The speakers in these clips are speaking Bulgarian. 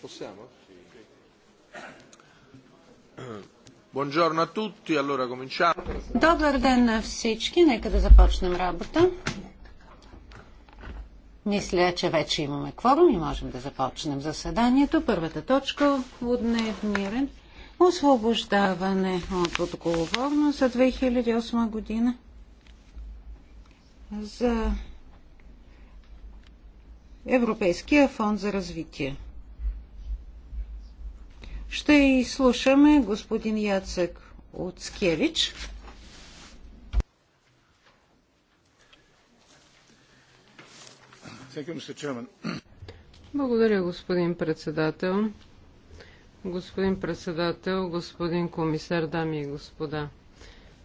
Possiamo? Buongiorno a tutti, allora cominciamo. Добър ден на всички, нека да започнем работа. Мисля, че вече имаме кворум и можем да започнем заседанието. Първата точка от дневния ред – освобождаване от отговорност за 2008 година за Европейския фонд за развитие. Ще изслушаме господин Яцек от Скевич. Благодаря, господин председател. Господин председател, господин комисар, дами и господа.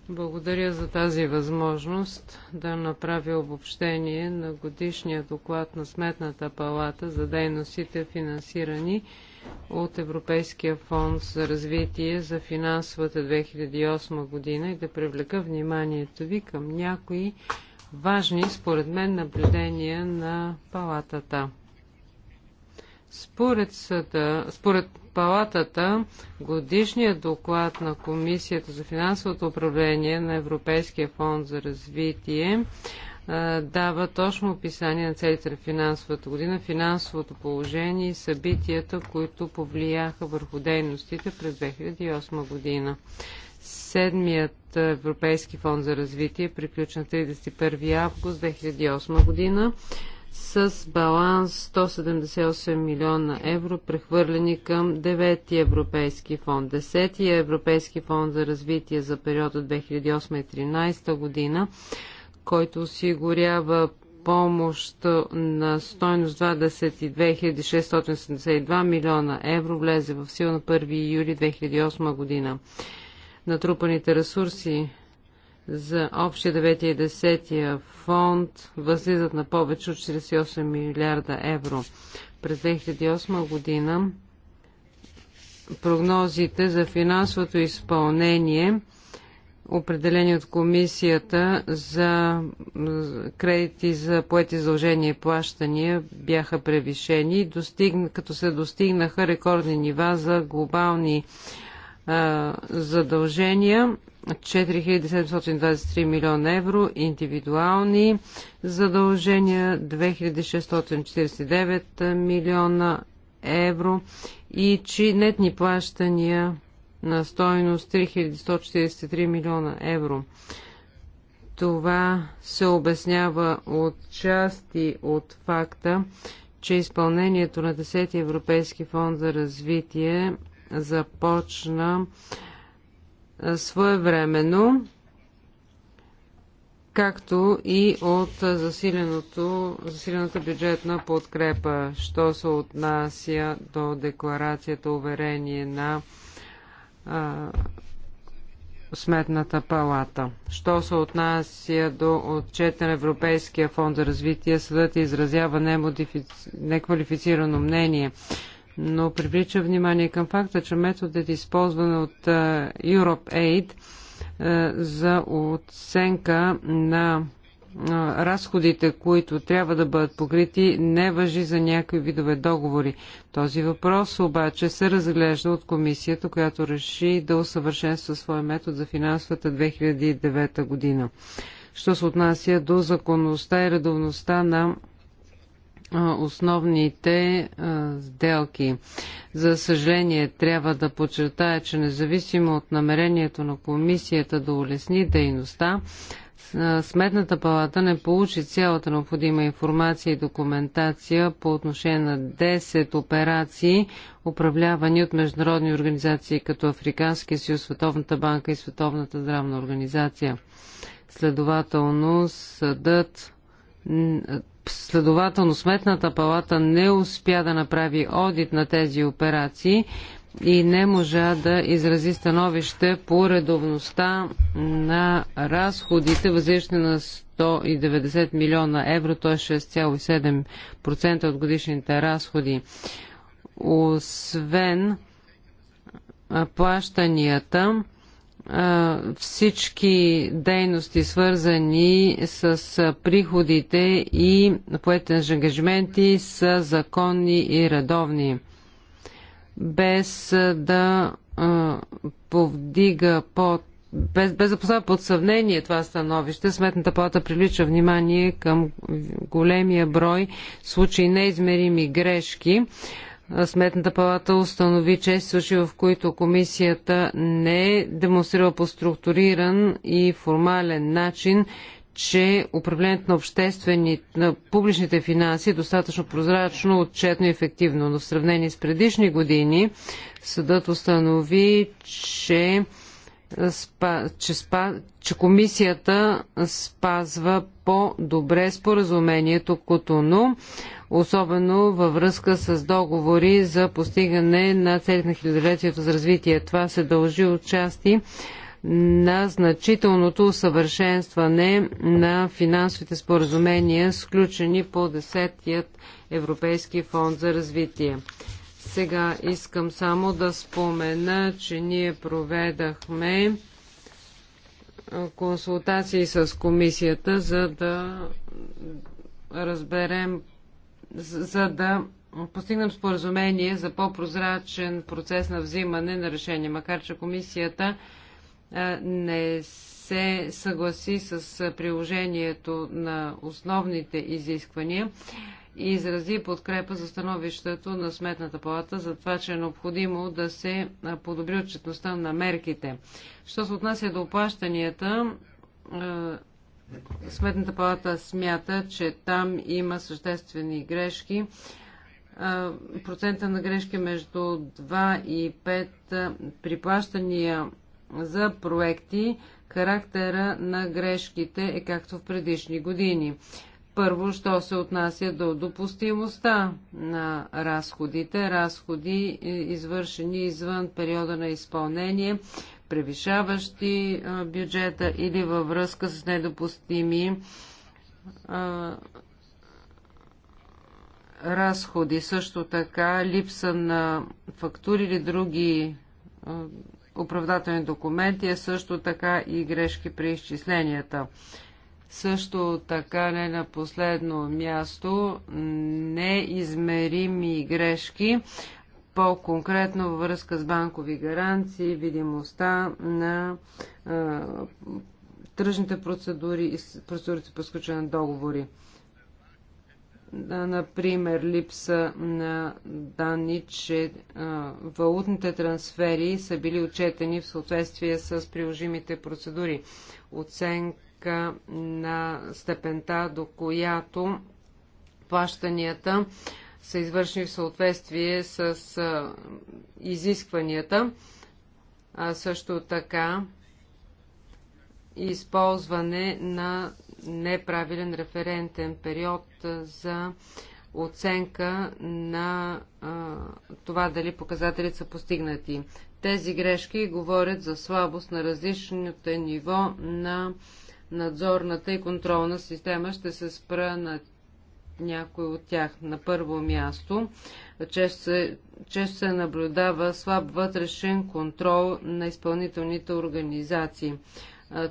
Благодаря за тази възможност да направя обобщение на годишния доклад на Сметната палата за дейностите финансирани от Европейския фонд за развитие за финансовата 2008 година и да привлека вниманието ви към някои важни, според мен, наблюдения на палатата. Според, съда, според палатата, годишният доклад на Комисията за финансовото управление на Европейския фонд за развитие дава точно описание на целите на финансовата година, финансовото положение и събитията, които повлияха върху дейностите през 2008 година. Седмият Европейски фонд за развитие приключен 31 август 2008 година с баланс 178 милиона евро, прехвърлени към 9-ти Европейски фонд. 10-ти Европейски фонд за развитие за периода 2008-2013 година който осигурява помощ на стойност 22 672 милиона евро влезе в сила на 1 юли 2008 година. Натрупаните ресурси за общия 9 и 10 фонд възлизат на повече от 48 милиарда евро. През 2008 година прогнозите за финансовото изпълнение – определени от комисията за кредити за поети задължения и плащания бяха превишени, като се достигнаха рекордни нива за глобални задължения 4723 милиона евро, индивидуални задължения 2649 милиона евро и чинетни нетни плащания на стоеност 3143 милиона евро. Това се обяснява от части от факта, че изпълнението на 10 Европейски фонд за развитие започна своевременно, както и от засилената бюджетна подкрепа, що се отнася до декларацията уверение на а, Сметната палата. Що се отнася до отчета на Европейския фонд за развитие, съдът изразява немодифици... неквалифицирано мнение, но привлича внимание към факта, че методът, използван от Europe Aid за оценка на разходите, които трябва да бъдат покрити, не въжи за някои видове договори. Този въпрос обаче се разглежда от комисията, която реши да усъвършенства своя метод за финансовата 2009 година. Що се отнася до законността и редовността на основните сделки. За съжаление, трябва да подчертая, че независимо от намерението на комисията да улесни дейността, Сметната палата не получи цялата необходима информация и документация по отношение на 10 операции, управлявани от международни организации като Африканския съюз, Световната банка и Световната здравна организация. Следователно, съдът Следователно, Сметната палата не успя да направи одит на тези операции и не можа да изрази становище по редовността на разходите, възлишни на 190 милиона евро, т.е. 6,7% от годишните разходи. Освен плащанията, всички дейности, свързани с приходите и поетен ангажименти, са законни и редовни без да повдига под без, без да поставя под съмнение това становище, Сметната палата прилича внимание към големия брой случаи неизмерими грешки. Сметната палата установи чест е случаи, в които комисията не е демонстрира по структуриран и формален начин, че управлението на обществени, на публичните финанси е достатъчно прозрачно, отчетно и ефективно. Но в сравнение с предишни години съдът установи, че, спа, че, спа, че комисията спазва по-добре споразумението Котону, особено във връзка с договори за постигане на целите на хилядолетието за развитие. Това се дължи отчасти части на значителното усъвършенстване на финансовите споразумения, сключени по 10-тият Европейски фонд за развитие. Сега искам само да спомена, че ние проведахме консултации с комисията, за да разберем, за да постигнем споразумение за по-прозрачен процес на взимане на решение, макар че комисията не се съгласи с приложението на основните изисквания и изрази подкрепа за становището на Сметната палата за това, че е необходимо да се подобри отчетността на мерките. Що се отнася до оплащанията, Сметната палата смята, че там има съществени грешки. Процента на грешки между 2 и 5 приплащания за проекти, характера на грешките е както в предишни години. Първо, що се отнася до допустимостта на разходите, разходи е, извършени извън периода на изпълнение, превишаващи бюджета или във връзка с недопустими разходи, също така липса на фактури или други а, оправдателни документи, а също така и грешки при изчисленията. Също така не на последно място неизмерими грешки, по-конкретно във връзка с банкови гаранции, видимостта на а, тръжните процедури и процедурите по сключване на договори например, липса на данни, че валутните трансфери са били отчетени в съответствие с приложимите процедури. Оценка на степента, до която плащанията са извършени в съответствие с изискванията, а също така и използване на неправилен референтен период за оценка на а, това дали показателите са постигнати. Тези грешки говорят за слабост на различните ниво на надзорната и контролна система. Ще се спра на някой от тях. На първо място, често се, често се наблюдава слаб вътрешен контрол на изпълнителните организации.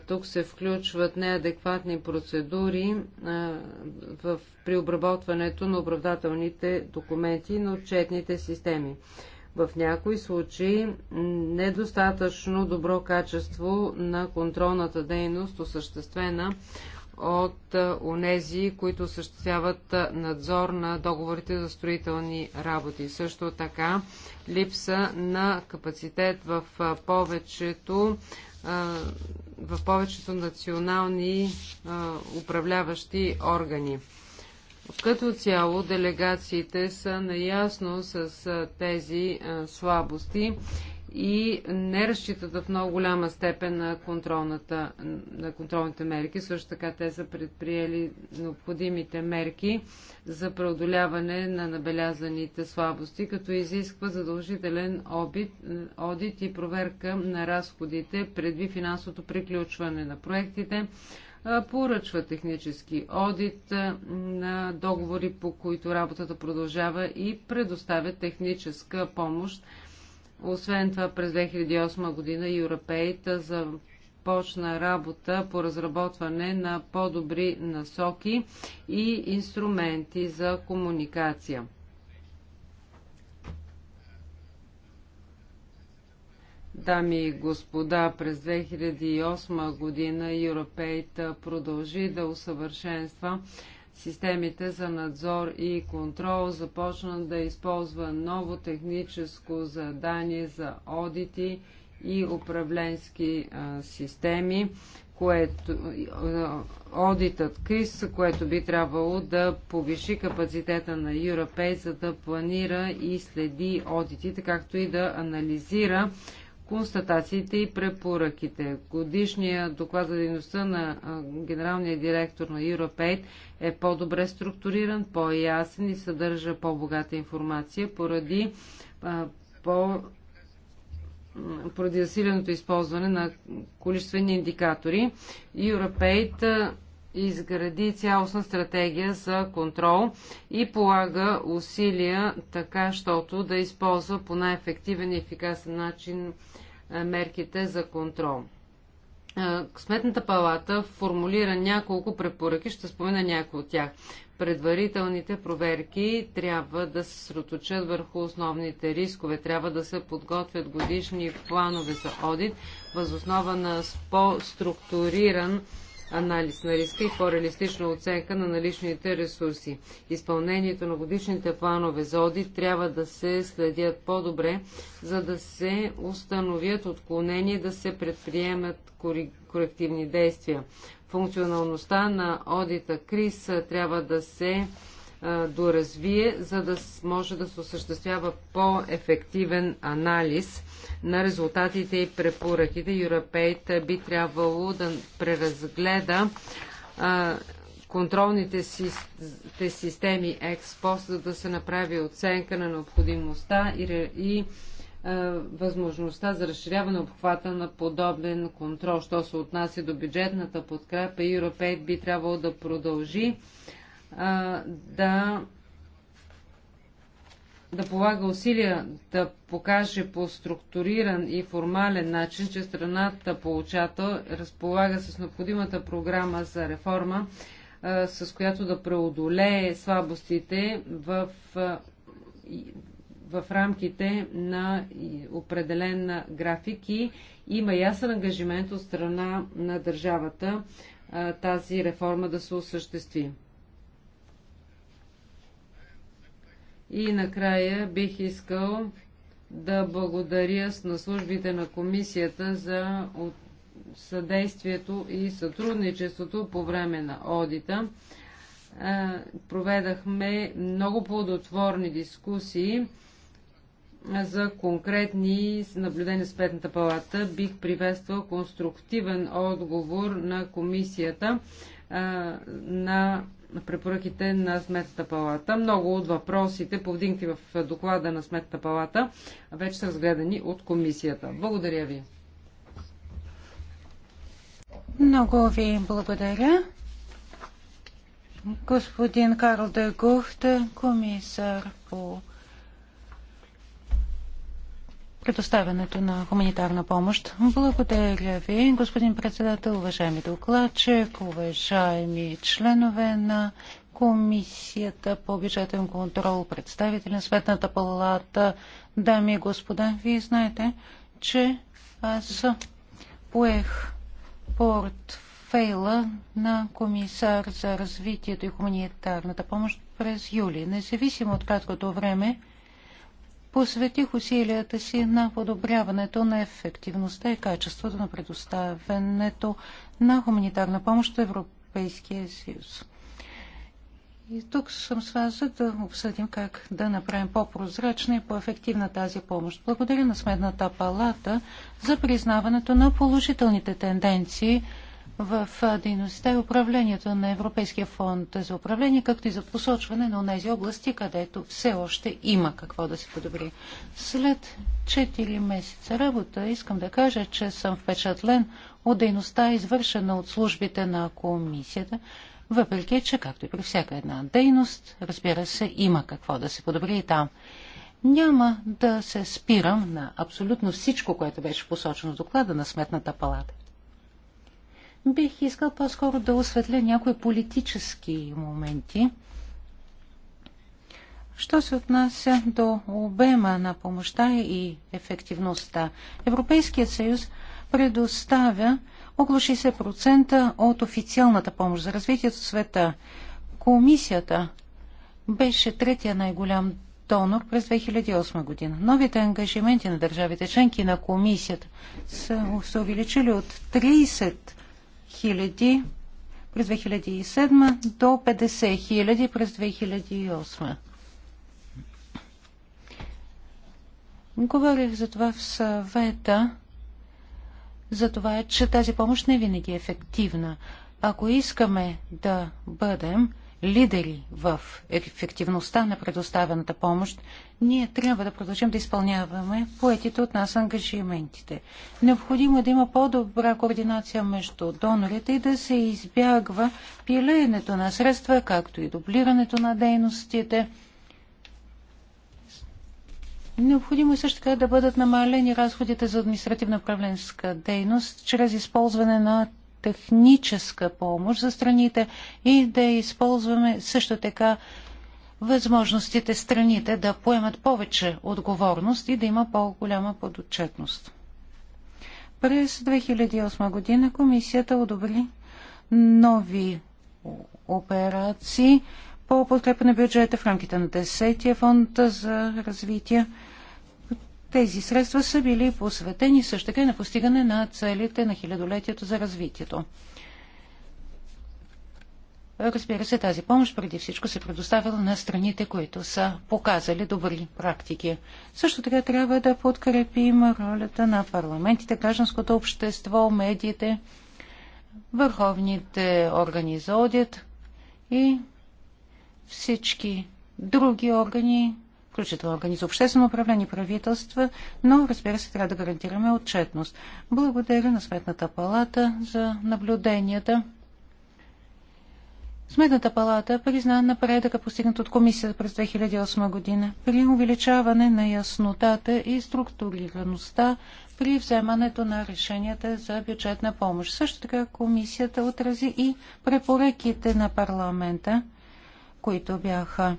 Тук се включват неадекватни процедури в, при обработването на оправдателните документи на отчетните системи. В някои случаи недостатъчно добро качество на контролната дейност, осъществена от онези, които осъществяват надзор на договорите за строителни работи. Също така липса на капацитет в повечето в повечето национални управляващи органи. Като цяло делегациите са наясно с тези слабости и не разчитат в много голяма степен на, на контролните мерки. Също така те са предприели необходимите мерки за преодоляване на набелязаните слабости, като изисква задължителен обид, одит и проверка на разходите предви финансовото приключване на проектите, поръчва технически одит на договори, по които работата продължава и предоставя техническа помощ освен това, през 2008 година Европейта започна работа по разработване на по-добри насоки и инструменти за комуникация. Дами и господа, през 2008 година Европейта продължи да усъвършенства системите за надзор и контрол започна да използва ново техническо задание за одити и управленски а, системи, което, одитът КИС, което би трябвало да повиши капацитета на Европей, за да планира и следи одитите, както и да анализира констатациите и препоръките. Годишният доклад за дейността на генералния директор на Europaid е по-добре структуриран, по-ясен и съдържа по-богата информация поради по поради засиленото използване на количествени индикатори. Europaid изгради цялостна стратегия за контрол и полага усилия така, щото да използва по най-ефективен и ефикасен начин мерките за контрол. Сметната палата формулира няколко препоръки, ще спомена някои от тях. Предварителните проверки трябва да се сроточат върху основните рискове, трябва да се подготвят годишни планове за одит, възоснова на по-структуриран анализ на риска и по-реалистична оценка на наличните ресурси. Изпълнението на годишните планове за одит трябва да се следят по-добре, за да се установят отклонения и да се предприемат корективни действия. Функционалността на одита КРИС трябва да се доразвие, за да може да се осъществява по-ефективен анализ на резултатите и препоръките. Юропейт би трябвало да преразгледа контролните системи експос, за да се направи оценка на необходимостта и, и възможността за разширяване обхвата на подобен контрол. Що се отнася до бюджетната подкрепа, Европейт би трябвало да продължи да, да полага усилия да покаже по структуриран и формален начин, че страната получател разполага с необходимата програма за реформа, с която да преодолее слабостите в, в рамките на определен график и има ясен ангажимент от страна на държавата тази реформа да се осъществи. И накрая бих искал да благодаря на службите на комисията за съдействието и сътрудничеството по време на одита. Проведахме много плодотворни дискусии за конкретни наблюдения с Петната палата. Бих приветствал конструктивен отговор на комисията на препоръките на Сметната палата. Много от въпросите, повдигнати в доклада на Сметната палата, вече са разгледани от комисията. Благодаря ви. Много ви благодаря. Господин Карл Дегухт, комисар по предоставянето на хуманитарна помощ. Благодаря ви, господин председател, уважаеми докладчик, уважаеми членове на Комисията по бюджетен контрол, представители на Светната палата, дами и господа, вие знаете, че аз поех портфейла на комисар за развитието и хуманитарната помощ през юли. Независимо от краткото време, посветих усилията си на подобряването на ефективността и качеството на предоставянето на хуманитарна помощ от Европейския съюз. И тук съм с вас, за да обсъдим как да направим по-прозрачна и по-ефективна тази помощ. Благодаря на Сметната палата за признаването на положителните тенденции – в дейността и управлението на Европейския фонд за управление, както и за посочване на тези области, където все още има какво да се подобри. След 4 месеца работа искам да кажа, че съм впечатлен от дейността, извършена от службите на комисията, въпреки че, както и при всяка една дейност, разбира се, има какво да се подобри и там. Няма да се спирам на абсолютно всичко, което беше посочено в доклада на Сметната палата. Бих искал по-скоро да осветля някои политически моменти. Що се отнася до обема на помощта и ефективността? Европейският съюз предоставя около 60% от официалната помощ за развитието в света. Комисията беше третия най-голям донор през 2008 година. Новите ангажименти на държавите членки на комисията са се увеличили от 30 000 през 2007 до 50 000 през 2008. Говорих за това в съвета, за това, че тази помощ не винаги е ефективна. Ако искаме да бъдем лидери в ефективността на предоставената помощ, ние трябва да продължим да изпълняваме поетите от нас ангажиментите. Необходимо е да има по-добра координация между донорите и да се избягва пилеенето на средства, както и дублирането на дейностите. Необходимо е също така да бъдат намалени разходите за административно управленска дейност чрез използване на техническа помощ за страните и да използваме също така възможностите страните да поемат повече отговорност и да има по-голяма подотчетност. През 2008 година комисията одобри нови операции по подкрепа на бюджета в рамките на 10-я фонд за развитие. Тези средства са били посветени също така и на постигане на целите на хилядолетието за развитието. Разбира се, тази помощ преди всичко се предоставила на страните, които са показали добри практики. Също така трябва да подкрепим ролята на парламентите, гражданското общество, медиите, върховните органи за одит и всички други органи, включително органи за обществено управление правителства, но разбира се, трябва да гарантираме отчетност. Благодаря на Сметната палата за наблюденията. Сметната палата призна напредъка постигнат от комисията през 2008 година при увеличаване на яснотата и структурираността при вземането на решенията за бюджетна помощ. Също така комисията отрази и препоръките на парламента, които бяха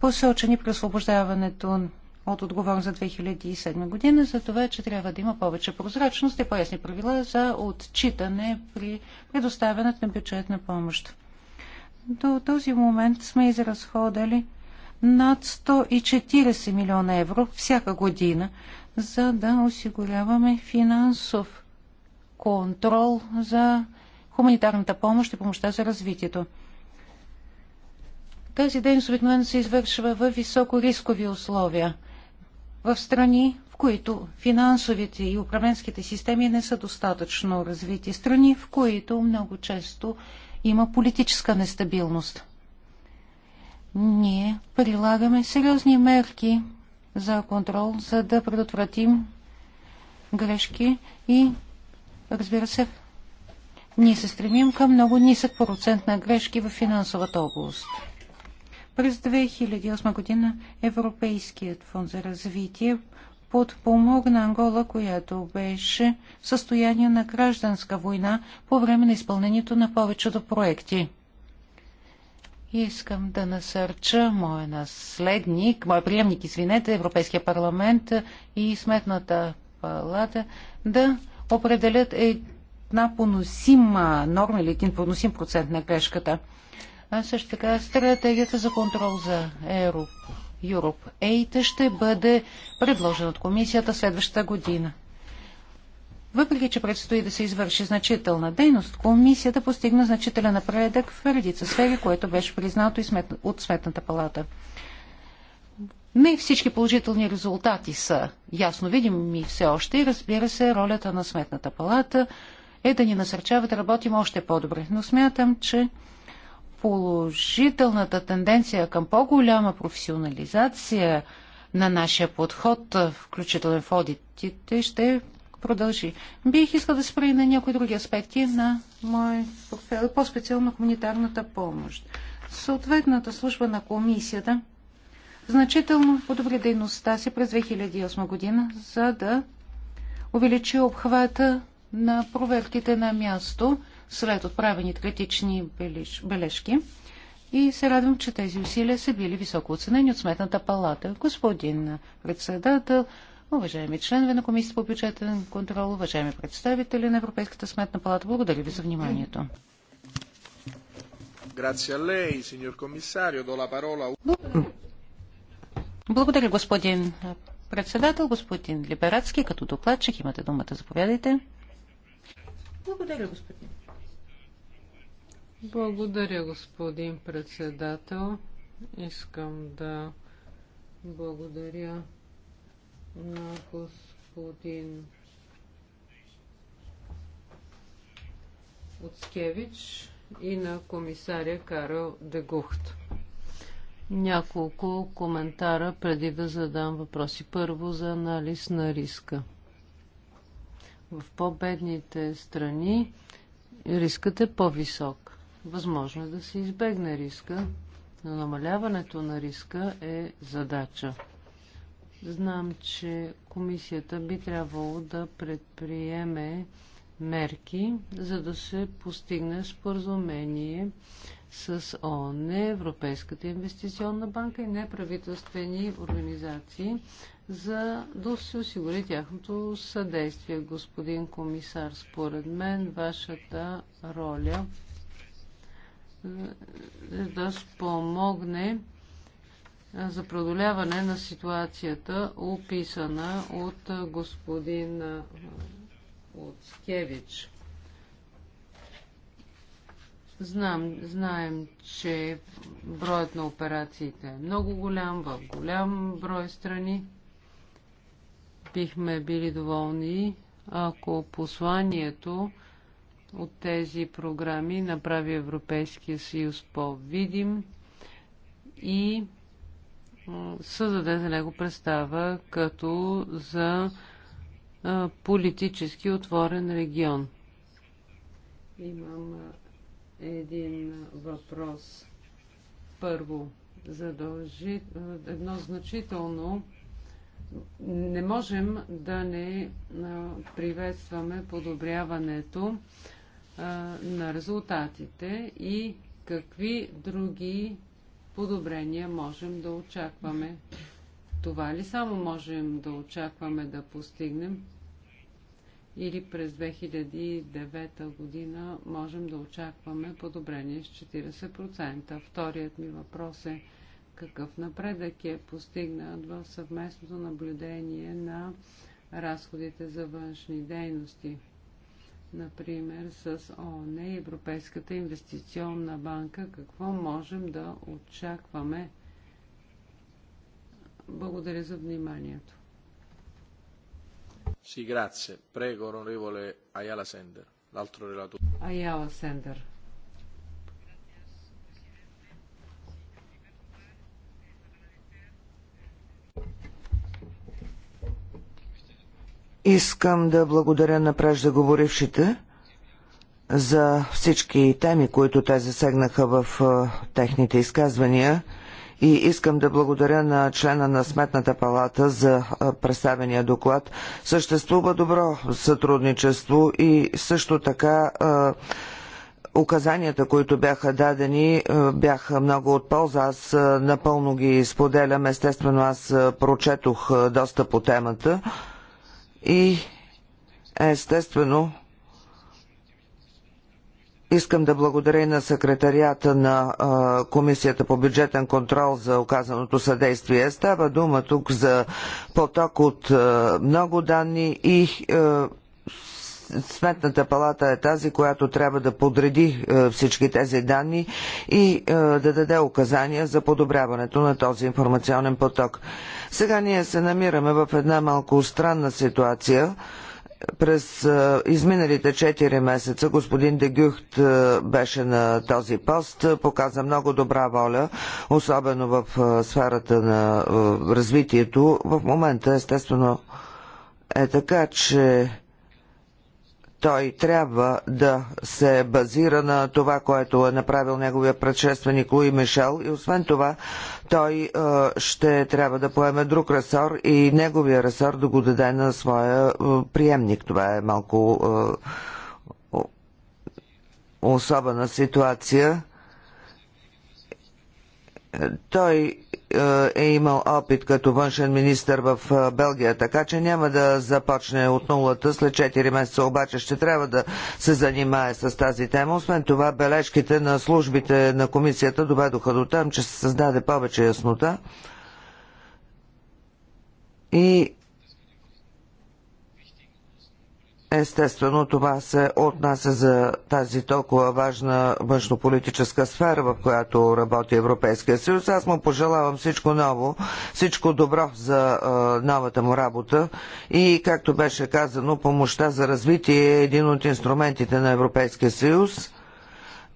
посочени при освобождаването от отговор за 2007 година за това, че трябва да има повече прозрачност и поясни правила за отчитане при предоставянето на бюджетна помощ. До този момент сме изразходали над 140 милиона евро всяка година, за да осигуряваме финансов контрол за хуманитарната помощ и помощта за развитието. Тази дейност обикновено се извършва в високо рискови условия, в страни, в които финансовите и управленските системи не са достатъчно развити, страни, в които много често има политическа нестабилност. Ние прилагаме сериозни мерки за контрол, за да предотвратим грешки и, разбира се, ние се стремим към много нисък процент на грешки в финансовата област. През 2008 година Европейският фонд за развитие подпомогна Ангола, която беше в състояние на гражданска война по време на изпълнението на повечето проекти. Искам да насърча моя наследник, моя приемник, извинете, Европейския парламент и Сметната палата да определят една поносима норма или един поносим процент на грешката. А също така стратегията за контрол за европ Ейта ще бъде предложена от комисията следващата година. Въпреки, че предстои да се извърши значителна дейност, комисията постигна значителен напредък в редица сфери, което беше признато и смет... от Сметната палата. Не всички положителни резултати са ясно видими все още и разбира се, ролята на Сметната палата е да ни насърчава да работим още по-добре. Но смятам, че положителната тенденция към по-голяма професионализация на нашия подход, включително в одитите, ще продължи. Бих искал да спра и на някои други аспекти на мой профил, по-специално хуманитарната помощ. Съответната служба на комисията значително подобри дейността си през 2008 година, за да увеличи обхвата на проверките на място след отправени критични бележки и се радвам, че тези усилия са били високо оценени от Сметната палата. Господин председател, уважаеми членове на Комисията по бюджетен контрол, уважаеми представители на Европейската сметна палата, благодаря ви за вниманието. Благодаря, господин председател, господин Либерацки, като докладчик. Имате думата, заповядайте. Благодаря, господин. Благодаря, господин председател. Искам да благодаря на господин Оцкевич и на комисаря Карл Дегухт. Няколко коментара преди да задам въпроси. Първо за анализ на риска. В по-бедните страни рискът е по-висок. Възможно е да се избегне риска, но намаляването на риска е задача. Знам, че комисията би трябвало да предприеме мерки, за да се постигне споразумение с ООН, Европейската инвестиционна банка и неправителствени организации, за да се осигури тяхното съдействие. Господин комисар, според мен вашата роля да спомогне за продоляване на ситуацията, описана от господин Оцкевич. Знам, знаем, че броят на операциите е много голям, в голям брой страни. Бихме били доволни, ако посланието от тези програми направи Европейския съюз по-видим и създаде за него представа като за политически отворен регион. Имам един въпрос. Първо, задължи, едно значително не можем да не приветстваме подобряването на резултатите и какви други подобрения можем да очакваме. Това ли само можем да очакваме да постигнем? Или през 2009 година можем да очакваме подобрение с 40%? Вторият ми въпрос е какъв напредък е постигнат в съвместното наблюдение на разходите за външни дейности – например с ООН и Европейската инвестиционна банка, какво можем да очакваме. Благодаря за вниманието. Sì, grazie. Prego, onorevole Ayala Sender, l'altro relatore. Ayala Sender. Искам да благодаря на преждеговорившите за всички теми, които те засегнаха в техните изказвания и искам да благодаря на члена на Сметната палата за представения доклад. Съществува добро сътрудничество и също така указанията, които бяха дадени, бяха много от полза. Аз напълно ги споделям. Естествено, аз прочетох доста по темата. И естествено, Искам да благодаря и на секретарията на а, Комисията по бюджетен контрол за оказаното съдействие. Става дума тук за поток от а, много данни и а, Сметната палата е тази, която трябва да подреди е, всички тези данни и е, да даде указания за подобряването на този информационен поток. Сега ние се намираме в една малко странна ситуация. През е, изминалите 4 месеца господин Дегюхт беше на този пост, показа много добра воля, особено в сферата на развитието. В момента, естествено, е така, че той трябва да се базира на това, което е направил неговия предшественик Луи Мишел и освен това той е, ще трябва да поеме друг ресор и неговия ресор да го даде на своя е, приемник. Това е малко е, особена ситуация. Той е, е имал опит като външен министр в е, Белгия, така че няма да започне от нулата след 4 месеца, обаче ще трябва да се занимае с тази тема. Освен това, бележките на службите на комисията доведоха до там, че се създаде повече яснота. И Естествено, това се отнася за тази толкова важна външнополитическа сфера, в която работи Европейския съюз. Аз му пожелавам всичко ново, всичко добро за новата му работа и, както беше казано, помощта за развитие е един от инструментите на Европейския съюз,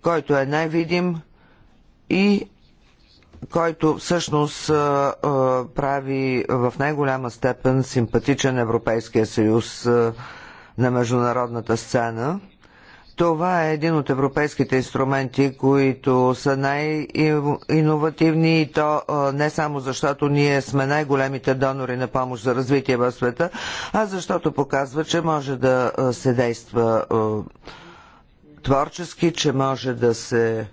който е най-видим и който всъщност прави в най-голяма степен симпатичен Европейския съюз на международната сцена. Това е един от европейските инструменти, които са най-инновативни и то не само защото ние сме най-големите донори на помощ за развитие в света, а защото показва, че може да се действа творчески, че може да се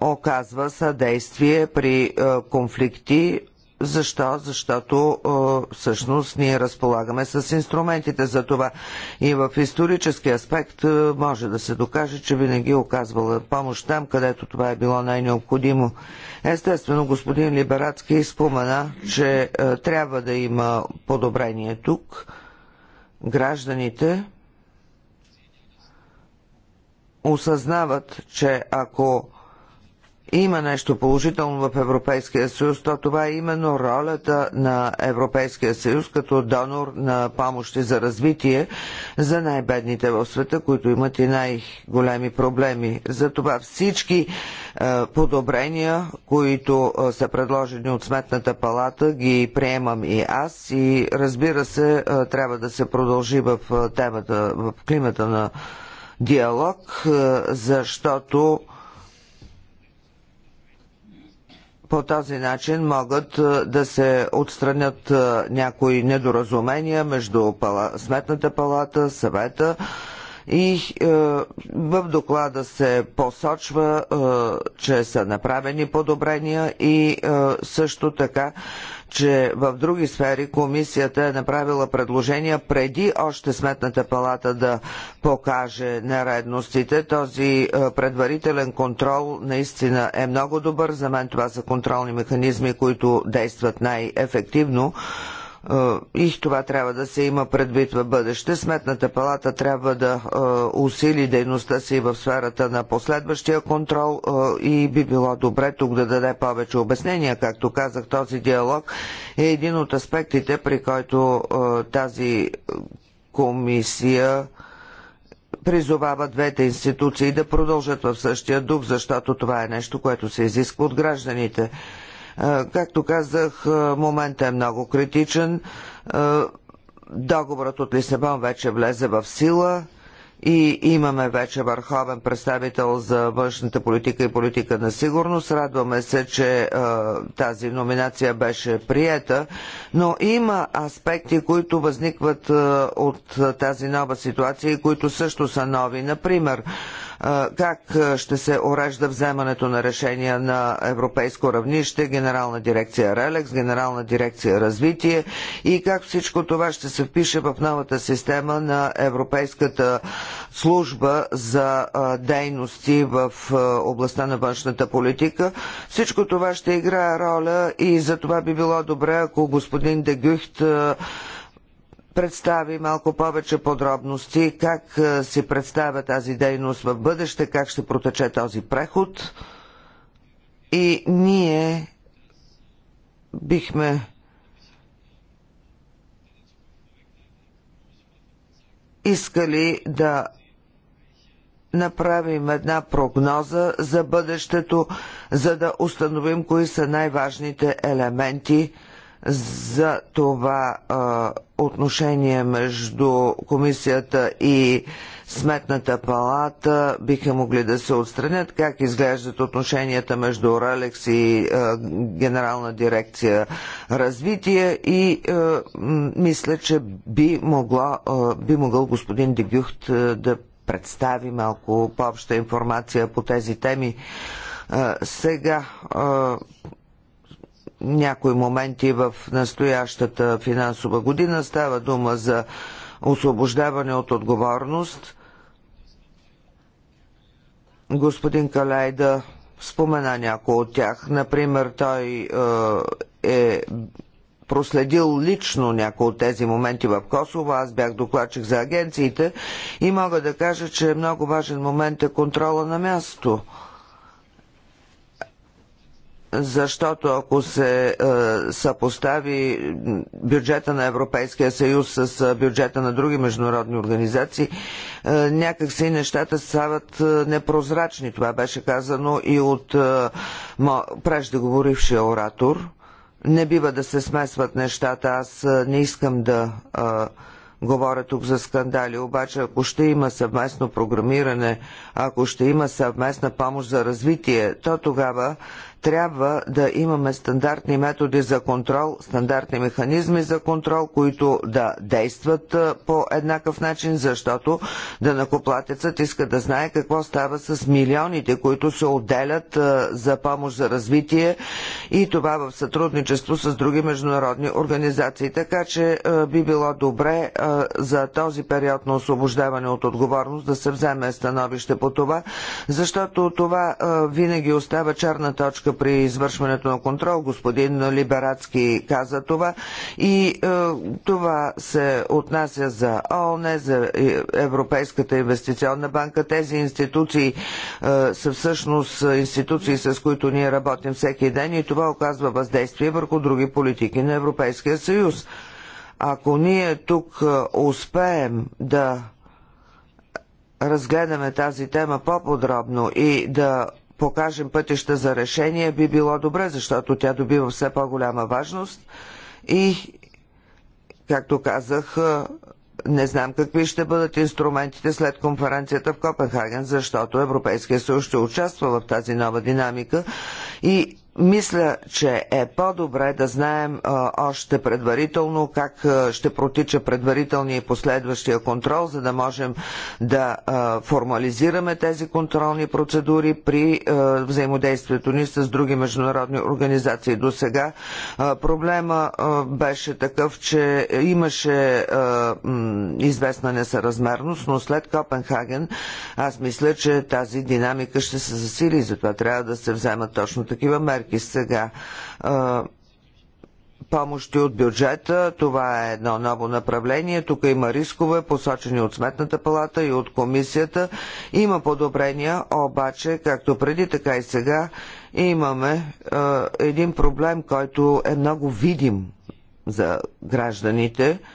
оказва съдействие при конфликти защо? Защото всъщност ние разполагаме с инструментите за това. И в исторически аспект може да се докаже, че винаги е оказвала помощ там, където това е било най-необходимо. Естествено, господин Либерацки спомена, че трябва да има подобрение тук. Гражданите осъзнават, че ако има нещо положително в Европейския съюз, то това е именно ролята на Европейския съюз като донор на помощи за развитие за най-бедните в света, които имат и най-големи проблеми. Затова всички е, подобрения, които е, са предложени от Сметната палата, ги приемам и аз и разбира се, е, трябва да се продължи в е, темата, в климата на диалог, е, защото по този начин могат е, да се отстранят е, някои недоразумения между Сметната палата, съвета и е, в доклада се посочва, че са направени подобрения и също така че в други сфери комисията е направила предложения преди още сметната палата да покаже нередностите. Този е, предварителен контрол наистина е много добър. За мен това са контролни механизми, които действат най-ефективно. Е, и това трябва да се има предвид в бъдеще. Сметната палата трябва да е, усили дейността си в сферата на последващия контрол е, и би било добре тук да даде повече обяснения. Както казах, този диалог е един от аспектите, при който тази комисия призовава двете институции да продължат в същия дух, защото това е нещо, което се изисква от гражданите. Както казах, момента е много критичен. Договорът от Лисабон вече влезе в сила и имаме вече върховен представител за външната политика и политика на сигурност. Радваме се, че е, тази номинация беше приета, но има аспекти, които възникват е, от тази нова ситуация и които също са нови. Например, е, как е, ще се урежда вземането на решения на европейско равнище, Генерална дирекция Релекс, Генерална дирекция Развитие и как всичко това ще се впише в новата система на Европейската е, служба за дейности в областта на външната политика. Всичко това ще играе роля и за това би било добре, ако господин Дегюхт представи малко повече подробности как се представя тази дейност в бъдеще, как ще протече този преход. И ние бихме искали да направим една прогноза за бъдещето, за да установим кои са най-важните елементи за това а, отношение между комисията и Сметната палата биха могли да се отстранят? Как изглеждат отношенията между Релекс и е, Генерална дирекция развитие? И е, мисля, че би, могла, е, би могъл господин Дегюхт е, да представи малко по-обща информация по тези теми. Е, сега е, някои моменти в настоящата финансова година става дума за освобождаване от отговорност господин Калай да спомена някои от тях. Например, той е, е проследил лично някои от тези моменти в Косово. Аз бях докладчик за агенциите и мога да кажа, че е много важен момент е контрола на място защото ако се е, съпостави бюджета на Европейския съюз с е, бюджета на други международни организации, е, някакси нещата стават е, непрозрачни. Това беше казано и от е, преждеговорившия оратор. Не бива да се смесват нещата. Аз е, не искам да говоря тук за скандали, обаче ако ще има съвместно програмиране, ако ще има съвместна помощ за развитие, то тогава трябва да имаме стандартни методи за контрол, стандартни механизми за контрол, които да действат по еднакъв начин, защото данакоплатецът иска да знае какво става с милионите, които се отделят за помощ за развитие и това в сътрудничество с други международни организации. Така че би било добре за този период на освобождаване от отговорност да се вземе становище по това, защото това винаги остава черна точка грешка при извършването на контрол. Господин Либерацки каза това. И е, това се отнася за ООН, за е, Европейската инвестиционна банка. Тези институции е, са всъщност институции, с които ние работим всеки ден и това оказва въздействие върху други политики на Европейския съюз. Ако ние тук е, успеем да разгледаме тази тема по-подробно и да покажем пътища за решение, би било добре, защото тя добива все по-голяма важност и, както казах, не знам какви ще бъдат инструментите след конференцията в Копенхаген, защото Европейския съюз ще участва в тази нова динамика и мисля, че е по-добре да знаем а, още предварително как а, ще протича предварителния и последващия контрол, за да можем да а, формализираме тези контролни процедури при взаимодействието ни с други международни организации. До сега проблема беше такъв, че имаше известна несъразмерност, но след Копенхаген аз мисля, че тази динамика ще се засили и затова трябва да се вземат точно такива мерки мерки сега помощи от бюджета. Това е едно ново направление. Тук има рискове, посочени от Сметната палата и от комисията. Има подобрения, обаче, както преди, така и сега, имаме е, един проблем, който е много видим за гражданите –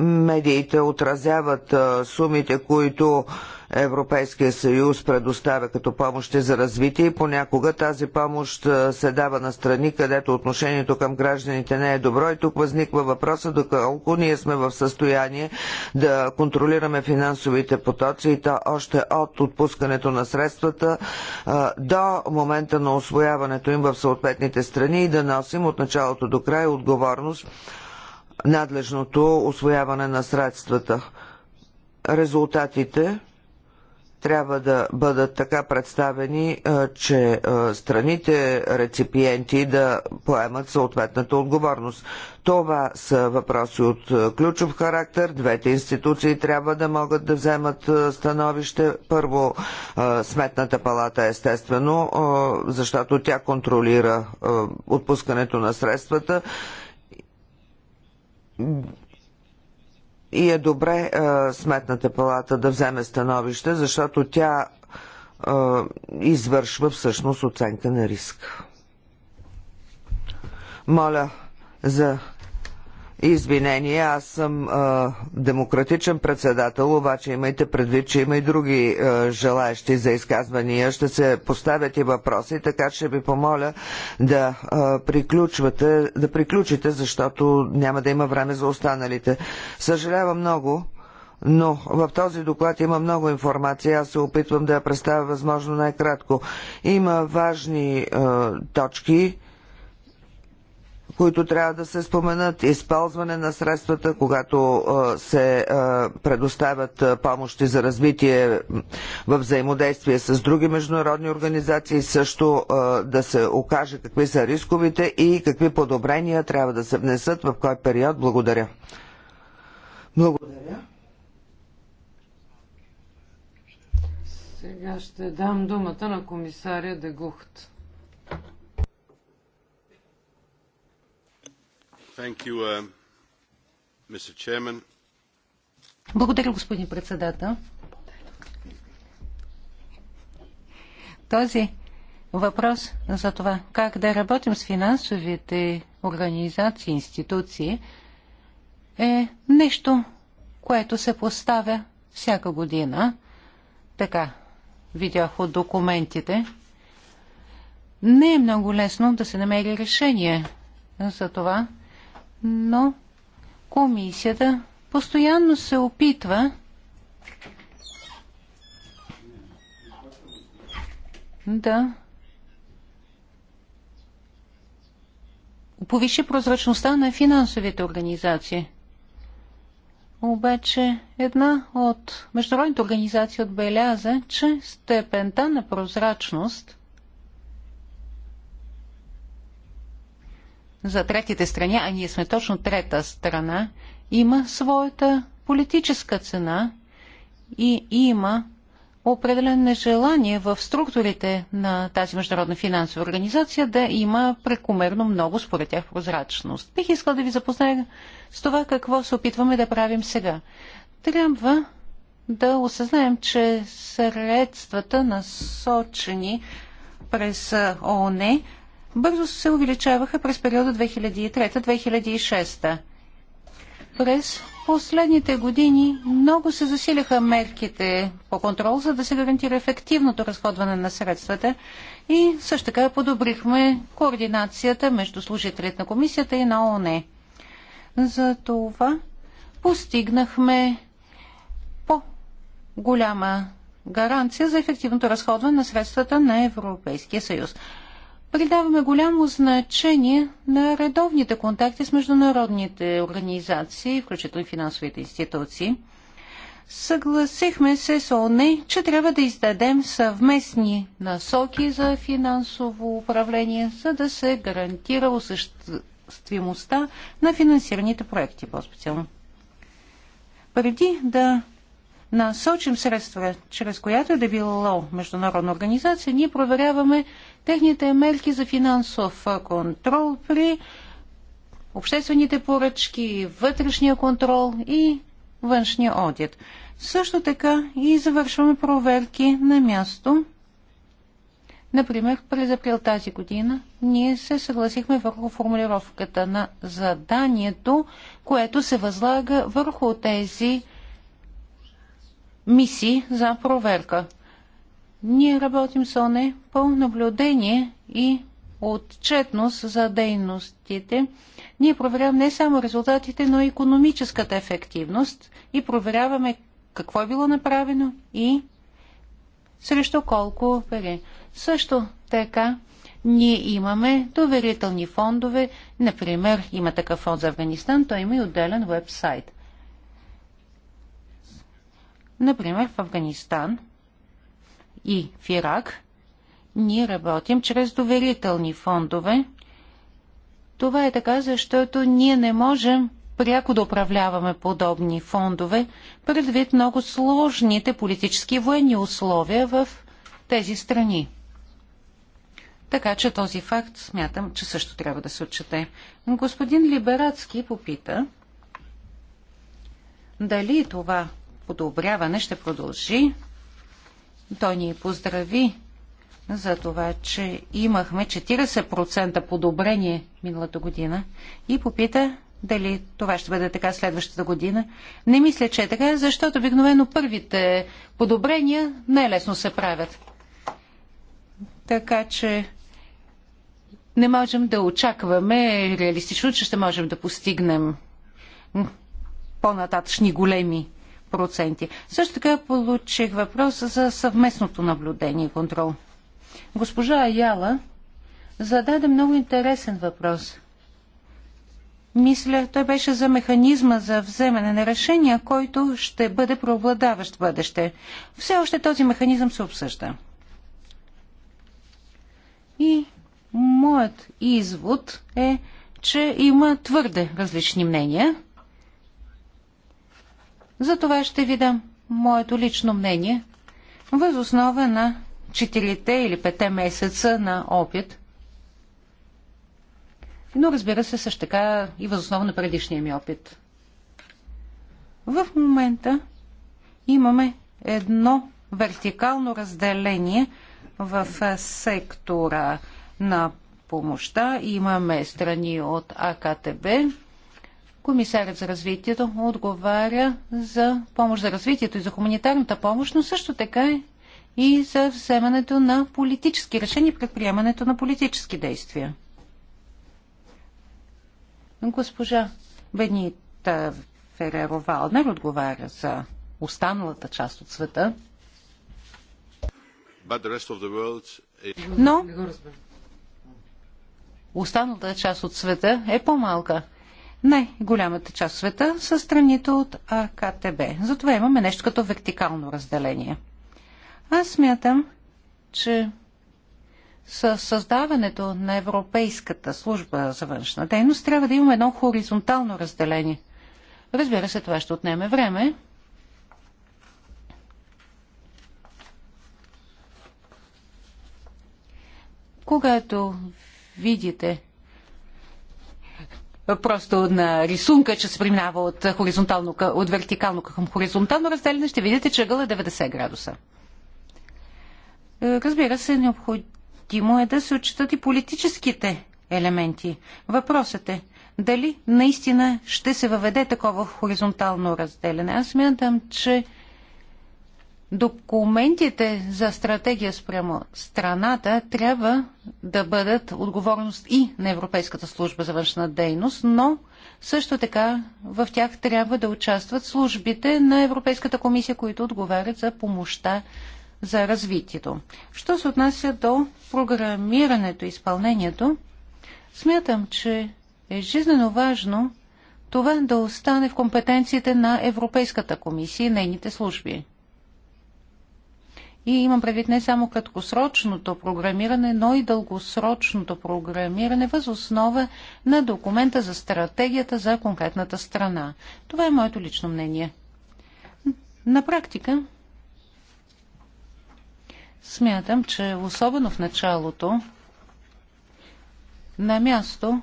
медиите отразяват сумите, които Европейския съюз предоставя като помощи за развитие и понякога тази помощ се дава на страни, където отношението към гражданите не е добро и тук възниква въпроса доколко ние сме в състояние да контролираме финансовите потоци и то още от отпускането на средствата до момента на освояването им в съответните страни и да носим от началото до края отговорност надлежното освояване на средствата. Резултатите трябва да бъдат така представени, че страните реципиенти да поемат съответната отговорност. Това са въпроси от ключов характер. Двете институции трябва да могат да вземат становище. Първо, Сметната палата естествено, защото тя контролира отпускането на средствата и е добре е, Сметната палата да вземе становище, защото тя е, извършва всъщност оценка на риск. Моля за Извинение, аз съм а, демократичен председател, обаче имайте предвид, че има и други а, желаящи за изказвания. Ще се поставят и въпроси, така че ви помоля да, а, приключвате, да приключите, защото няма да има време за останалите. Съжалявам много. Но в този доклад има много информация, аз се опитвам да я представя възможно най-кратко. Има важни а, точки, които трябва да се споменат. Използване на средствата, когато се предоставят помощи за развитие в взаимодействие с други международни организации, също да се окаже какви са рисковите и какви подобрения трябва да се внесат в кой период. Благодаря. Благодаря. Сега ще дам думата на комисаря Дегухт. Uh, Благодаря, господин председател. Този въпрос за това как да работим с финансовите организации, институции е нещо, което се поставя всяка година. Така, видях от документите. Не е много лесно да се намери решение за това но комисията постоянно се опитва да повиши прозрачността на финансовите организации. Обаче една от международните организации отбеляза, че степента на прозрачност за третите страни, а ние сме точно трета страна, има своята политическа цена и има определено нежелание в структурите на тази международна финансова организация да има прекомерно много, според тях, прозрачност. Бих искал да ви запозная с това какво се опитваме да правим сега. Трябва да осъзнаем, че средствата насочени през ООН бързо се увеличаваха през периода 2003-2006. През последните години много се засиляха мерките по контрол, за да се гарантира ефективното разходване на средствата и също така подобрихме координацията между служителите на комисията и на ООН. За това постигнахме по-голяма гаранция за ефективното разходване на средствата на Европейския съюз придаваме голямо значение на редовните контакти с международните организации, включително и финансовите институции. Съгласихме се с ОНЕ, че трябва да издадем съвместни насоки за финансово управление, за да се гарантира осъществимостта на финансираните проекти по-специално. Преди да насочим средства, чрез която е да било международна организация, ние проверяваме техните мерки за финансов контрол при обществените поръчки, вътрешния контрол и външния одит. Също така и завършваме проверки на място. Например, през април тази година ние се съгласихме върху формулировката на заданието, което се възлага върху тези мисии за проверка. Ние работим с ОНЕ по наблюдение и отчетност за дейностите. Ние проверяваме не само резултатите, но и економическата ефективност и проверяваме какво е било направено и срещу колко пари. Също така ние имаме доверителни фондове. Например, има такъв фонд за Афганистан, той има и отделен вебсайт. Например, в Афганистан – и в Ирак. Ние работим чрез доверителни фондове. Това е така, защото ние не можем пряко да управляваме подобни фондове, предвид много сложните политически военни условия в тези страни. Така че този факт смятам, че също трябва да се отчете. Господин Либерацки попита дали това подобряване ще продължи той ни поздрави за това, че имахме 40% подобрение миналата година и попита дали това ще бъде така следващата година. Не мисля, че е така, защото обикновено първите подобрения най-лесно е се правят. Така че не можем да очакваме реалистично, че ще можем да постигнем по-нататъчни големи проценти. Също така получих въпрос за съвместното наблюдение и контрол. Госпожа Аяла зададе много интересен въпрос. Мисля, той беше за механизма за вземане на решения, който ще бъде преобладаващ в бъдеще. Все още този механизъм се обсъжда. И моят извод е, че има твърде различни мнения – за това ще ви дам моето лично мнение възоснова на четирите или пете месеца на опит. Но разбира се също така и възоснова на предишния ми опит. В момента имаме едно вертикално разделение в сектора на помощта. Имаме страни от АКТБ, Комисарят за развитието отговаря за помощ за развитието и за хуманитарната помощ, но също така и за вземането на политически решения и предприемането на политически действия. Госпожа Бенита Фереро Валнер отговаря за останалата част от света. Но останалата част от света е по-малка най-голямата част в света са страните от АКТБ. Затова имаме нещо като вертикално разделение. Аз смятам, че със създаването на Европейската служба за външна дейност трябва да имаме едно хоризонтално разделение. Разбира се, това ще отнеме време. Когато видите просто на рисунка, че се преминава от, хоризонтално, от вертикално към хоризонтално разделяне, ще видите, че ъгъл е 90 градуса. Е, разбира се, необходимо е да се отчитат и политическите елементи. Въпросът е, дали наистина ще се въведе такова хоризонтално разделяне? Аз мятам, че Документите за стратегия спрямо страната трябва да бъдат отговорност и на Европейската служба за външна дейност, но също така в тях трябва да участват службите на Европейската комисия, които отговарят за помощта за развитието. Що се отнася до програмирането и изпълнението, смятам, че е жизненно важно това да остане в компетенциите на Европейската комисия и нейните служби. И имам предвид не само краткосрочното програмиране, но и дългосрочното програмиране въз основа на документа за стратегията за конкретната страна. Това е моето лично мнение. На практика смятам, че особено в началото на място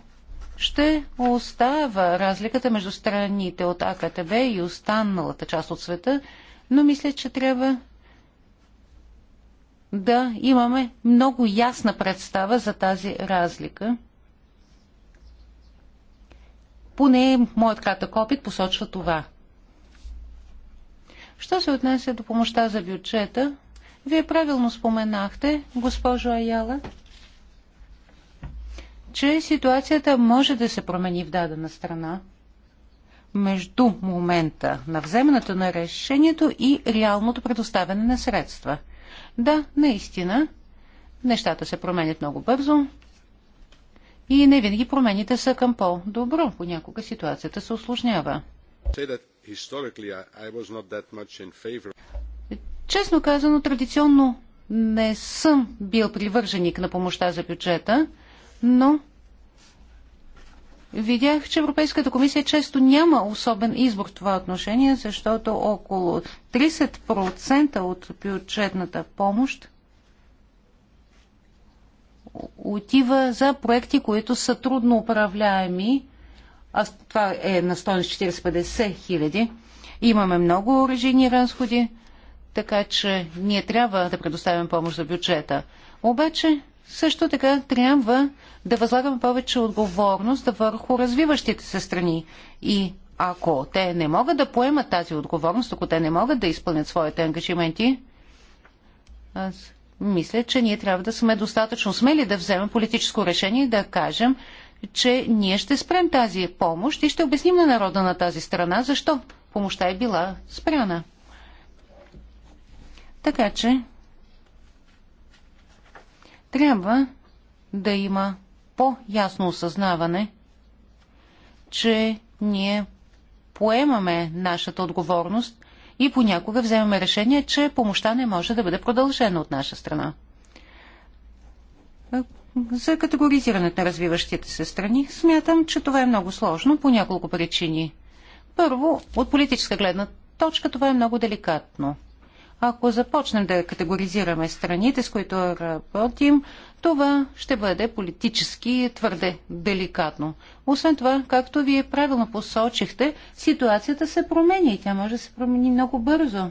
ще остава разликата между страните от АКТБ и останалата част от света, но мисля, че трябва да имаме много ясна представа за тази разлика. Поне моят кратък опит посочва това. Що се отнася до помощта за бюджета, вие правилно споменахте, госпожо Аяла, че ситуацията може да се промени в дадена страна между момента на вземането на решението и реалното предоставяне на средства – да, наистина, нещата се променят много бързо и не винаги промените са към по-добро. Понякога ситуацията се осложнява. Честно казано, традиционно не съм бил привърженик на помощта за бюджета, но Видях, че Европейската комисия често няма особен избор в това отношение, защото около 30% от бюджетната помощ отива за проекти, които са трудно управляеми. А това е на 140 50 хиляди. Имаме много режийни разходи, така че ние трябва да предоставим помощ за бюджета. Обаче също така трябва да възлагаме повече отговорност върху развиващите се страни. И ако те не могат да поемат тази отговорност, ако те не могат да изпълнят своите ангажименти, аз мисля, че ние трябва да сме достатъчно смели да вземем политическо решение и да кажем, че ние ще спрем тази помощ и ще обясним на народа на тази страна защо помощта е била спряна. Така че трябва да има по-ясно осъзнаване, че ние поемаме нашата отговорност и понякога вземаме решение, че помощта не може да бъде продължена от наша страна. За категоризирането на развиващите се страни смятам, че това е много сложно по няколко причини. Първо, от политическа гледна точка това е много деликатно – ако започнем да категоризираме страните, с които работим, това ще бъде политически твърде деликатно. Освен това, както вие правилно посочихте, ситуацията се промени и тя може да се промени много бързо.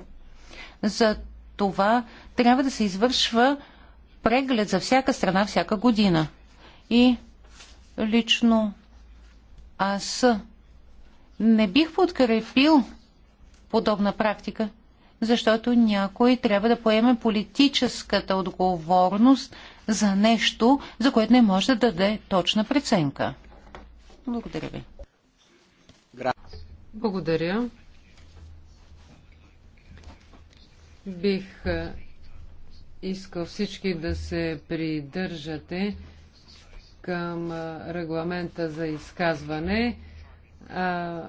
За това трябва да се извършва преглед за всяка страна всяка година. И лично аз не бих подкрепил подобна практика, защото някой трябва да поеме политическата отговорност за нещо, за което не може да даде точна преценка. Благодаря ви. Благодаря. Бих искал всички да се придържате към регламента за изказване. А,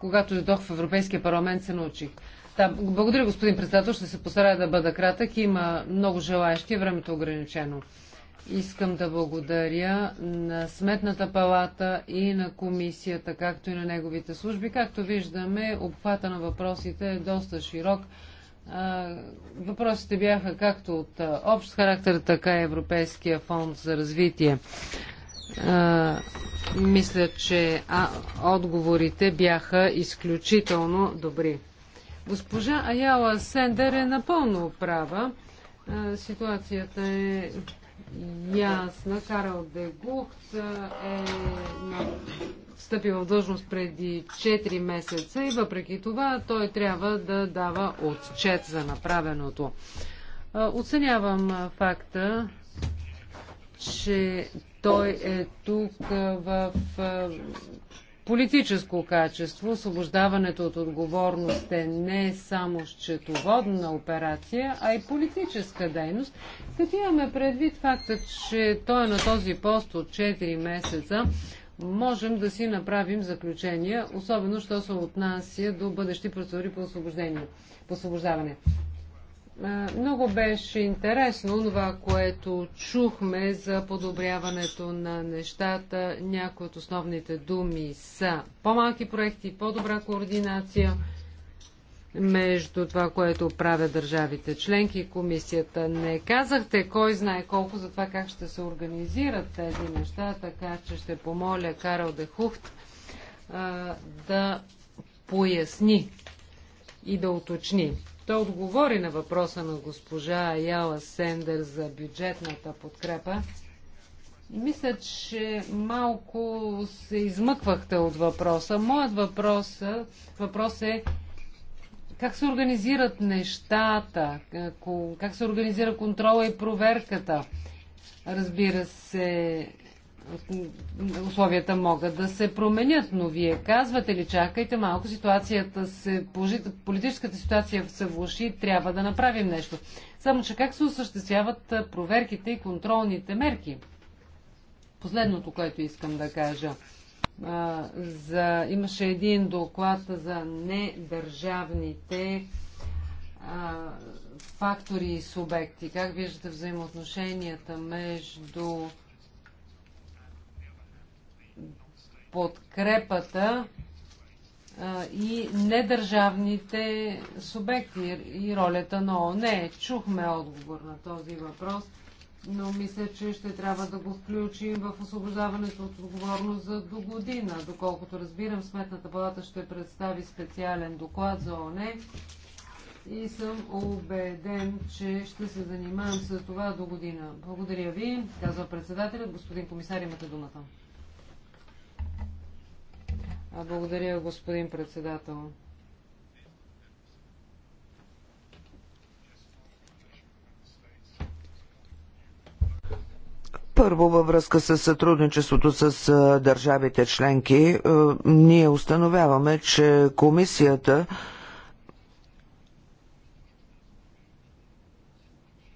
когато дойдох в Европейския парламент, се научих. Да, благодаря, господин председател. Ще се постарая да бъда кратък. Има много желаящи, времето е ограничено. Искам да благодаря на Сметната палата и на комисията, както и на неговите служби. Както виждаме, обхвата на въпросите е доста широк. Въпросите бяха както от общ характер, така и Европейския фонд за развитие. Мисля, че отговорите бяха изключително добри. Госпожа Аяла Сендер е напълно права. Ситуацията е ясна. Карл Дегухт е встъпил в дължност преди 4 месеца и въпреки това той трябва да дава отчет за направеното. Оценявам факта, че той е тук в политическо качество. Освобождаването от отговорност е не само счетоводна операция, а и политическа дейност. Като имаме предвид факта, че той е на този пост от 4 месеца, можем да си направим заключения, особено що се отнася до бъдещи процедури по, по освобождаване. Много беше интересно това, което чухме за подобряването на нещата. Някои от основните думи са по-малки проекти, по-добра координация между това, което правят държавите членки и комисията. Не казахте кой знае колко за това как ще се организират тези неща, така че ще помоля Карл Дехухт да поясни и да уточни. Той отговори на въпроса на госпожа Яла Сендер за бюджетната подкрепа. Мисля, че малко се измъквахте от въпроса. Моят въпрос, въпрос е как се организират нещата, как се организира контрола и проверката. Разбира се, условията могат да се променят, но вие казвате ли, чакайте малко, ситуацията се, политическата ситуация се влуши, трябва да направим нещо. Само, че как се осъществяват проверките и контролните мерки? Последното, което искам да кажа. А, за, имаше един доклад за недържавните а, фактори и субекти. Как виждате взаимоотношенията между подкрепата и недържавните субекти и ролята на ООН. Чухме отговор на този въпрос, но мисля, че ще трябва да го включим в освобождаването от отговорност за до година. Доколкото разбирам, Сметната палата ще представи специален доклад за ООН и съм убеден, че ще се занимавам с това до година. Благодаря ви, казва председателят. Господин комисар, имате думата. Благодаря, господин председател. Първо, във връзка с сътрудничеството с държавите членки, ние установяваме, че комисията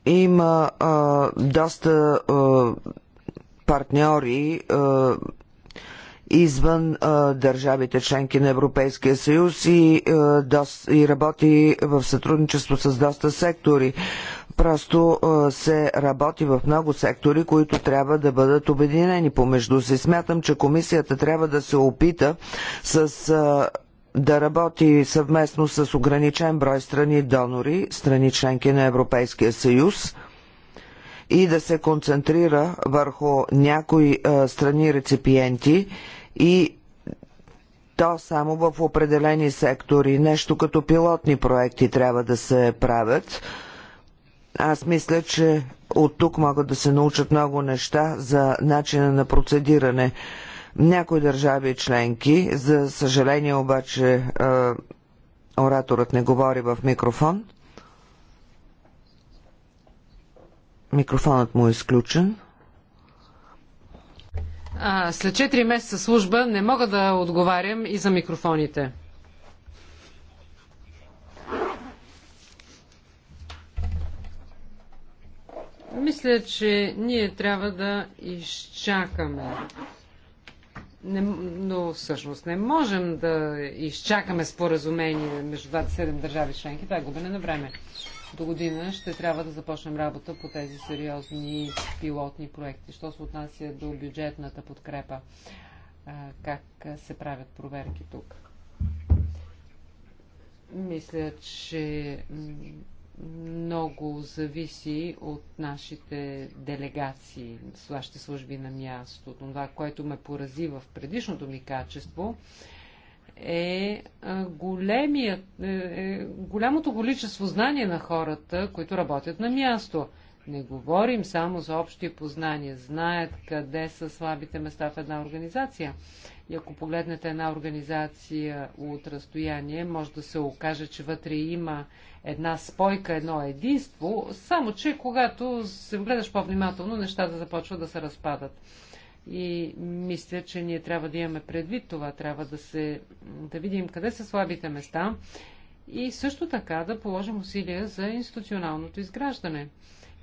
има а, доста а, партньори а, извън а, държавите членки на Европейския съюз и, а, дос, и работи в сътрудничество с доста сектори. Просто а, се работи в много сектори, които трябва да бъдат обединени помежду си. Смятам, че комисията трябва да се опита с. А, да работи съвместно с ограничен брой страни донори, страни членки на Европейския съюз и да се концентрира върху някои страни реципиенти, и то само в определени сектори. Нещо като пилотни проекти трябва да се правят. Аз мисля, че от тук могат да се научат много неща за начина на процедиране. Някои държави членки, за съжаление обаче е, ораторът не говори в микрофон. Микрофонът му е изключен а, след 4 месеца служба не мога да отговарям и за микрофоните. Мисля, че ние трябва да изчакаме. Не, но всъщност не можем да изчакаме споразумение между 27 държави членки. Това е губене на време. До година ще трябва да започнем работа по тези сериозни пилотни проекти. Що се отнася до бюджетната подкрепа? Как се правят проверки тук? Мисля, че много зависи от нашите делегации, с вашите служби на място. Това, което ме порази в предишното ми качество, е, големият, е, е голямото количество знание на хората, които работят на място. Не говорим само за общи познания. Знаят къде са слабите места в една организация. И ако погледнете една организация от разстояние, може да се окаже, че вътре има една спойка, едно единство, само че когато се вгледаш по-внимателно, нещата започват да се разпадат. И мисля, че ние трябва да имаме предвид това, трябва да, се, да видим къде са слабите места и също така да положим усилия за институционалното изграждане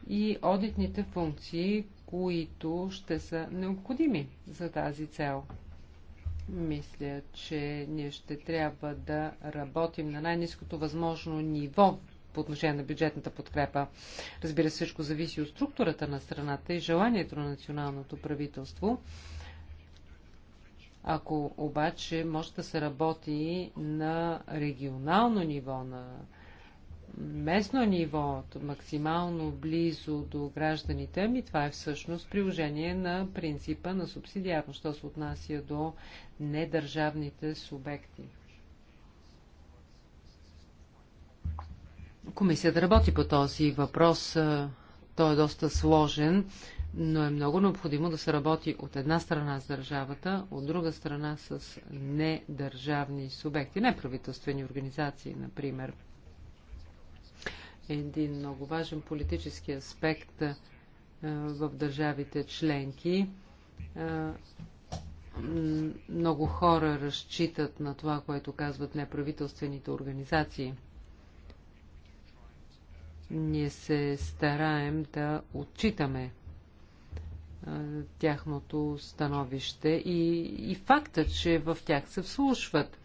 и одитните функции, които ще са необходими за тази цел. Мисля, че ние ще трябва да работим на най-низкото възможно ниво по отношение на бюджетната подкрепа. Разбира се, всичко зависи от структурата на страната и желанието на националното правителство. Ако обаче може да се работи на регионално ниво, на местно ниво, максимално близо до гражданите, ми това е всъщност приложение на принципа на субсидиарност, що се отнася до недържавните субекти. Комисията работи по този въпрос. Той е доста сложен, но е много необходимо да се работи от една страна с държавата, от друга страна с недържавни субекти, неправителствени организации, например – един много важен политически аспект в държавите членки. Много хора разчитат на това, което казват неправителствените организации. Ние се стараем да отчитаме тяхното становище и, и факта, че в тях се вслушват.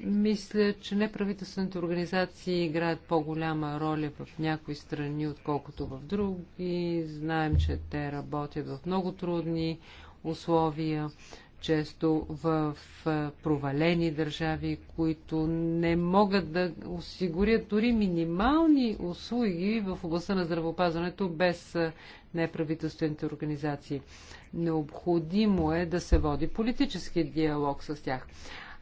Мисля, че неправителствените организации играят по-голяма роля в някои страни, отколкото в други. Знаем, че те работят в много трудни условия, често в провалени държави, които не могат да осигурят дори минимални услуги в областта на здравопазването без неправителствените организации. Необходимо е да се води политически диалог с тях.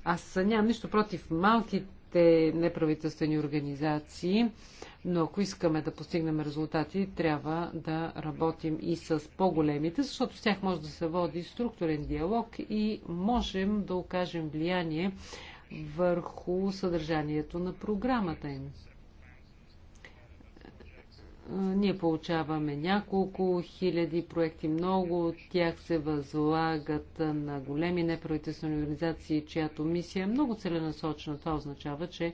Аз нямам нищо против малките неправителствени организации, но ако искаме да постигнем резултати, трябва да работим и с по-големите, защото с тях може да се води структурен диалог и можем да окажем влияние върху съдържанието на програмата им. Ние получаваме няколко хиляди проекти, много от тях се възлагат на големи неправителствени организации, чиято мисия е много целенасочена. Това означава, че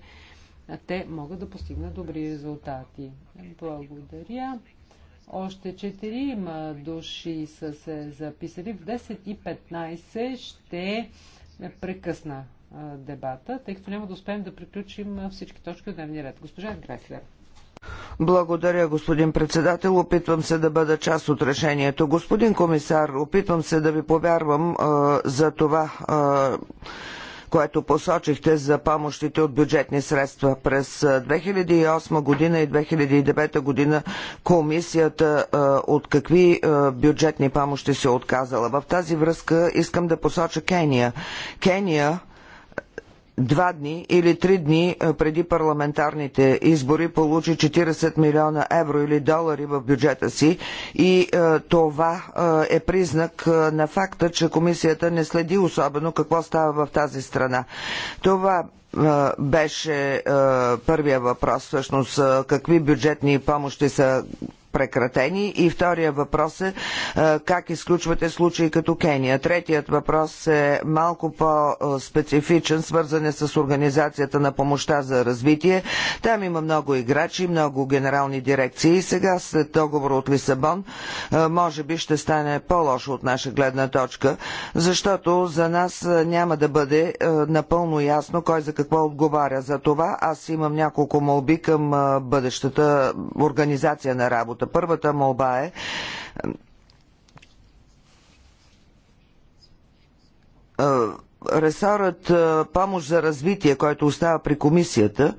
те могат да постигнат добри резултати. Благодаря. Още четирима души са се записали. В 10 и 15 ще прекъсна дебата, тъй като няма да успеем да приключим всички точки от дневния ред. Госпожа Греслер. Благодаря, господин председател. Опитвам се да бъда част от решението. Господин комисар, опитвам се да ви повярвам а, за това. А, което посочихте за помощите от бюджетни средства. През 2008 година и 2009 година комисията от какви бюджетни помощи се отказала. В тази връзка искам да посоча Кения. Кения два дни или три дни преди парламентарните избори получи 40 милиона евро или долари в бюджета си и това е признак на факта, че комисията не следи особено какво става в тази страна. Това беше първия въпрос, всъщност какви бюджетни помощи са прекратени? И втория въпрос е как изключвате случаи като Кения? Третият въпрос е малко по-специфичен, свързан е с организацията на помощта за развитие. Там има много играчи, много генерални дирекции. И Сега след договора от Лисабон, може би ще стане по-лошо от наша гледна точка, защото за нас няма да бъде напълно ясно кой за какво отговаря. За това аз имам няколко молби към бъдещата организация на работа молбата. Първата молба е, е ресорът е, помощ за развитие, който остава при комисията,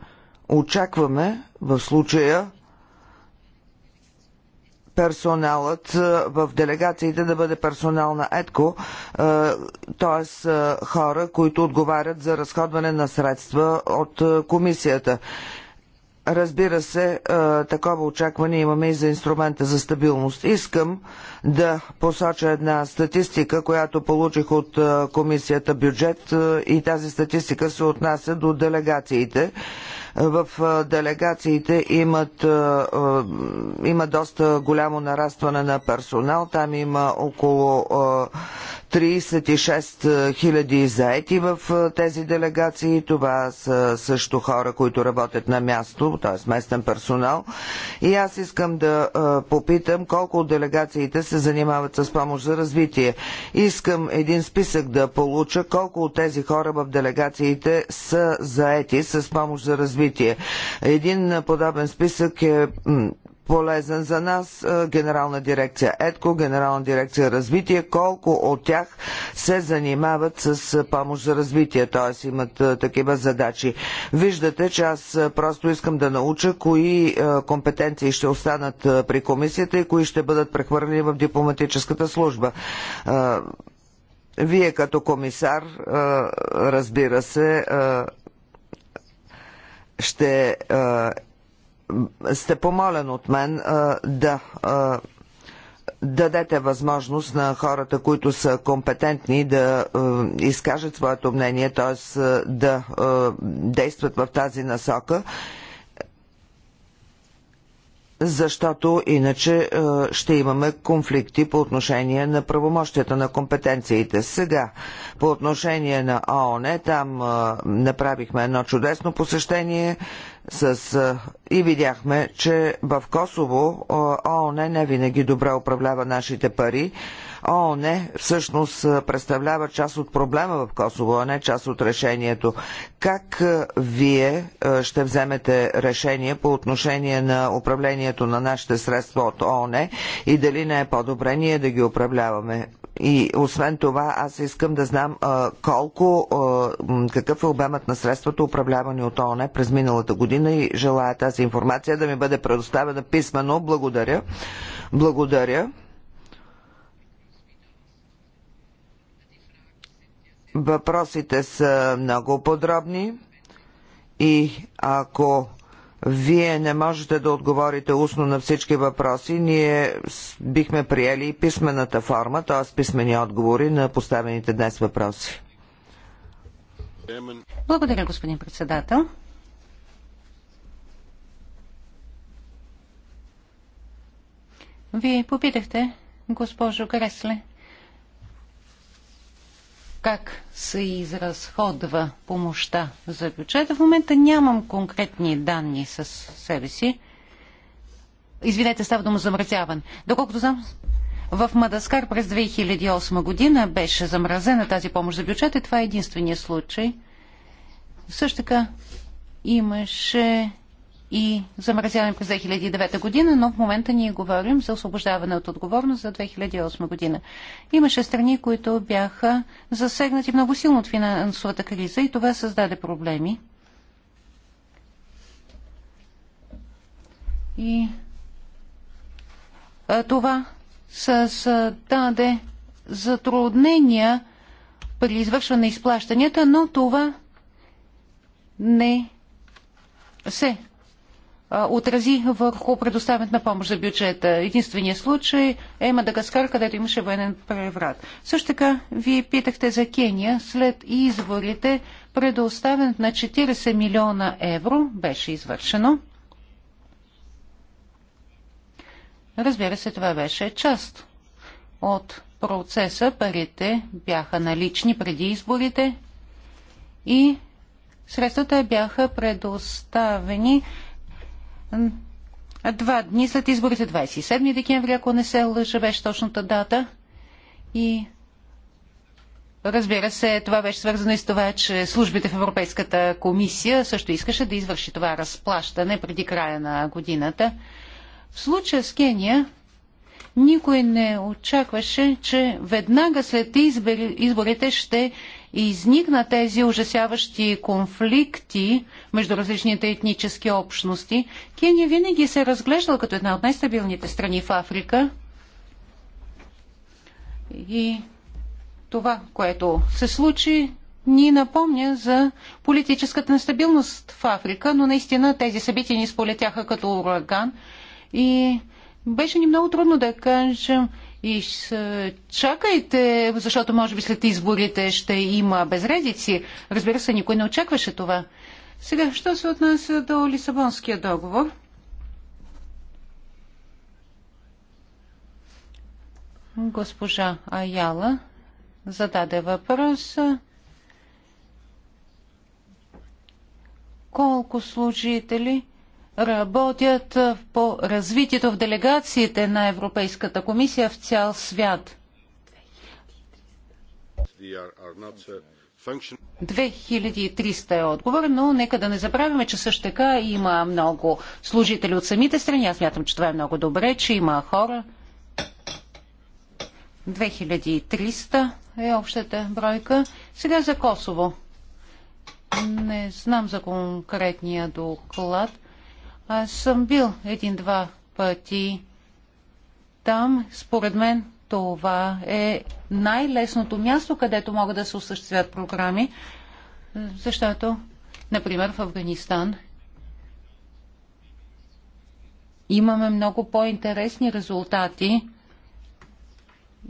очакваме в случая персоналът е, в делегациите да бъде персонал на ЕТКО, т.е. хора, които отговарят за разходване на средства от комисията. Разбира се, е, такова очакване имаме и за инструмента за стабилност. Искам да посоча една статистика, която получих от е, комисията бюджет е, и тази статистика се отнася до делегациите. В делегациите имат, има доста голямо нарастване на персонал. Там има около 36 хиляди заети в тези делегации. Това са също хора, които работят на място, т.е. местен персонал. И аз искам да попитам колко от делегациите се занимават с помощ за развитие. Искам един списък да получа колко от тези хора в делегациите са заети с помощ за развитие. Един подобен списък е полезен за нас. Е, генерална дирекция ЕДКО, Генерална дирекция развитие, колко от тях се занимават с е, помощ за развитие, т.е. имат е, такива задачи. Виждате, че аз просто искам да науча кои компетенции ще останат при комисията и кои ще бъдат прехвърлени в дипломатическата служба. Вие като комисар, разбира се, ще сте помолен от мен да дадете възможност на хората, които са компетентни да а, изкажат своето мнение, т.е. да а, действат в тази насока, защото иначе ще имаме конфликти по отношение на правомощията на компетенциите. Сега, по отношение на ООН, там направихме едно чудесно посещение с, и видяхме, че в Косово ООН не винаги добре управлява нашите пари. ООН е, всъщност представлява част от проблема в Косово, а не част от решението. Как вие ще вземете решение по отношение на управлението на нашите средства от ООН и дали не е по-добре ние да ги управляваме? И освен това, аз искам да знам колко, какъв е обемът на средствата, управлявани от ООН през миналата година и желая тази информация да ми бъде предоставена писмено. Благодаря. Благодаря. Въпросите са много подробни и ако вие не можете да отговорите устно на всички въпроси, ние бихме приели писмената форма, т.е. писмени отговори на поставените днес въпроси. Благодаря, господин председател. Вие попитахте, госпожо Кресле, как се изразходва помощта за бюджета. В момента нямам конкретни данни с себе си. Извинете, става дума замразяване. Доколкото знам, в Мадаскар през 2008 година беше замразена тази помощ за бюджет и това е единствения случай. Също така имаше и замразяване през 2009 година, но в момента ние говорим за освобождаване от отговорност за 2008 година. Имаше страни, които бяха засегнати много силно от финансовата криза и това създаде проблеми. И това създаде затруднения при извършване на изплащанията, но това не се отрази върху предоставянето на помощ за бюджета. Единственият случай е Мадагаскар, където имаше военен преврат. Също така, вие питахте за Кения. След изворите, предоставянето на 40 милиона евро беше извършено. Разбира се, това беше част от процеса. Парите бяха налични преди изборите и средствата бяха предоставени два дни след изборите, 27 декември, ако не се лъжа, беше точната дата. И разбира се, това беше свързано и с това, че службите в Европейската комисия също искаше да извърши това разплащане преди края на годината. В случая с Кения никой не очакваше, че веднага след изборите ще изникна тези ужасяващи конфликти между различните етнически общности, Кения винаги се разглежда разглеждала като една от най-стабилните страни в Африка. И това, което се случи, ни напомня за политическата нестабилност в Африка, но наистина тези събития ни сполетяха като ураган и беше ни много трудно да кажем и чакайте, защото може би след изборите ще има безредици. Разбира се, никой не очакваше това. Сега, що се отнася до Лисабонския договор? Госпожа Аяла зададе въпрос. Колко служители работят по развитието в делегациите на Европейската комисия в цял свят. 2300 uh, е отговор, но нека да не забравяме, че също така има много служители от самите страни. Аз мятам, че това е много добре, че има хора. 2300 е общата бройка. Сега за Косово. Не знам за конкретния доклад. Аз съм бил един-два пъти там. Според мен това е най-лесното място, където могат да се осъществят програми, защото, например, в Афганистан имаме много по-интересни резултати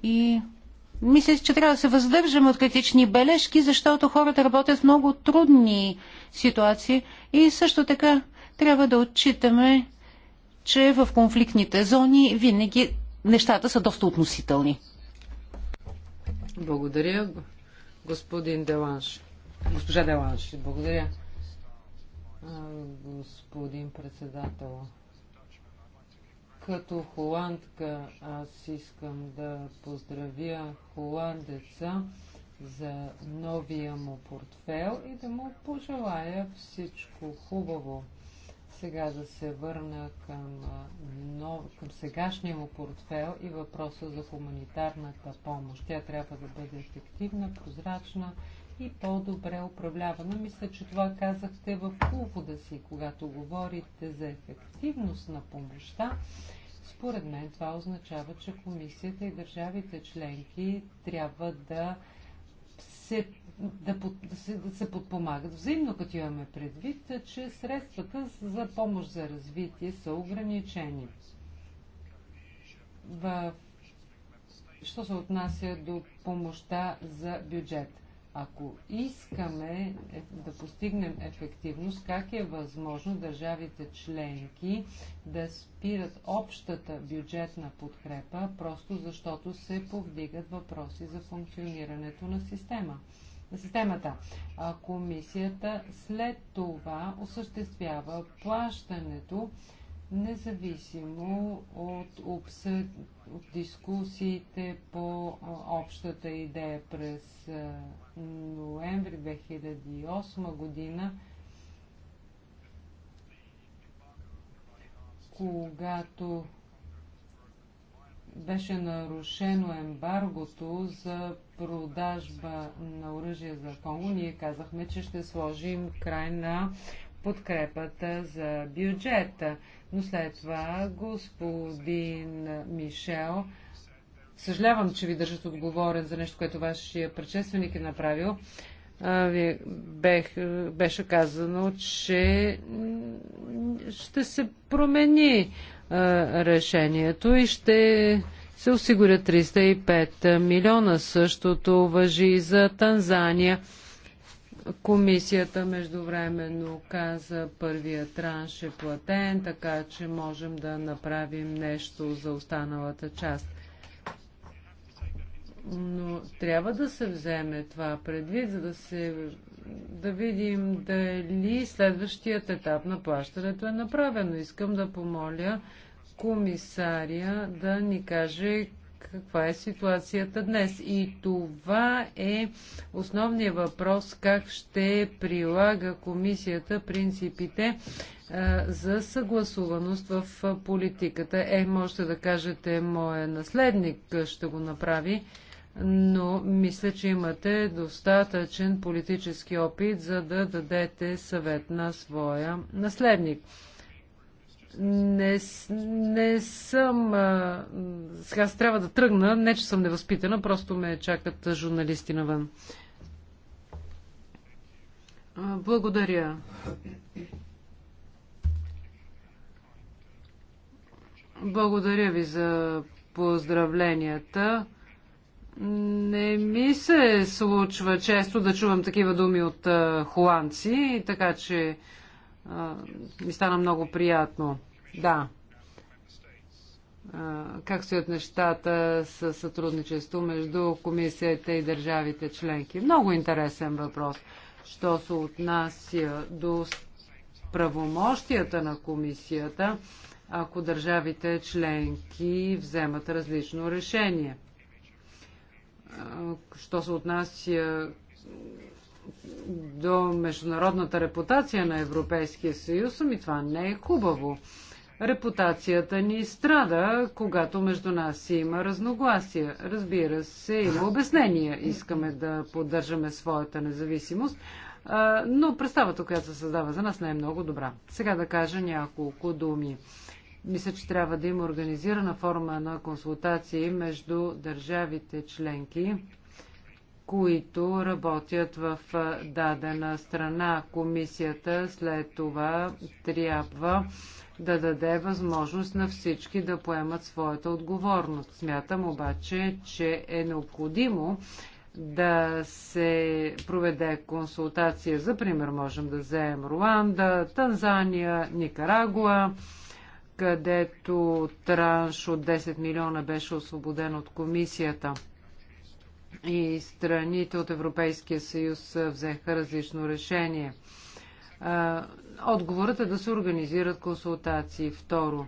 и мисля, че трябва да се въздържам от критични бележки, защото хората работят в много трудни ситуации и също така трябва да отчитаме, че в конфликтните зони винаги нещата са доста относителни. Благодаря, господин Деланш. Госпожа Деланш, благодаря. Господин председател, като холандка аз искам да поздравя холандеца за новия му портфел и да му пожелая всичко хубаво. Сега да се върна към, нов, към сегашния му портфел и въпроса за хуманитарната помощ. Тя трябва да бъде ефективна, прозрачна и по-добре управлявана. Мисля, че това казахте в увода си, когато говорите за ефективност на помощта. Според мен това означава, че комисията и държавите членки трябва да се, да, да, се, се подпомагат взаимно, като имаме предвид, че средствата за помощ за развитие са ограничени. В... Що се отнася до помощта за бюджет? Ако искаме е, да постигнем ефективност, как е възможно държавите членки да спират общата бюджетна подкрепа, просто защото се повдигат въпроси за функционирането на система? на системата. А комисията след това осъществява плащането независимо от, обсъд, от дискусиите по общата идея през ноември 2008 година, когато беше нарушено ембаргото за продажба на оръжие за Конго, ние казахме, че ще сложим край на подкрепата за бюджета. Но след това господин Мишел, съжалявам, че ви държат отговорен за нещо, което вашия предшественик е направил, бех, беше казано, че ще се промени решението и ще се осигурят 305 милиона. Същото въжи и за Танзания. Комисията междувременно каза първия транш е платен, така че можем да направим нещо за останалата част. Но трябва да се вземе това предвид, за да, се, да видим дали следващият етап на плащането е направено. Искам да помоля комисария да ни каже каква е ситуацията днес. И това е основният въпрос, как ще прилага комисията принципите за съгласуваност в политиката. Е, можете да кажете, моя наследник ще го направи, но мисля, че имате достатъчен политически опит, за да дадете съвет на своя наследник. Не, не съм... А, сега трябва да тръгна. Не, че съм невъзпитана, просто ме чакат журналисти навън. А, благодаря. Благодаря ви за поздравленията. Не ми се случва често да чувам такива думи от а, холандци, така че ми стана много приятно. Да. Как стоят нещата с сътрудничество между комисията и държавите членки? Много интересен въпрос. Що се отнася до правомощията на комисията, ако държавите членки вземат различно решение. Що се отнася до международната репутация на Европейския съюз, ами това не е хубаво. Репутацията ни страда, когато между нас има разногласия. Разбира се, има обяснения. Искаме да поддържаме своята независимост, но представата, която се създава за нас, не е много добра. Сега да кажа няколко думи. Мисля, че трябва да има организирана форма на консултации между държавите членки които работят в дадена страна. Комисията след това трябва да даде възможност на всички да поемат своята отговорност. Смятам обаче, че е необходимо да се проведе консултация. За пример можем да вземем Руанда, Танзания, Никарагуа, където транш от 10 милиона беше освободен от комисията – и страните от Европейския съюз взеха различно решение. Отговорът е да се организират консултации. Второ,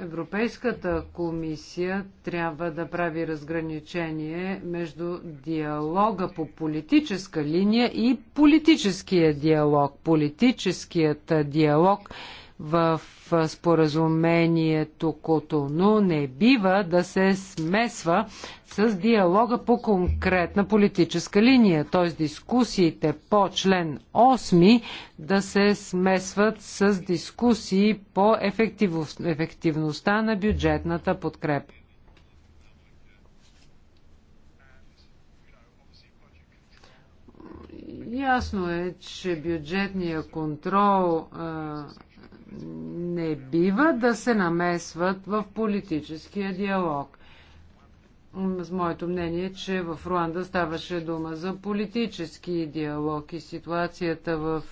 Европейската комисия трябва да прави разграничение между диалога по политическа линия и политическия диалог. Политическият диалог в споразумението Котону не бива да се смесва с диалога по конкретна политическа линия, т.е. дискусиите по член 8 да се смесват с дискусии по ефективността на бюджетната подкрепа. Ясно е, че бюджетния контрол а, не бива да се намесват в политическия диалог. С моето мнение, че в Руанда ставаше дума за политически диалог и ситуацията в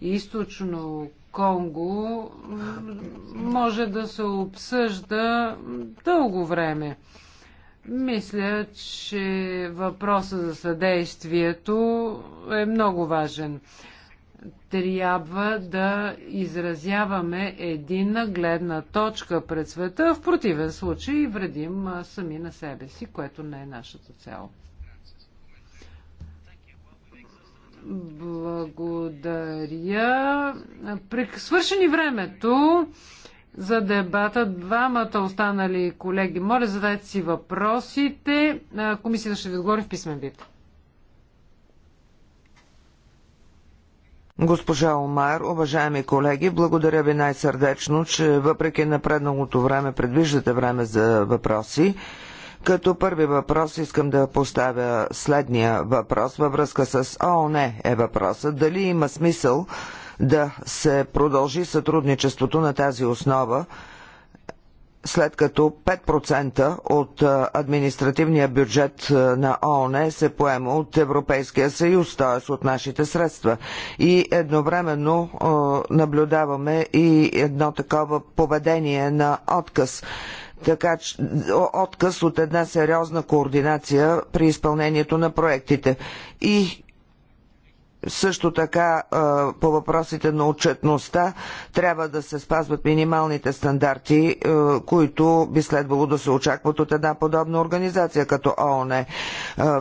източно Конго може да се обсъжда дълго време. Мисля, че въпросът за съдействието е много важен трябва да изразяваме единна гледна точка пред света, в противен случай вредим сами на себе си, което не е нашата цел. Благодаря. Свършени времето за дебата. Двамата останали колеги, моля задайте си въпросите. Комисията ще ви отговори в писмен вид. Госпожа Омар, уважаеми колеги, благодаря ви най-сърдечно, че въпреки напредналото време предвиждате време за въпроси. Като първи въпрос искам да поставя следния въпрос във връзка с ООН е въпроса. Дали има смисъл да се продължи сътрудничеството на тази основа, след като 5% от административния бюджет на ООН се поема от Европейския съюз, т.е. от нашите средства. И едновременно наблюдаваме и едно такова поведение на отказ така че отказ от една сериозна координация при изпълнението на проектите. И също така по въпросите на отчетността трябва да се спазват минималните стандарти, които би следвало да се очакват от една подобна организация като ООН.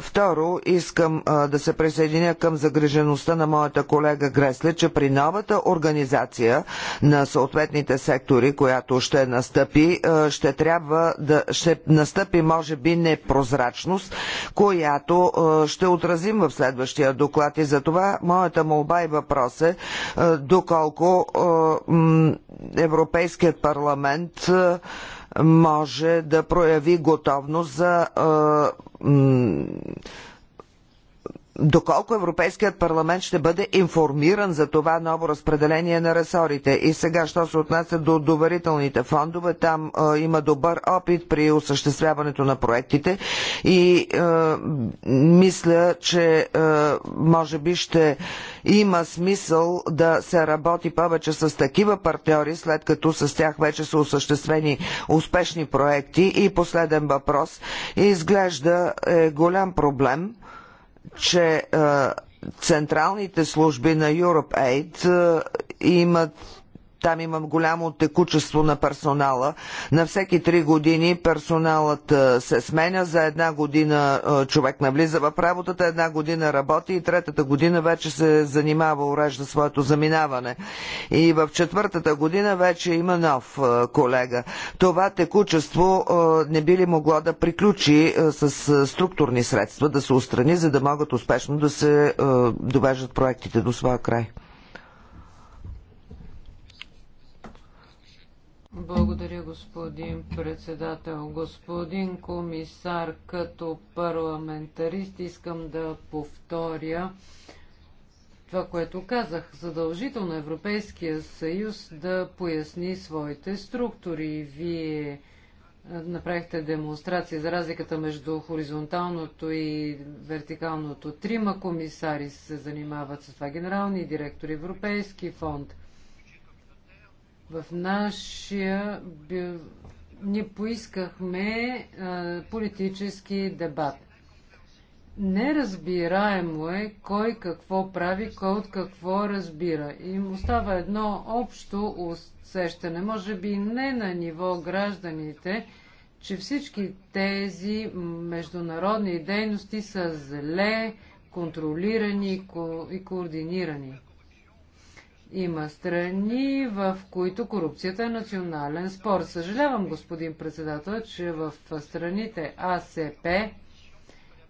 Второ, искам да се присъединя към загрижеността на моята колега Гресле, че при новата организация на съответните сектори, която ще настъпи, ще трябва да ще настъпи може би непрозрачност, която ще отразим в следващия доклад и за това моята молба и въпрос е доколко Европейският парламент може да прояви готовност за доколко Европейският парламент ще бъде информиран за това ново разпределение на ресорите. И сега, що се отнася до доверителните фондове, там е, има добър опит при осъществяването на проектите и е, мисля, че е, може би ще има смисъл да се работи повече с такива партньори, след като с тях вече са осъществени успешни проекти. И последен въпрос. Изглежда е голям проблем че е, централните служби на EuropeAid е, имат там имам голямо текучество на персонала. На всеки три години персоналът е, се сменя. За една година е, човек навлиза в работата, една година работи и третата година вече се занимава, урежда своето заминаване. И в четвъртата година вече има нов е, колега. Това текучество не би ли могло да приключи с структурни средства, да се устрани, за да могат успешно да се довеждат проектите до своя край? Благодаря, господин председател. Господин комисар, като парламентарист искам да повторя това, което казах. Задължително Европейския съюз да поясни своите структури. Вие е, направихте демонстрация за разликата между хоризонталното и вертикалното. Трима комисари се занимават с това. Генерални директори Европейски фонд – в нашия бю... поискахме а, политически дебат. Неразбираемо е кой какво прави, кой от какво разбира. Им остава едно общо усещане, може би не на ниво гражданите, че всички тези международни дейности са зле контролирани и координирани. Има страни, в които корупцията е национален спор. Съжалявам, господин председател, че в страните АСП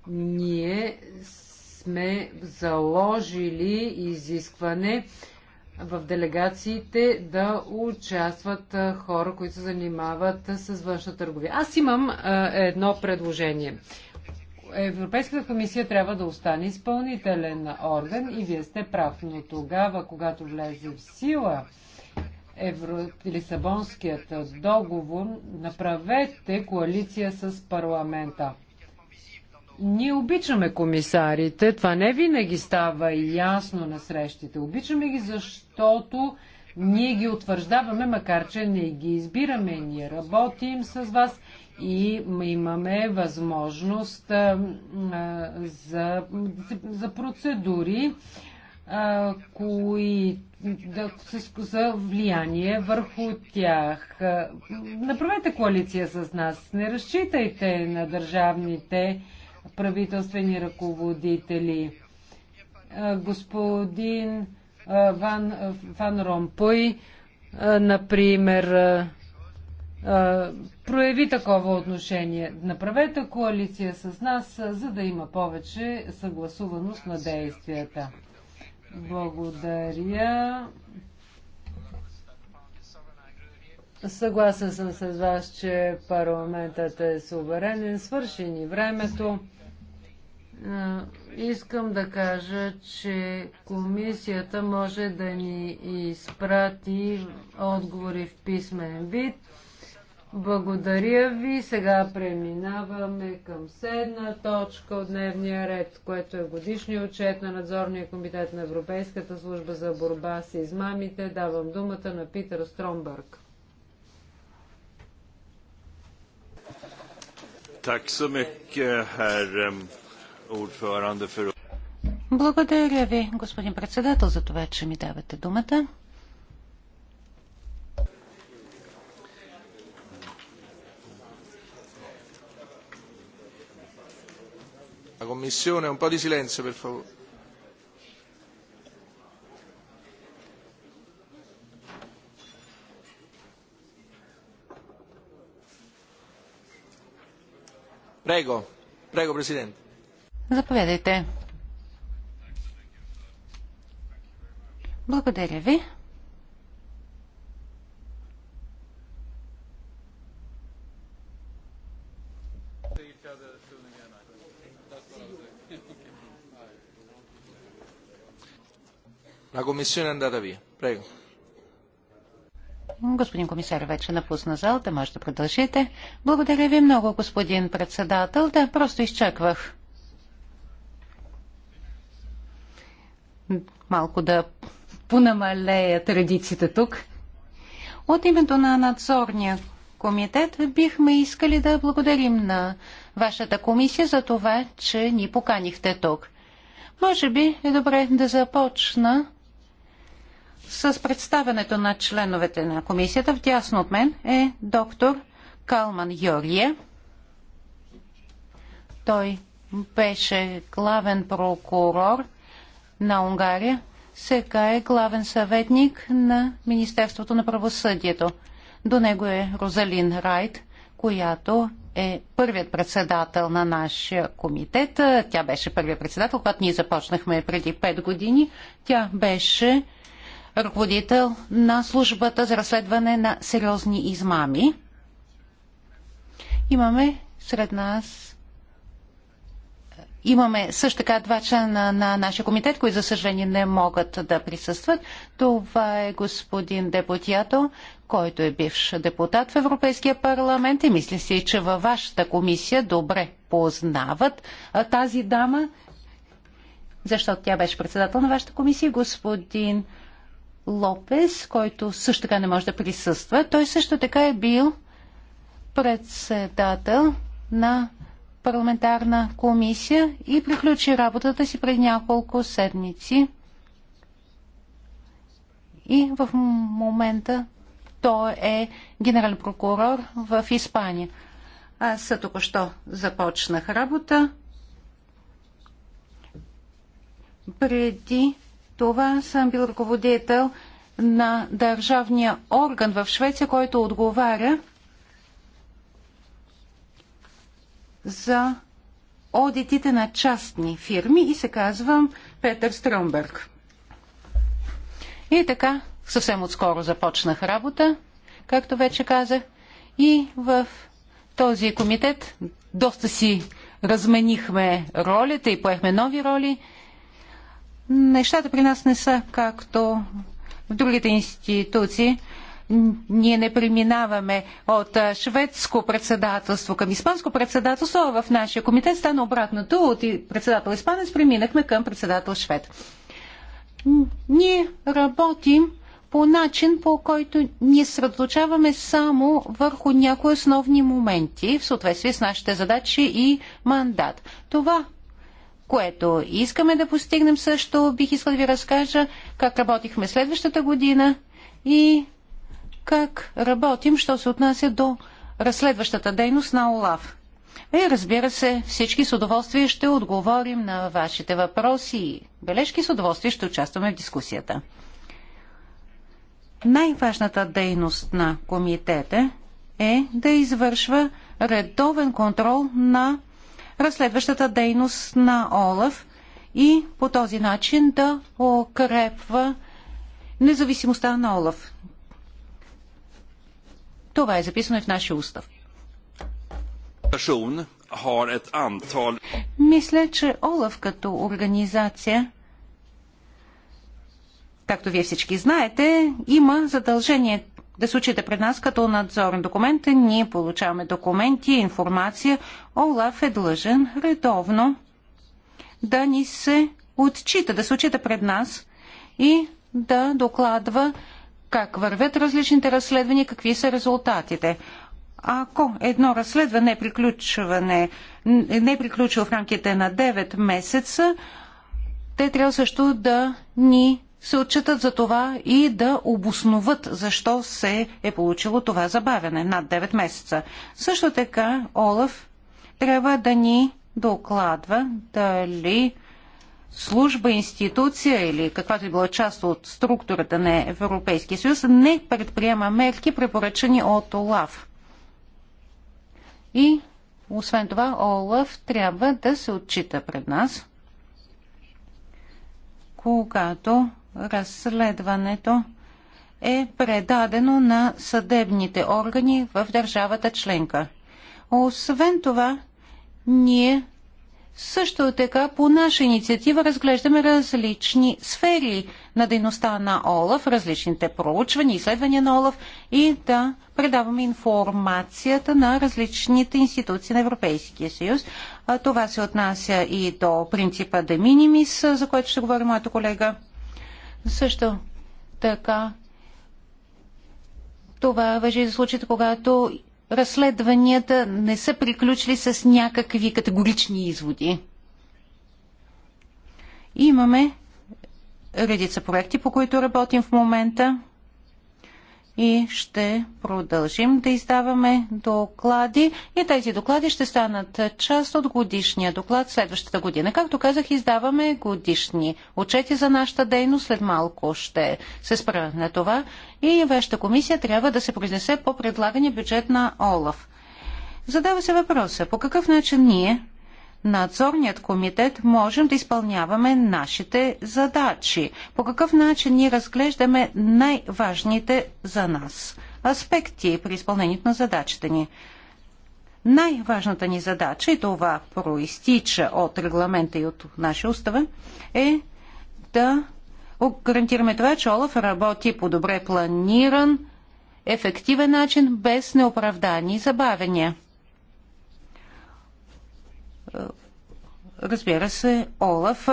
ние сме заложили изискване в делегациите да участват хора, които се занимават с външна търговия. Аз имам едно предложение. Европейската комисия трябва да остане изпълнителен орган и вие сте прав, но тогава, когато влезе в сила Евро... Лисабонският договор, направете коалиция с парламента. Ние обичаме комисарите, това не винаги става ясно на срещите. Обичаме ги, защото ние ги утвърждаваме, макар че не ги избираме. Ние работим с вас и имаме възможност а, за, за процедури, а, кои, да, за влияние върху тях. Направете коалиция с нас. Не разчитайте на държавните правителствени ръководители. господин Ван, Ван Ромпой, например, прояви такова отношение. Направете коалиция с нас, за да има повече съгласуваност на действията. Благодаря. Съгласен съм с вас, че парламентът е суверенен. Свършени ни времето. Искам да кажа, че комисията може да ни изпрати отговори в писмен вид. Благодаря ви. Сега преминаваме към седна точка от дневния ред, което е годишния отчет на надзорния комитет на Европейската служба за борба с измамите. Давам думата на Питър Стромбърг. Ehm, Благодаря ви, господин председател, за това, че ми давате думата. Commissione, un po' di silenzio per favore. Prego, prego Presidente. Заповядайте. Благодаря ви. La Commissione è andata via. Prego. Господин комисар вече напусна залата, може да продължите. Благодаря ви много, господин председател. Да, просто изчаквах. Малко да понамалея традицията тук. От името на надзорния комитет бихме искали да благодарим на вашата комисия за това, че ни поканихте тук. Може би е добре да започна с представенето на членовете на комисията в дясно от мен е доктор Калман Йорие. Той беше главен прокурор на Унгария, сега е главен съветник на Министерството на правосъдието. До него е Розалин Райт, която е първият председател на нашия комитет. Тя беше първият председател, когато ние започнахме преди 5 години. Тя беше ръководител на службата за разследване на сериозни измами. Имаме сред нас Имаме също така два члена на нашия комитет, които за съжаление не могат да присъстват. Това е господин Депутято, който е бивш депутат в Европейския парламент и мисля си, че във вашата комисия добре познават тази дама, защото тя беше председател на вашата комисия, господин Лопес, който също така не може да присъства. Той също така е бил председател на парламентарна комисия и приключи работата си пред няколко седмици. И в момента той е генерален прокурор в Испания. Аз току-що започнах работа. Преди това съм бил ръководител на държавния орган в Швеция, който отговаря за одитите на частни фирми и се казвам Петър Стръмберг. И така, съвсем отскоро започнах работа, както вече казах, и в този комитет доста си разменихме ролите и поехме нови роли – Нещата при нас не са както в другите институции. Ние не преминаваме от шведско председателство към испанско председателство, а в нашия комитет стана обратното. От председател испанец преминахме към председател швед. Ние работим по начин, по който ние средоточаваме само върху някои основни моменти в съответствие с нашите задачи и мандат. Това което искаме да постигнем също. Бих искал да ви разкажа как работихме следващата година и как работим, що се отнася до разследващата дейност на ОЛАВ. И е, разбира се, всички с удоволствие ще отговорим на вашите въпроси и бележки с удоволствие ще участваме в дискусията. Най-важната дейност на комитета е да извършва редовен контрол на разследващата дейност на ОЛАФ и по този начин да укрепва независимостта на ОЛАФ. Това е записано и в нашия устав. Мисля, че ОЛАФ като организация, както вие всички знаете, има задължение да се учите пред нас като надзорен документ. Ние получаваме документи, информация. Олаф е длъжен редовно да ни се отчита, да се пред нас и да докладва как вървят различните разследвания, какви са резултатите. Ако едно разследване е, приключване, не е приключило в рамките на 9 месеца, те трябва също да ни се отчитат за това и да обосноват защо се е получило това забавяне над 9 месеца. Също така Олаф трябва да ни докладва дали служба, институция или каквато и била част от структурата на Европейския съюз не предприема мерки, препоръчани от ОЛАФ. И освен това, ОЛАФ трябва да се отчита пред нас, когато разследването е предадено на съдебните органи в държавата членка. Освен това, ние също така по наша инициатива разглеждаме различни сфери на дейността на ОЛАФ, различните проучвания, изследвания на ОЛАФ и да предаваме информацията на различните институции на Европейския съюз. Това се отнася и до принципа Деминимис, за който ще говори моята колега. Също така това въжи за случаите, когато разследванията не са приключили с някакви категорични изводи. Имаме редица проекти, по които работим в момента и ще продължим да издаваме доклади и тези доклади ще станат част от годишния доклад следващата година. Както казах, издаваме годишни отчети за нашата дейност. След малко ще се спра на това и вашата комисия трябва да се произнесе по предлагания бюджет на ОЛАФ. Задава се въпроса, по какъв начин ние надзорният комитет можем да изпълняваме нашите задачи? По какъв начин ние разглеждаме най-важните за нас аспекти при изпълнението на задачите ни? Най-важната ни задача, и това проистича от регламента и от нашия устава, е да гарантираме това, че Олаф работи по добре планиран, ефективен начин, без неоправдани забавения. Е, разбира се, Олаф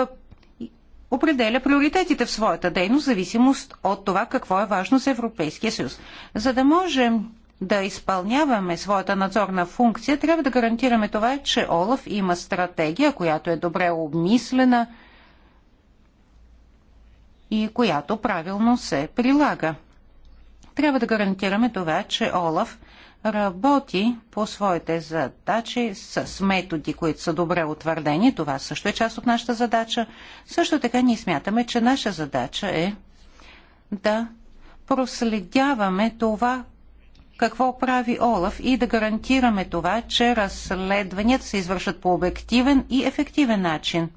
определя приоритетите в своята дейност, в зависимост от това какво е важно за Европейския съюз. За да можем да изпълняваме своята надзорна функция, трябва да гарантираме това, че Олаф има стратегия, която е добре обмислена и която правилно се прилага. Трябва да гарантираме това, че Олаф работи по своите задачи с методи, които са добре утвърдени. Това също е част от нашата задача. Също така ние смятаме, че наша задача е да проследяваме това, какво прави Олаф и да гарантираме това, че разследванията се извършат по обективен и ефективен начин.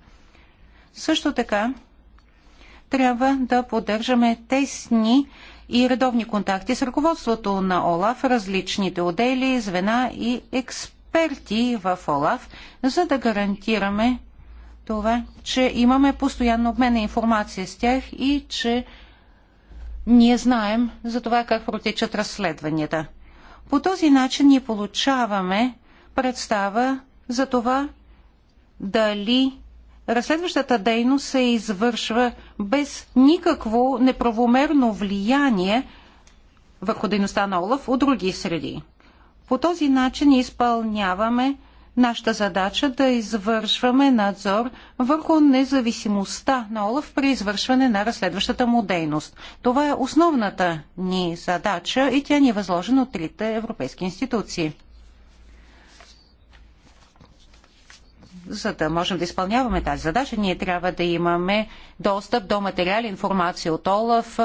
Също така трябва да поддържаме тесни и редовни контакти с ръководството на ОЛАФ, различните отдели, звена и експерти в ОЛАФ, за да гарантираме това, че имаме постоянно обмен на информация с тях и че ние знаем за това как протичат разследванията. По този начин ние получаваме представа за това дали разследващата дейност се извършва без никакво неправомерно влияние върху дейността на Олаф от други среди. По този начин изпълняваме нашата задача да извършваме надзор върху независимостта на Олаф при извършване на разследващата му дейност. Това е основната ни задача и тя ни е възложена от трите европейски институции. за да можем да изпълняваме тази задача, ние трябва да имаме достъп до материали, информация от ОЛАФ,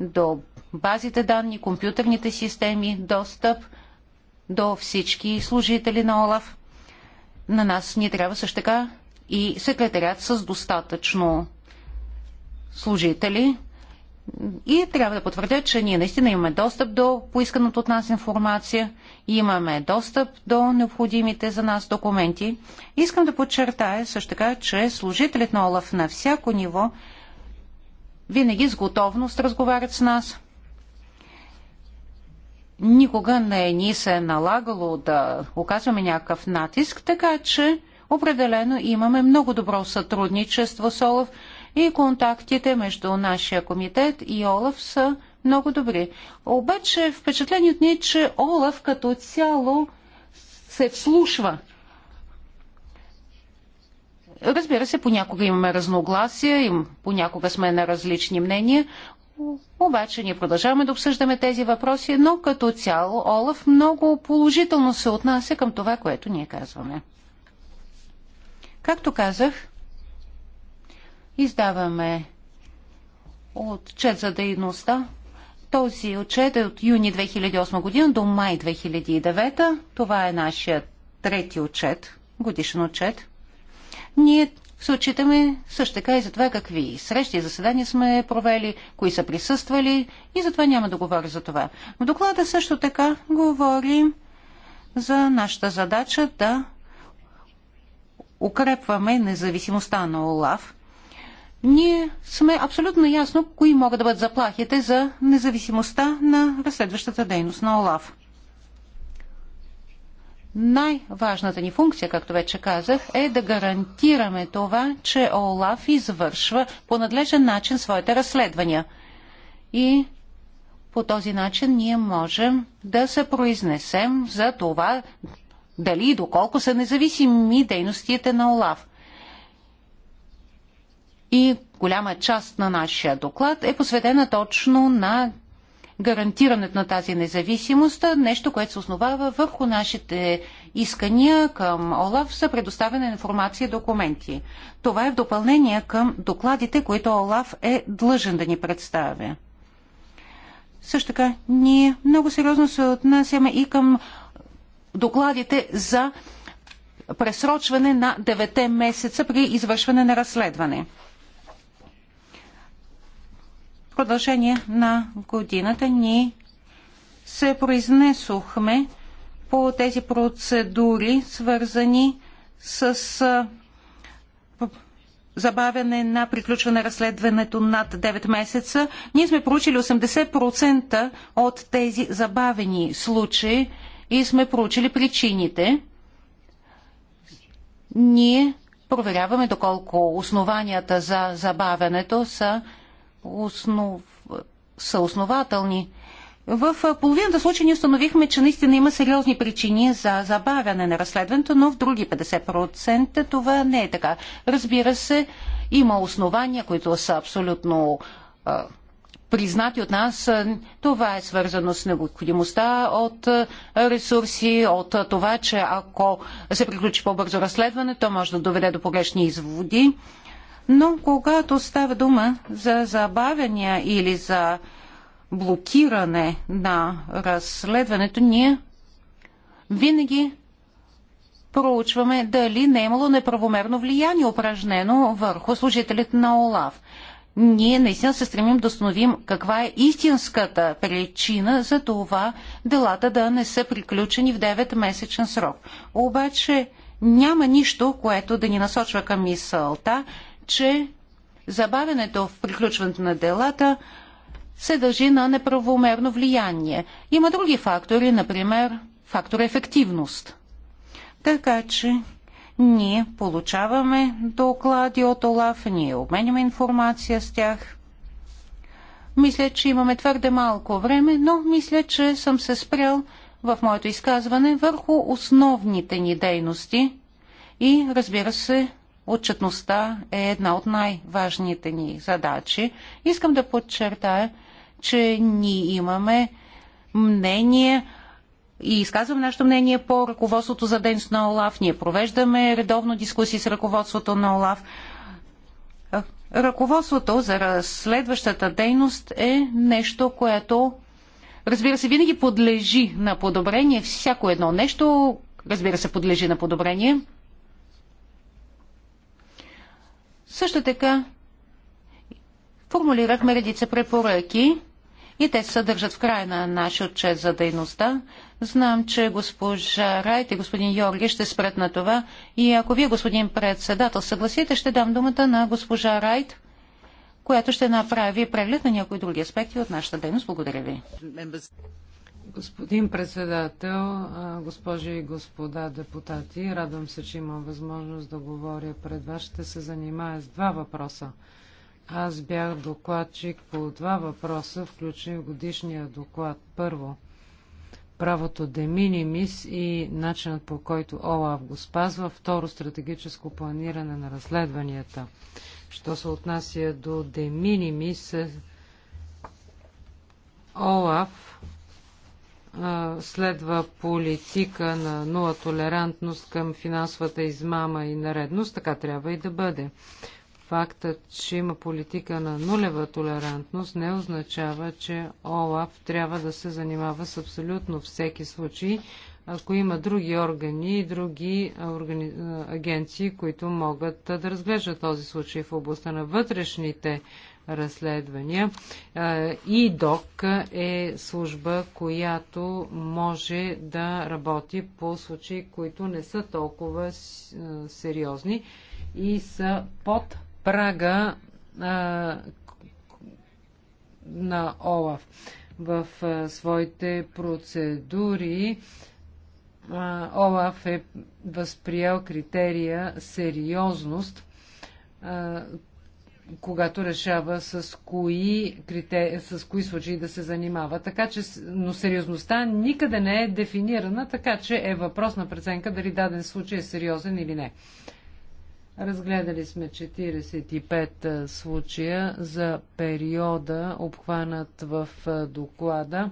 до базите данни, компютърните системи, достъп до всички служители на ОЛАФ. На нас ни трябва също така и секретарят с достатъчно служители, и трябва да потвърдя, че ние наистина имаме достъп до поисканата от нас информация, имаме достъп до необходимите за нас документи. Искам да подчертая също така, че служителят на ОЛАФ на всяко ниво винаги с готовност разговарят с нас. Никога не ни се е налагало да оказваме някакъв натиск, така че определено имаме много добро сътрудничество с ОЛАФ и контактите между нашия комитет и Олаф са много добри. Обаче впечатлението ни е, че Олаф като цяло се вслушва. Разбира се, понякога имаме разногласия, им, понякога сме на различни мнения, обаче ние продължаваме да обсъждаме тези въпроси, но като цяло Олаф много положително се отнася към това, което ние казваме. Както казах, Издаваме отчет за дейността. Този отчет е от юни 2008 година до май 2009. Това е нашия трети отчет, годишен отчет. Ние се отчитаме също така и за това какви срещи и заседания сме провели, кои са присъствали и затова няма да говоря за това. В доклада също така говорим за нашата задача да укрепваме независимостта на ОЛАВ ние сме абсолютно ясно кои могат да бъдат заплахите за независимостта на разследващата дейност на ОЛАФ. Най-важната ни функция, както вече казах, е да гарантираме това, че ОЛАФ извършва по надлежен начин своите разследвания. И по този начин ние можем да се произнесем за това дали и доколко са независими дейностите на ОЛАФ и голяма част на нашия доклад е посветена точно на гарантирането на тази независимост, нещо, което се основава върху нашите искания към ОЛАФ за предоставяне на информация и документи. Това е в допълнение към докладите, които ОЛАФ е длъжен да ни представя. Също така, ние много сериозно се отнасяме и към докладите за пресрочване на 9 месеца при извършване на разследване. В продължение на годината ни се произнесохме по тези процедури, свързани с забавяне на приключване разследването над 9 месеца. Ние сме проучили 80% от тези забавени случаи и сме проучили причините. Ние проверяваме доколко основанията за забавянето са основ... са основателни. В половината случаи ние установихме, че наистина има сериозни причини за забавяне на разследването, но в други 50% това не е така. Разбира се, има основания, които са абсолютно а, признати от нас. Това е свързано с необходимостта от ресурси, от това, че ако се приключи по-бързо разследване, то може да доведе до погрешни изводи. Но когато става дума за забавяния или за блокиране на разследването, ние винаги проучваме дали не е имало неправомерно влияние упражнено върху служителите на ОЛАВ. Ние наистина се стремим да установим каква е истинската причина за това делата да не са приключени в 9-месечен срок. Обаче няма нищо, което да ни насочва към мисълта, че забавянето в приключването на делата се дължи на неправомерно влияние. Има други фактори, например фактор ефективност. Така че ние получаваме доклади от ОЛАФ, ние обменяме информация с тях. Мисля, че имаме твърде малко време, но мисля, че съм се спрял в моето изказване върху основните ни дейности и, разбира се, Отчетността е една от най-важните ни задачи. Искам да подчертая, че ние имаме мнение и изказвам нашето мнение по ръководството за ден на ОЛАФ. Ние провеждаме редовно дискусии с ръководството на ОЛАФ. Ръководството за разследващата дейност е нещо, което разбира се винаги подлежи на подобрение. Всяко едно нещо, разбира се, подлежи на подобрение. Също така формулирахме редица препоръки и те се съдържат в края на нашия отчет за дейността. Знам, че госпожа Райт и господин Йорги ще спрат на това и ако вие, господин председател, съгласите, ще дам думата на госпожа Райт, която ще направи преглед на някои други аспекти от нашата дейност. Благодаря ви. Господин председател, госпожи и господа депутати, радвам се, че имам възможност да говоря пред вас. Ще се занимая с два въпроса. Аз бях докладчик по два въпроса, включен в годишния доклад. Първо, правото де минимис и начинът по който ОЛАВ го спазва. Второ, стратегическо планиране на разследванията. Що се отнася до де минимис, ОЛАВ следва политика на нула толерантност към финансовата измама и наредност, така трябва и да бъде. Фактът, че има политика на нулева толерантност, не означава, че ОЛАФ трябва да се занимава с абсолютно всеки случай, ако има други органи и други органи... агенции, които могат да разглеждат този случай в областта на вътрешните разследвания. И ДОК е служба, която може да работи по случаи, които не са толкова сериозни и са под прага на ОЛАФ. В своите процедури ОЛАФ е възприел критерия сериозност когато решава с кои, критери... с кои случаи да се занимава. Така че, но сериозността никъде не е дефинирана, така че е въпрос на преценка дали даден случай е сериозен или не. Разгледали сме 45 случая за периода, обхванат в доклада.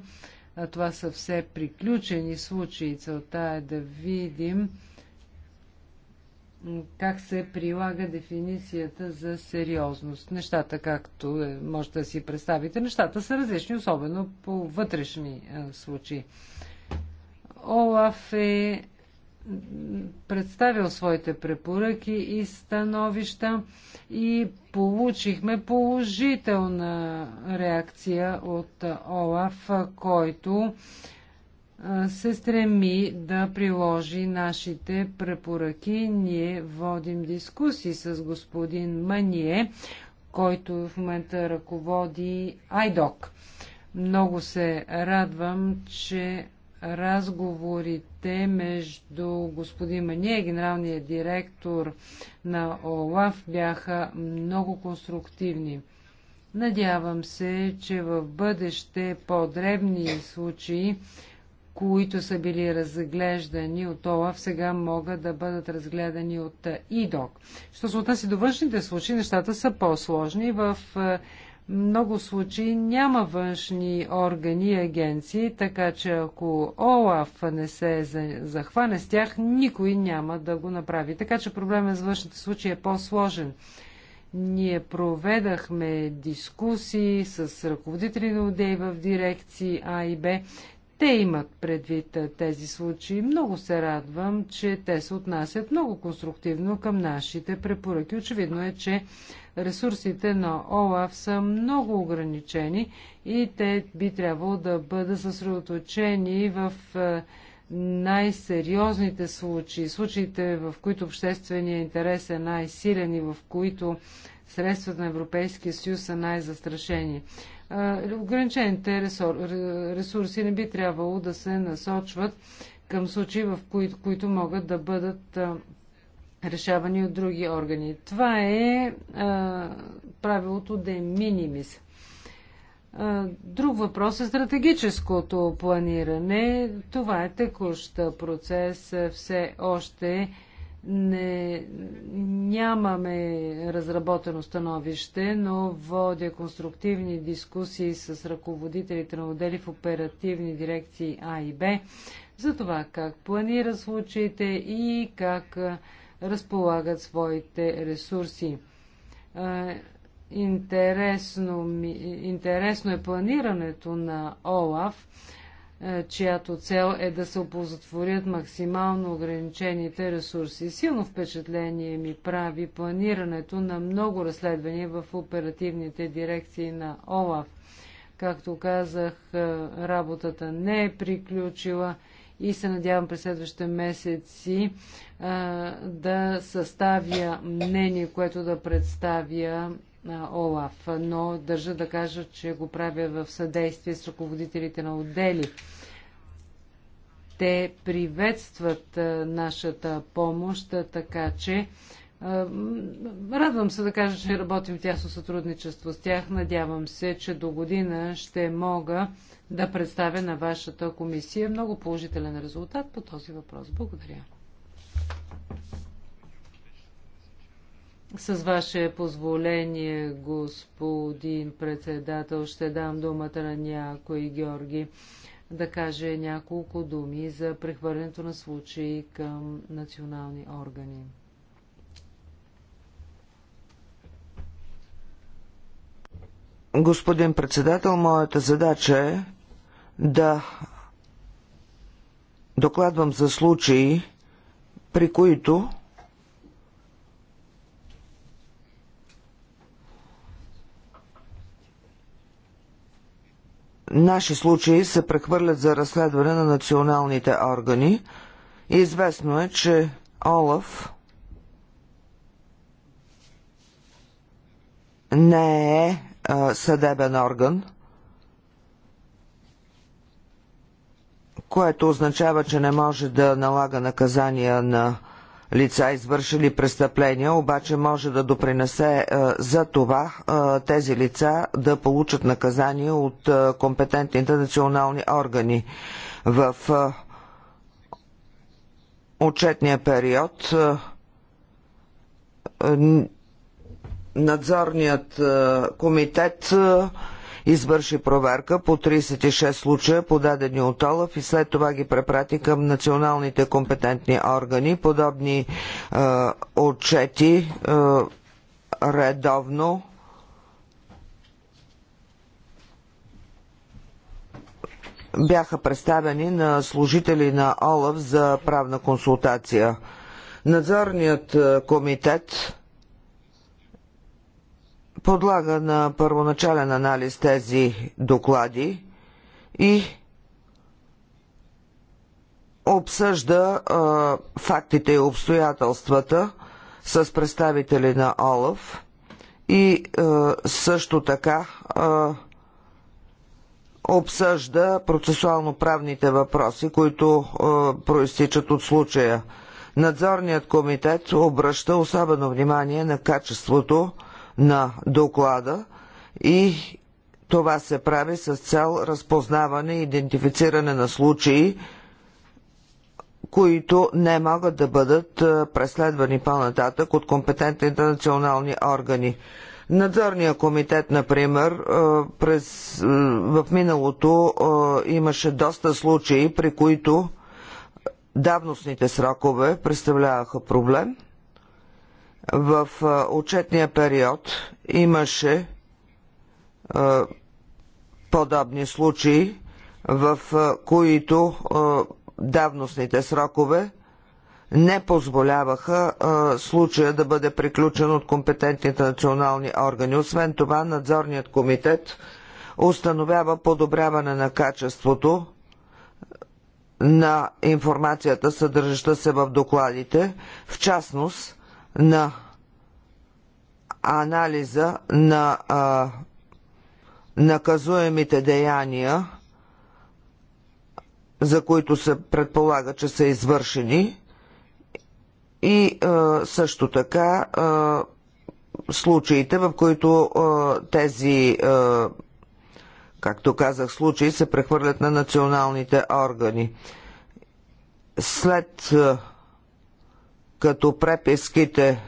Това са все приключени случаи. Целта е да видим как се прилага дефиницията за сериозност. Нещата, както е, можете да си представите, нещата са различни, особено по вътрешни е, случаи. Олаф е представил своите препоръки и становища и получихме положителна реакция от Олаф, който се стреми да приложи нашите препоръки. Ние водим дискусии с господин Мание, който в момента ръководи Айдок. Много се радвам, че разговорите между господин Мание, генералния директор на ОЛАФ, бяха много конструктивни. Надявам се, че в бъдеще по-дребни случаи които са били разглеждани от ОЛАФ, сега могат да бъдат разгледани от ИДОК. Що се отнася до външните случаи, нещата са по-сложни. В много случаи няма външни органи и агенции, така че ако ОЛАФ не се захване с тях, никой няма да го направи. Така че проблемът с външните случаи е по-сложен. Ние проведахме дискусии с ръководители на ОДЕЙ в дирекции А и Б те имат предвид тези случаи. Много се радвам, че те се отнасят много конструктивно към нашите препоръки. Очевидно е, че ресурсите на ОЛАФ са много ограничени и те би трябвало да бъдат съсредоточени в най-сериозните случаи, случаите, в които обществения интерес е най-силен и в които средствата на Европейския съюз са най-застрашени ограничените ресурси не би трябвало да се насочват към случаи, в които, които могат да бъдат решавани от други органи. Това е а, правилото де минимис. друг въпрос е стратегическото планиране. Това е текущ процес. Все още не, нямаме разработено становище, но водя конструктивни дискусии с ръководителите на отдели в оперативни дирекции А и Б за това как планират случаите и как разполагат своите ресурси. Интересно, интересно е планирането на ОЛАФ е, чиято цел е да се оползотворят максимално ограничените ресурси. Силно впечатление ми прави планирането на много разследвания в оперативните дирекции на ОЛАФ. Както казах, е, работата не е приключила и се надявам през следващите месеци е, да съставя мнение, което да представя ОЛАФ, но държа да кажа, че го правя в съдействие с ръководителите на отдели. Те приветстват нашата помощ, така че Радвам се да кажа, че работим в тясно сътрудничество с тях. Надявам се, че до година ще мога да представя на вашата комисия много положителен резултат по този въпрос. Благодаря. С ваше позволение, господин председател, ще дам думата на някой Георги да каже няколко думи за прехвърлянето на случаи към национални органи. Господин председател, моята задача е да докладвам за случаи, при които наши случаи се прехвърлят за разследване на националните органи. И известно е, че Олаф не е а, съдебен орган, което означава, че не може да налага наказания на лица, извършили престъпления, обаче може да допринесе е, за това е, тези лица да получат наказание от е, компетентните национални органи. В отчетния период надзорният комитет извърши проверка по 36 случая, подадени от Олаф и след това ги препрати към националните компетентни органи. Подобни е, отчети е, редовно бяха представени на служители на ОЛАФ за правна консултация. Надзорният е, комитет подлага на първоначален анализ тези доклади и обсъжда а, фактите и обстоятелствата с представители на Олаф и а, също така а, обсъжда процесуално-правните въпроси, които а, проистичат от случая. Надзорният комитет обръща особено внимание на качеството на доклада и това се прави с цел разпознаване и идентифициране на случаи, които не могат да бъдат преследвани по-нататък от компетентните национални органи. Надзорния комитет, например, през, в миналото имаше доста случаи, при които давностните срокове представляваха проблем – в отчетния период имаше подобни случаи, в които давностните срокове не позволяваха а, случая да бъде приключен от компетентните национални органи. Освен това, надзорният комитет установява подобряване на качеството на информацията, съдържаща се в докладите, в частност на анализа на а, наказуемите деяния, за които се предполага, че са извършени, и а, също така а, случаите, в които а, тези, а, както казах, случаи се прехвърлят на националните органи. След а, като преписките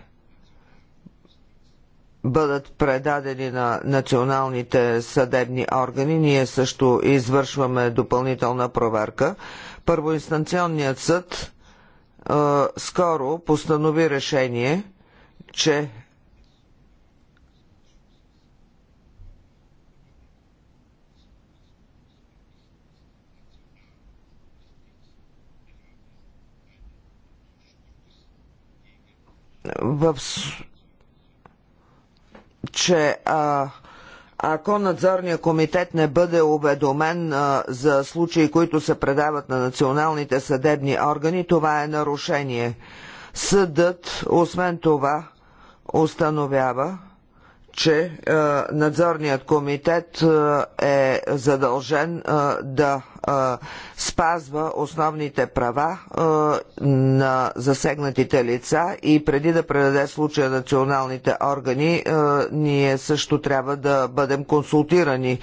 бъдат предадени на националните съдебни органи. Ние също извършваме допълнителна проверка. Първоинстанционният съд е, скоро постанови решение, че в, че а, ако надзорният комитет не бъде уведомен а, за случаи, които се предават на националните съдебни органи, това е нарушение. Съдът, освен това, установява, че е, надзорният комитет е, е задължен е, да спазва основните права на засегнатите лица и преди да предаде случая националните органи, ние също трябва да бъдем консултирани.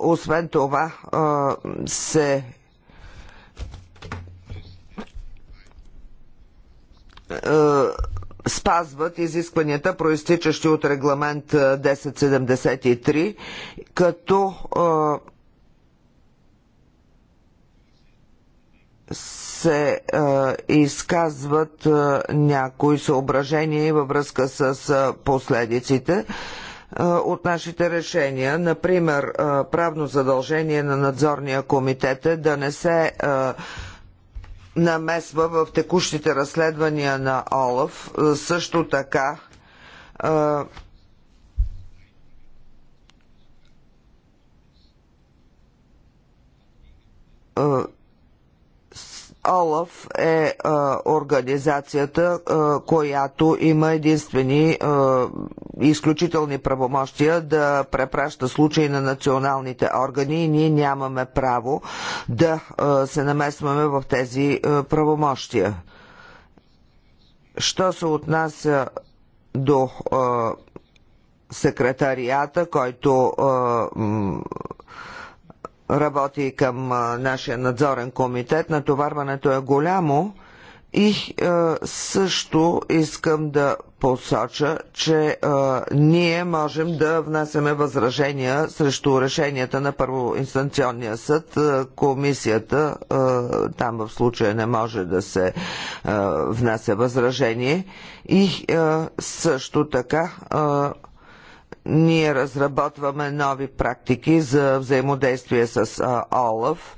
Освен това се спазват изискванията, проистичащи от регламент 1073, като се е, изказват е, някои съображения във връзка с е, последиците от нашите решения. Например, правно задължение на надзорния комитет е да не се намесва в текущите разследвания на Олаф. Е, също така е, е, ОЛАФ е а, е, организацията, а, е, която има единствени а, е, изключителни правомощия да препраща случаи на националните органи и ние нямаме право да а, се намесваме в тези а, правомощия. Що се отнася до а, секретарията, който а, работи към нашия надзорен комитет. Натоварването е голямо и също искам да посоча, че ние можем да внасяме възражения срещу решенията на първоинстанционния съд. Комисията там в случая не може да се внася възражение и също така ние разработваме нови практики за взаимодействие с ОЛАФ,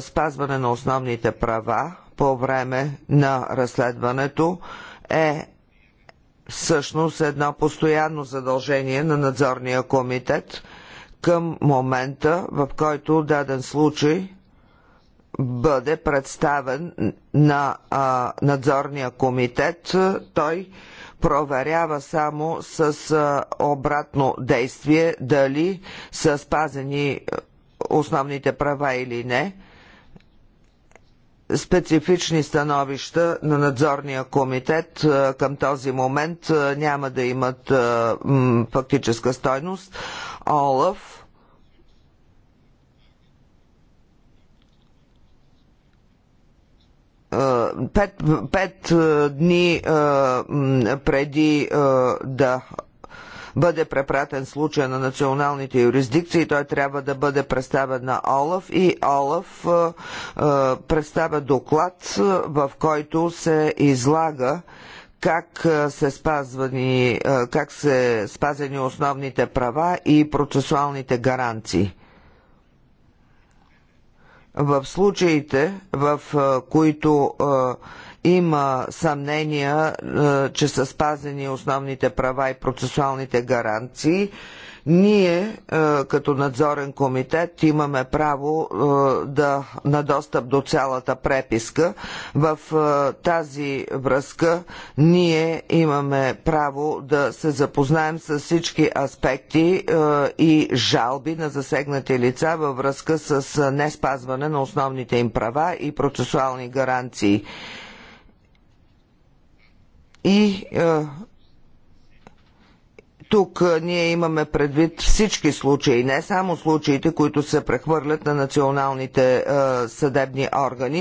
спазване на основните права по време на разследването е всъщност едно постоянно задължение на надзорния комитет към момента, в който даден случай бъде представен на а, надзорния комитет, той проверява само с обратно действие дали са спазени основните права или не. Специфични становища на надзорния комитет към този момент няма да имат фактическа стойност. Олаф пет, пет дни преди да бъде препратен случая на националните юрисдикции, той трябва да бъде представен на Олаф и Олаф представя доклад, в който се излага как се, спазвани, как се спазени основните права и процесуалните гаранции в случаите, в които има съмнения, че са спазени основните права и процесуалните гаранции, ние, е, като надзорен комитет, имаме право е, да, на достъп до цялата преписка. В е, тази връзка ние имаме право да се запознаем с всички аспекти и жалби на засегнати лица във връзка с неспазване на основните им права и процесуални гаранции. И тук ние имаме предвид всички случаи, не само случаите, които се прехвърлят на националните е, съдебни органи.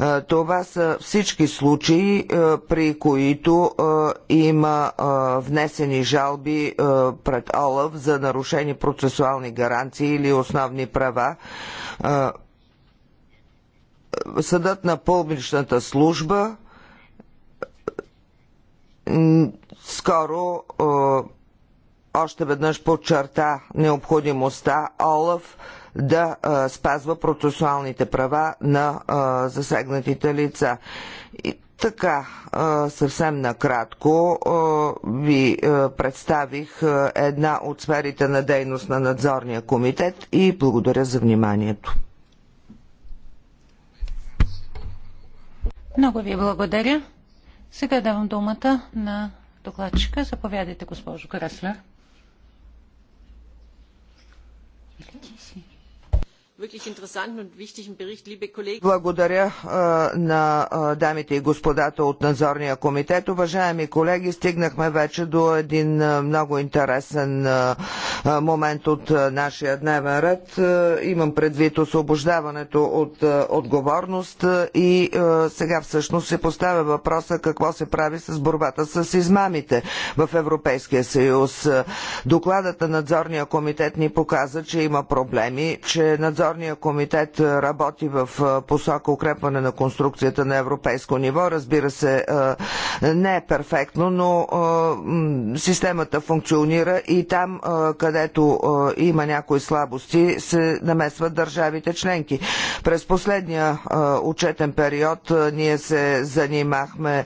Е, това са всички случаи, е, при които е, има е, внесени жалби е, пред ОЛАВ за нарушени процесуални гаранции или основни права. Е, съдът на публичната служба скоро е, още веднъж подчерта необходимостта Олаф да а, спазва процесуалните права на а, засегнатите лица. И, така, а, съвсем накратко а, ви а, представих а, една от сферите на дейност на надзорния комитет и благодаря за вниманието. Много ви благодаря. Сега давам думата на докладчика. Заповядайте, госпожо Краслер. Или ти си? Благодаря на дамите и господата от надзорния комитет. Уважаеми колеги, стигнахме вече до един много интересен момент от нашия дневен ред. Имам предвид освобождаването от отговорност и сега всъщност се поставя въпроса какво се прави с борбата с измамите в Европейския съюз. Докладът на надзорния комитет ни показа, че има проблеми, че надзорния надзорния комитет е, работи в е, посока укрепване на конструкцията на европейско ниво. Разбира се, е, не е перфектно, но системата функционира и там, където има някои слабости, се намесват държавите членки. През последния отчетен период ние се занимахме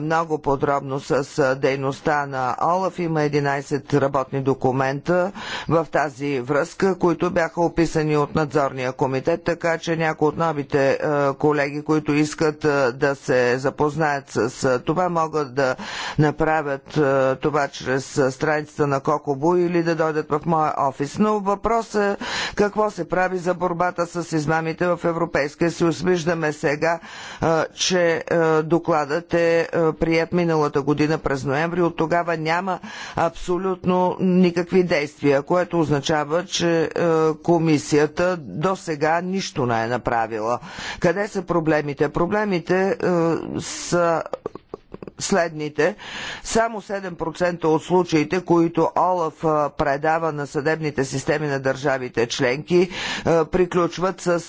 много подробно с дейността на ОЛАФ. Има 11 работни документа в тази връзка, които бяха описани от надзорния надзорния комитет, така че някои от новите е, колеги, които искат е, да се запознаят с е, това, могат да направят това чрез страницата на Кокобу или да дойдат в моя офис. Но въпросът е какво се прави за борбата с измамите в Европейския съюз. Виждаме сега, че докладът е прият миналата година през ноември. От тогава няма абсолютно никакви действия, което означава, че комисията до сега нищо не е направила. Къде са проблемите? Проблемите е, са следните. Само 7% от случаите, които Олаф е, предава на съдебните системи на държавите членки, е, приключват с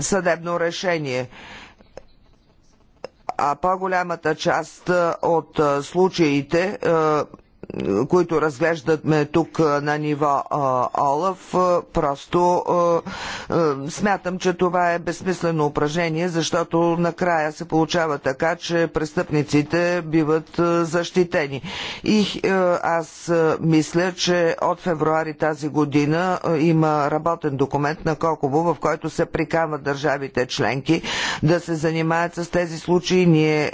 съдебно решение а по-голямата част от случаите които разглеждаме тук на ниво Олаф, просто смятам, че това е безсмислено упражнение, защото накрая се получава така, че престъпниците биват защитени. И аз мисля, че от февруари тази година има работен документ на Кокобо, в който се приканват държавите членки да се занимаят с тези случаи. Ние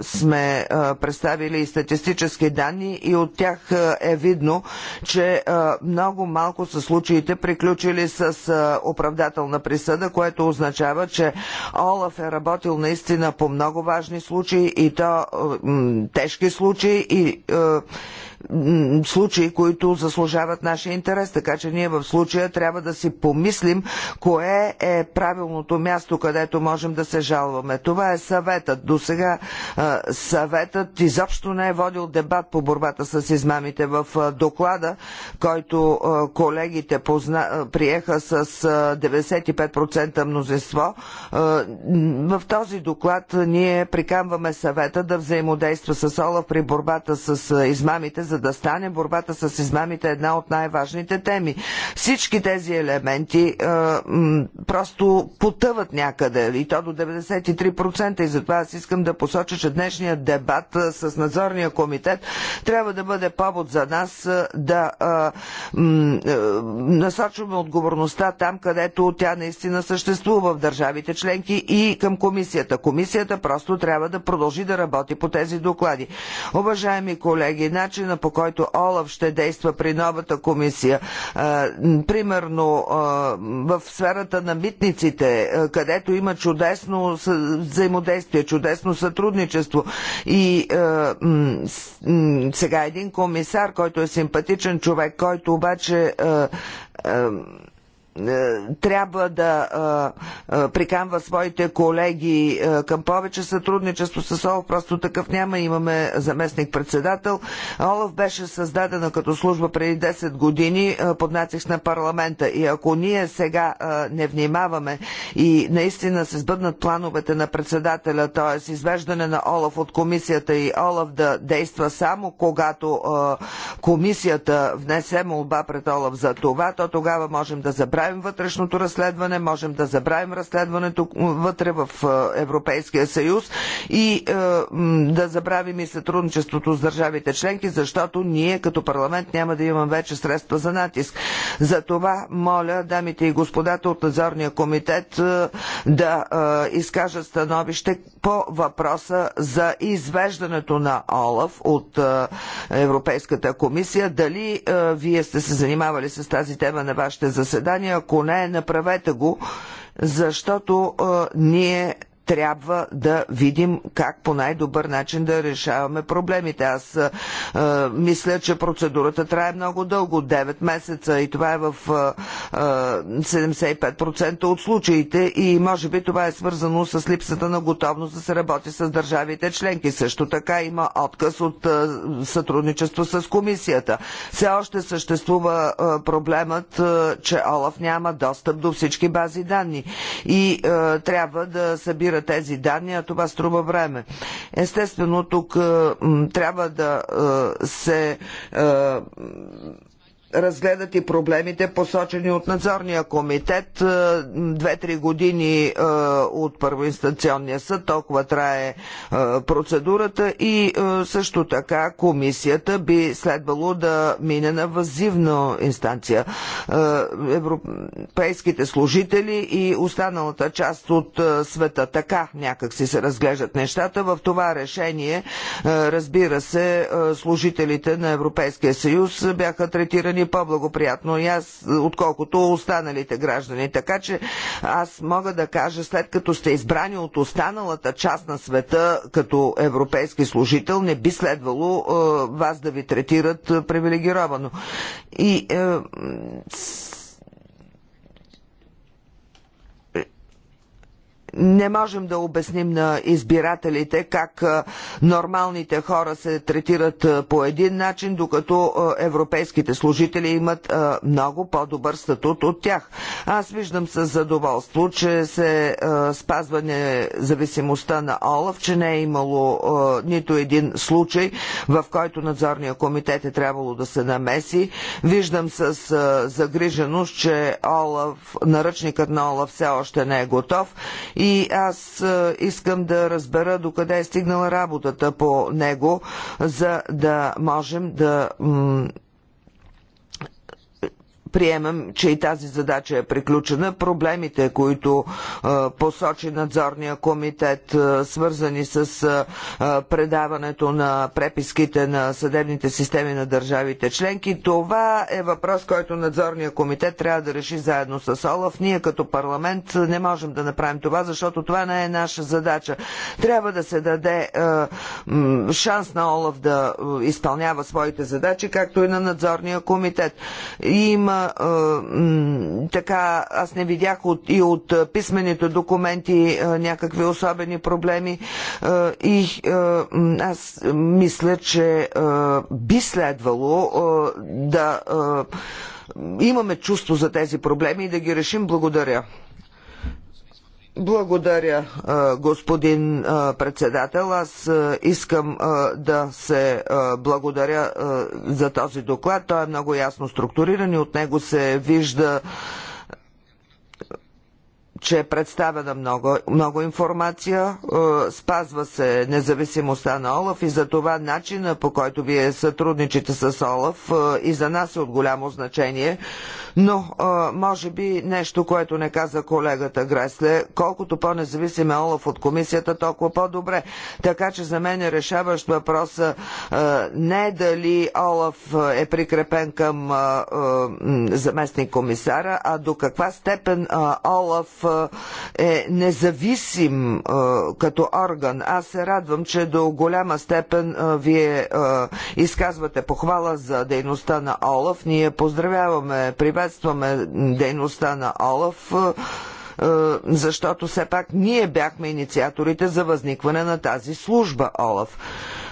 сме представили и статистически данни и от от тях е, е видно, че е, много малко са случаите приключили с е, оправдателна присъда, което означава, че Олаф е работил наистина по много важни случаи и то тежки случаи и случаи, които заслужават нашия интерес. Така че ние в случая трябва да си помислим кое е правилното място, където можем да се жалваме. Това е съветът. До сега съветът изобщо не е водил дебат по борбата с измамите. В доклада, който колегите позна... приеха с 95% мнозинство, в този доклад ние прикамваме съвета да взаимодейства с Олаф при борбата с измамите, за да стане борбата с измамите една от най-важните теми. Всички тези елементи е, просто потъват някъде и то до 93% и затова аз искам да посоча, че днешният дебат е, с надзорния комитет трябва да бъде повод за нас е, да е, м- а, насочваме отговорността там, където тя наистина съществува в държавите членки и към комисията. Комисията просто трябва да продължи да работи по тези доклади. Уважаеми колеги, начина по който Олаф ще действа при новата комисия. Примерно в сферата на митниците, където има чудесно взаимодействие, чудесно сътрудничество. И сега един комисар, който е симпатичен човек, който обаче е, трябва да е, е, приканва своите колеги към повече сътрудничество с ОЛАФ, просто такъв няма. Имаме заместник-председател. ОЛАФ беше създадена като служба преди 10 години под натиск на парламента. И ако ние сега не внимаваме и наистина се сбъднат плановете на председателя, т.е. извеждане на ОЛАФ от комисията и ОЛАФ да действа само когато комисията внесе молба пред ОЛАФ за това, то тогава можем да забравим забравим вътрешното разследване, можем да забравим разследването вътре в е, Европейския съюз и е, да забравим и сътрудничеството с държавите членки, защото ние като парламент няма да имаме вече средства за натиск. За това моля дамите и господата от надзорния комитет е, да изкажат становище по въпроса за извеждането на Олаф от Европейската комисия. Дали вие сте се занимавали с тази тема на вашите заседания? ако не, направете го, защото ние трябва да видим как по най-добър начин да решаваме проблемите. Аз е, мисля, че процедурата трае много дълго, 9 месеца и това е в е, 75% е, от случаите и може би това е свързано с липсата на готовност да се работи с държавите членки. Също така има отказ от е, сътрудничество с комисията. Все още съществува е, проблемът, е, че Олаф няма достъп до всички бази данни и е, трябва да събира събира тези данни, а това струва време. Естествено, тук трябва да е, се е, разгледат и проблемите, посочени от надзорния комитет. Е, две-три години е, от първоинстанционния съд, толкова трае е, процедурата и също така комисията би следвало да мине на въззивна инстанция. Европейските служители и останалата част от света така някак си се разглеждат нещата. В това решение, разбира се, служителите на Европейския съюз бяха третирани ни е по-благоприятно и аз, отколкото останалите граждани. Така че аз мога да кажа, след като сте избрани от останалата част на света като европейски служител, не би следвало е, вас да ви третират е, привилегировано. И е, не можем да обясним на избирателите как нормалните хора се третират по един начин, докато европейските служители имат много по-добър статут от тях. Аз виждам с задоволство, че се спазва независимостта на Олаф, че не е имало нито един случай, в който надзорния комитет е трябвало да се намеси. Виждам с загриженост, че Олаф, наръчникът на Олаф все още не е готов и аз е, искам да разбера докъде е стигнала работата по него, за да можем да приемам, че и тази задача е приключена. Проблемите, които е, посочи надзорния комитет, е, свързани с е, предаването на преписките на съдебните системи на държавите членки, това е въпрос, който надзорния комитет трябва да реши заедно с Олаф. Ние като парламент не можем да направим това, защото това не е наша задача. Трябва да се даде шанс на Олаф да изпълнява своите задачи, както и на надзорния комитет. Има така, аз не видях от, и от писмените документи някакви особени проблеми и аз мисля, че би следвало да имаме чувство за тези проблеми и да ги решим. Благодаря. Благодаря, господин председател. Аз искам да се благодаря за този доклад. Той е много ясно структуриран и от него се вижда че е представена много, много информация, спазва се независимостта на Олаф и за това начина по който вие сътрудничите с Олаф и за нас е от голямо значение, но може би нещо, което не каза колегата Гресле, колкото по-независим е Олаф от комисията, толкова по-добре. Така че за мен е решаващ въпроса не дали Олаф е прикрепен към заместник комисара, а до каква степен Олаф е независим като орган. Аз се радвам, че до голяма степен вие изказвате похвала за дейността на Олаф. Ние поздравяваме при вас приветстваме дейността на Олаф е, е, защото все пак ние бяхме инициаторите за възникване на тази служба ОЛАФ.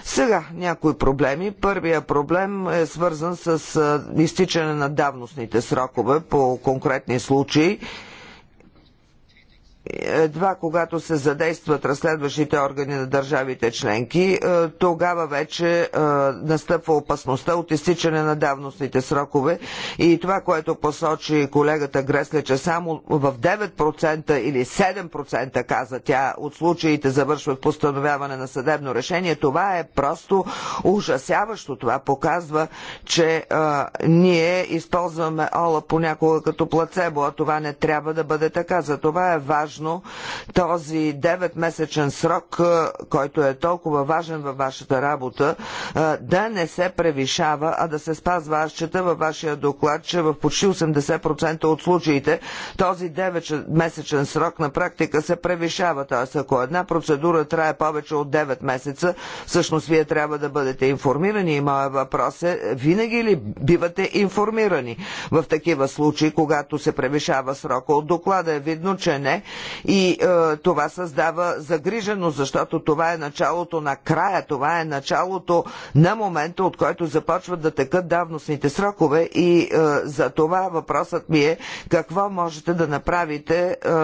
Сега някои проблеми. Първия проблем е свързан с е, изтичане на давностните срокове по конкретни случаи едва когато се задействат разследващите органи на държавите членки, е, тогава вече е, настъпва опасността от изтичане на давностните срокове и това, което посочи колегата Гресле, че само в 9% или 7% каза тя от случаите завършват постановяване на съдебно решение, това е просто ужасяващо. Това показва, че а, е, ние използваме Ола понякога като плацебо, а това не трябва да бъде така. За това е важно точно този 9-месечен срок, който е толкова важен във вашата работа, да не се превишава, а да се спазва. Аз чета във вашия доклад, че в почти 80% от случаите този 9-месечен срок на практика се превишава. Т.е. ако една процедура трае повече от 9 месеца, всъщност вие трябва да бъдете информирани. И моят въпрос е, винаги ли бивате информирани? В такива случаи, когато се превишава срока от доклада, е видно, че не. И е, това създава загриженост, защото това е началото на края, това е началото на момента, от който започват да текат давностните срокове и е, за това въпросът ми е какво можете да направите, е,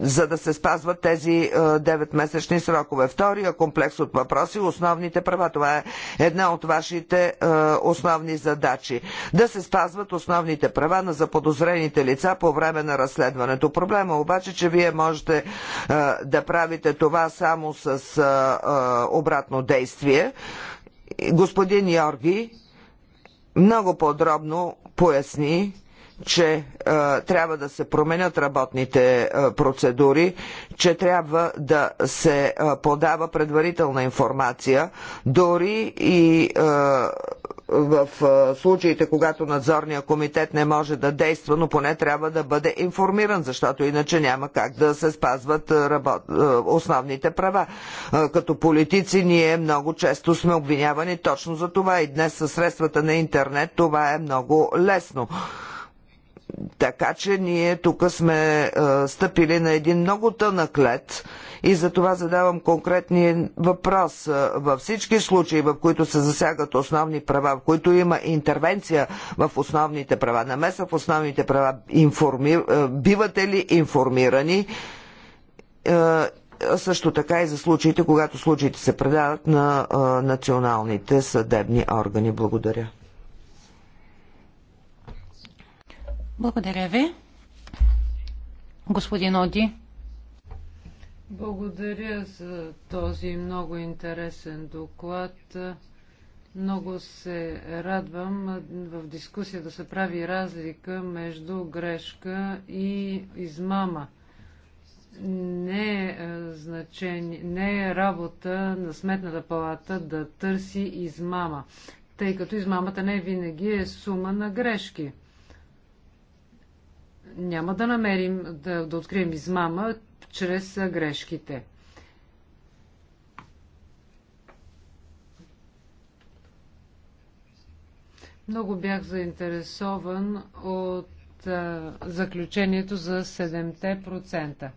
за да се спазват тези е, 9-месечни срокове. Втория комплекс от въпроси – основните права. Това е една от вашите е, основни задачи. Да се спазват основните права на заподозрените лица по време на разследването. Проблема обаче, че че вие можете да правите това само с обратно действие. Господин Йорги много подробно поясни че е, трябва да се променят работните е, процедури, че трябва да се е, подава предварителна информация, дори и е, в е, случаите, когато надзорният комитет не може да действа, но поне трябва да бъде информиран, защото иначе няма как да се спазват е, работ... основните права. Като политици ние много често сме обвинявани точно за това и днес със средствата на интернет това е много лесно така че ние тук сме а, е, стъпили на един много тънък лед и за това задавам конкретния въпрос. Е, във всички случаи, в които се засягат основни права, в които има интервенция в основните права, намеса в основните права, информи... Е, бивате ли информирани? също така и за случаите, когато случаите се предават на националните съдебни органи. Благодаря. Благодаря ви. Господин Оди. Благодаря за този много интересен доклад. Много се радвам в дискусия да се прави разлика между грешка и измама. Не е, е значение, не е работа на сметната палата да търси измама, тъй като измамата не винаги е сума на грешки няма да намерим да, да открием измама чрез грешките. Много бях заинтересован от а, заключението за 7%.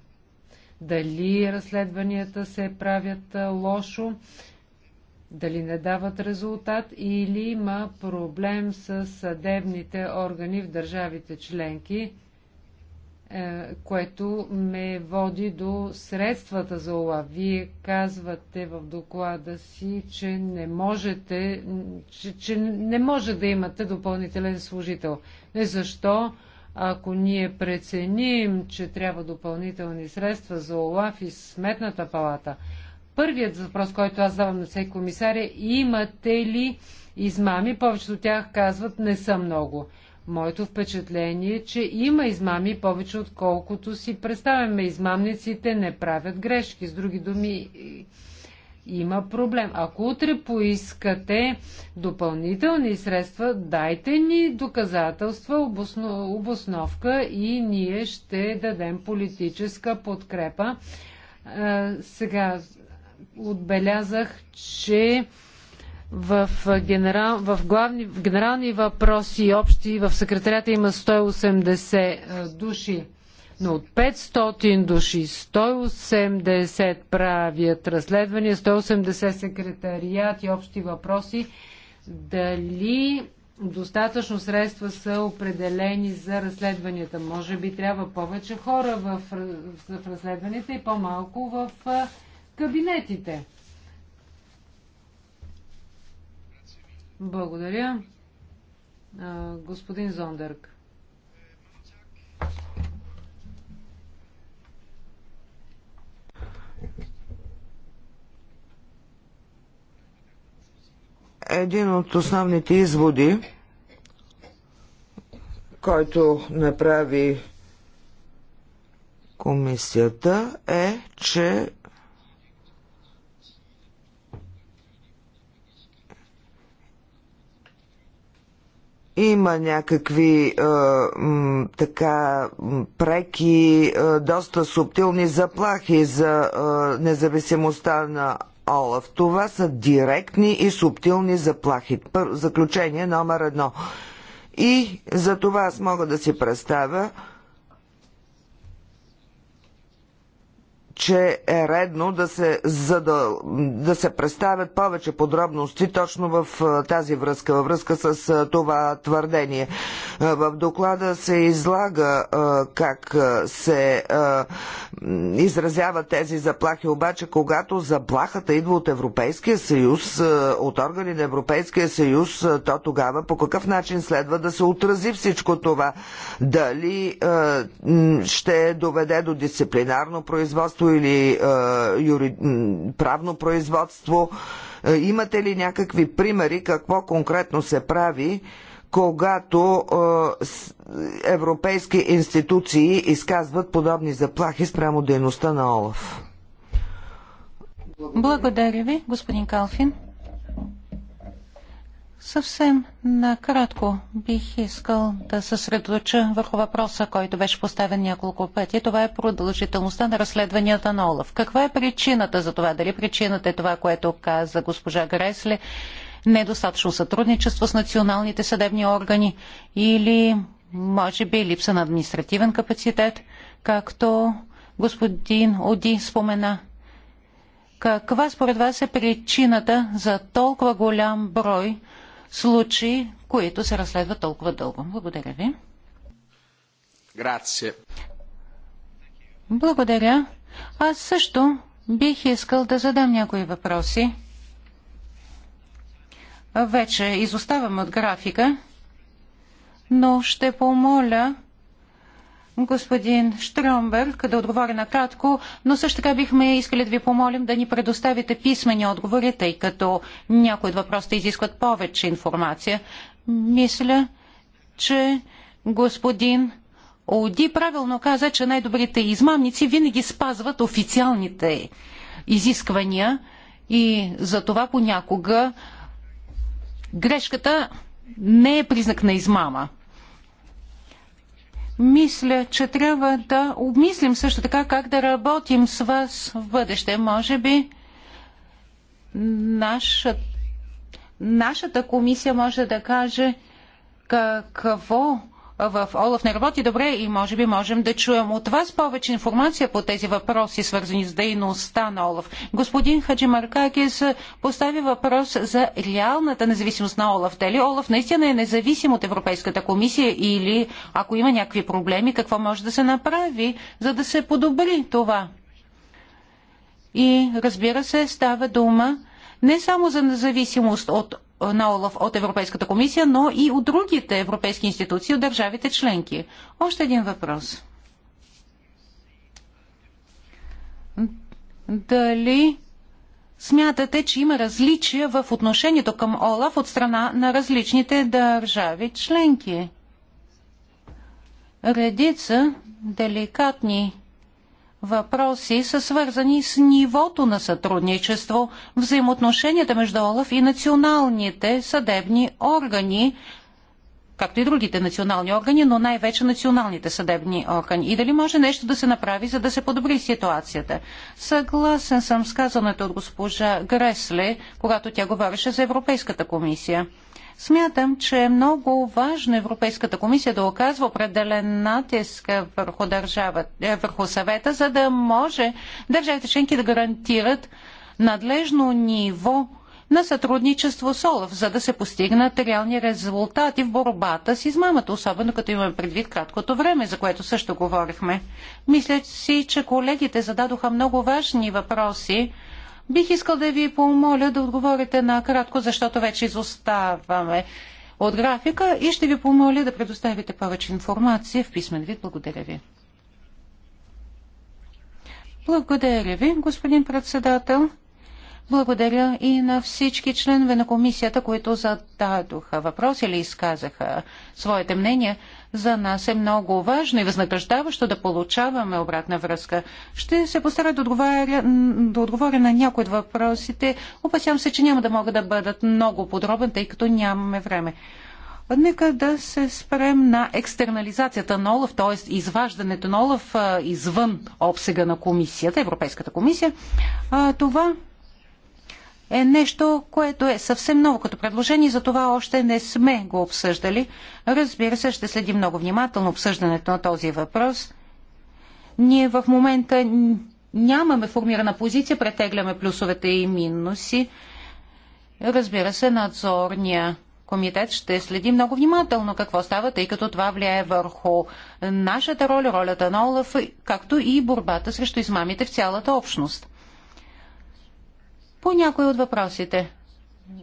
Дали разследванията се правят а, лошо, дали не дават резултат или има проблем с съдебните органи в държавите членки, е, което ме води до средствата за ОЛАВ. Вие казвате в доклада си, че не можете, че, че не може да имате допълнителен служител. Не защо? Ако ние преценим, че трябва допълнителни средства за ОЛАВ и сметната палата, първият въпрос, който аз давам на всеки комисар е, имате ли измами? Повечето от тях казват, не са много. Моето впечатление е, че има измами повече отколкото си представяме. Измамниците не правят грешки. С други думи, има проблем. Ако утре поискате допълнителни средства, дайте ни доказателства, обосновка и ние ще дадем политическа подкрепа. сега отбелязах, че в, генерал, в главни, в генерални въпроси общи в секретарията има 180 души, но от 500 души 180 правят разследвания, 180 секретарият и общи въпроси. Дали достатъчно средства са определени за разследванията? Може би трябва повече хора в, в разследванията и по-малко в кабинетите. Благодаря. Господин Зондърг. Един от основните изводи, който направи комисията, е, че има някакви е, м, така преки, е, доста субтилни заплахи за е, независимостта на Олаф. Това са директни и субтилни заплахи. заключение номер едно. И за това аз мога да си представя, че е редно да се, да, да се представят повече подробности точно в тази връзка, във връзка с това твърдение. В доклада се излага как се изразяват тези заплахи, обаче когато заплахата идва от Европейския съюз, от органи на Европейския съюз, то тогава по какъв начин следва да се отрази всичко това? Дали ще доведе до дисциплинарно производство или е, юри... правно производство? Е, имате ли някакви примери какво конкретно се прави, когато е, европейски институции изказват подобни заплахи спрямо дейността на ОЛАФ? Благодаря ви, господин Калфин. Съвсем накратко бих искал да съсредоча върху въпроса, който беше поставен няколко пъти. Това е продължителността на разследванията на Олаф. Каква е причината за това? Дали причината е това, което каза госпожа Гресле? Недостатъчно сътрудничество с националните съдебни органи или може би липса на административен капацитет, както господин Оди спомена. Каква според вас е причината за толкова голям брой случаи, които се разследват толкова дълго. Благодаря ви. Грация. Благодаря. Аз също бих искал да задам някои въпроси. Вече изоставам от графика, но ще помоля господин Штромберг да отговори накратко, но също така бихме искали да ви помолим да ни предоставите писмени отговори, тъй като някои от въпросите изискват повече информация. Мисля, че господин Оди правилно каза, че най-добрите измамници винаги спазват официалните изисквания и за това понякога грешката не е признак на измама мисля, че трябва да обмислим също така как да работим с вас в бъдеще. Може би нашата, нашата комисия може да каже какво в Олаф не работи добре и може би можем да чуем от вас повече информация по тези въпроси, свързани с дейността на Олаф. Господин Хаджимаркакис постави въпрос за реалната независимост на Олаф. Дали Олаф наистина е независим от Европейската комисия или ако има някакви проблеми, какво може да се направи, за да се подобри това? И разбира се, става дума не само за независимост от на ОЛАФ от Европейската комисия, но и от другите европейски институции, от държавите членки. Още един въпрос. Дали смятате, че има различия в отношението към ОЛАФ от страна на различните държави членки? Редица деликатни въпроси са свързани с нивото на сътрудничество, взаимоотношенията между ОЛАФ и националните съдебни органи, както и другите национални органи, но най-вече националните съдебни органи. И дали може нещо да се направи, за да се подобри ситуацията? Съгласен съм с казаното от госпожа Гресле, когато тя говореше за Европейската комисия. Смятам, че е много важно Европейската комисия да оказва определен натиск върху, държава, е, върху съвета, за да може държавите членки да гарантират надлежно ниво на сътрудничество с ОЛАФ, за да се постигнат реални резултати в борбата с измамата, особено като имаме предвид краткото време, за което също говорихме. Мисля си, че колегите зададоха много важни въпроси, Бих искал да ви помоля да отговорите накратко, защото вече изоставаме от графика и ще ви помоля да предоставите повече информация в писмен вид. Благодаря ви. Благодаря ви, господин председател. Благодаря и на всички членове на комисията, които зададоха въпрос или изказаха своите мнения за нас е много важно и възнаграждаващо да получаваме обратна връзка. Ще се постара да отговоря, да отговоря на някои от въпросите. Опасявам се, че няма да могат да бъдат много подробен, тъй като нямаме време. Нека да се спрем на екстернализацията на ОЛАФ, т.е. изваждането на ОЛАФ извън обсега на комисията, Европейската комисия. Това е нещо, което е съвсем ново като предложение, за това още не сме го обсъждали. Разбира се, ще следим много внимателно обсъждането на този въпрос. Ние в момента нямаме формирана позиция, претегляме плюсовете и минуси. Разбира се, надзорния комитет ще следи много внимателно какво става, тъй като това влияе върху нашата роля, ролята на Олаф, както и борбата срещу измамите в цялата общност. По някои от въпросите.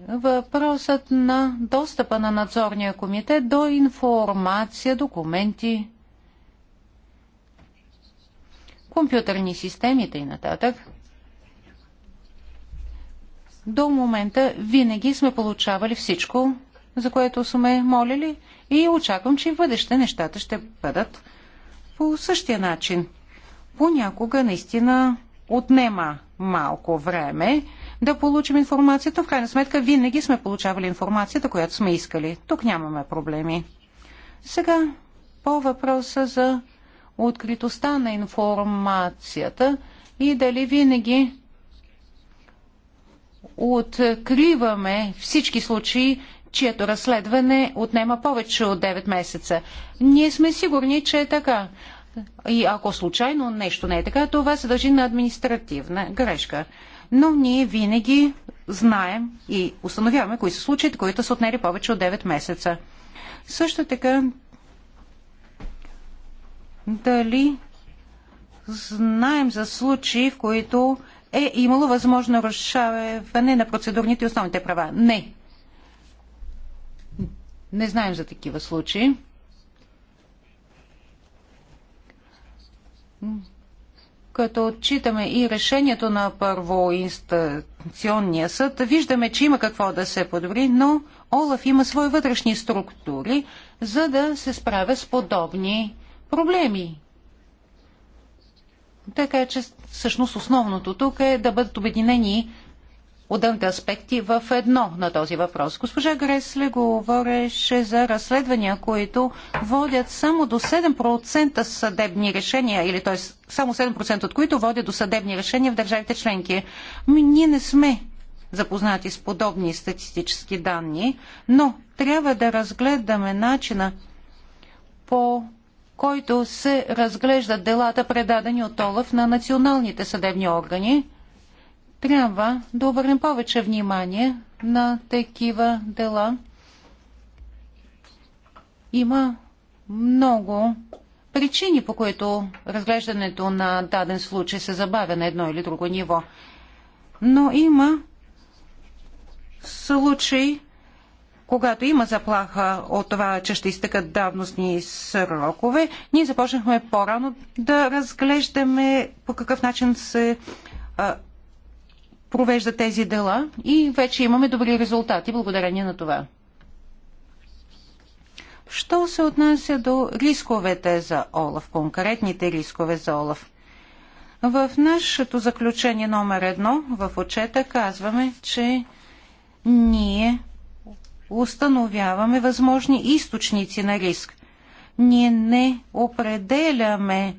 Въпросът на достъпа на надзорния комитет до информация, документи, компютърни системите и нататък. До момента винаги сме получавали всичко, за което сме молили и очаквам, че и в бъдеще нещата ще бъдат по същия начин. Понякога наистина отнема малко време, да получим информацията. В крайна сметка винаги сме получавали информацията, която сме искали. Тук нямаме проблеми. Сега по въпроса за откритостта на информацията и дали винаги откриваме всички случаи, чието разследване отнема повече от 9 месеца. Ние сме сигурни, че е така. И ако случайно нещо не е така, това се дължи на административна грешка но ние винаги знаем и установяваме кои са случаите, които са отнели повече от 9 месеца. Също така, дали знаем за случаи, в които е имало възможно нарушаване на процедурните и основните права? Не. Не знаем за такива случаи като отчитаме и решението на първоинстанционния съд, виждаме, че има какво да се подобри, но Олаф има свои вътрешни структури, за да се справя с подобни проблеми. Така че всъщност основното тук е да бъдат обединени отделните аспекти в едно на този въпрос. Госпожа Гресле говореше за разследвания, които водят само до 7% съдебни решения, или т.е. само 7% от които водят до съдебни решения в държавите членки. Ми, ние не сме запознати с подобни статистически данни, но трябва да разгледаме начина по който се разглеждат делата, предадени от Олаф на националните съдебни органи – трябва да обърнем повече внимание на такива дела. Има много причини, по които разглеждането на даден случай се забавя на едно или друго ниво. Но има случаи, когато има заплаха от това, че ще изтъкат давностни срокове, ние започнахме по-рано да разглеждаме по какъв начин се а, провежда тези дела и вече имаме добри резултати благодарение на това. Що се отнася до рисковете за Олаф, конкретните рискове за Олаф? В нашето заключение номер едно в отчета казваме, че ние установяваме възможни източници на риск. Ние не определяме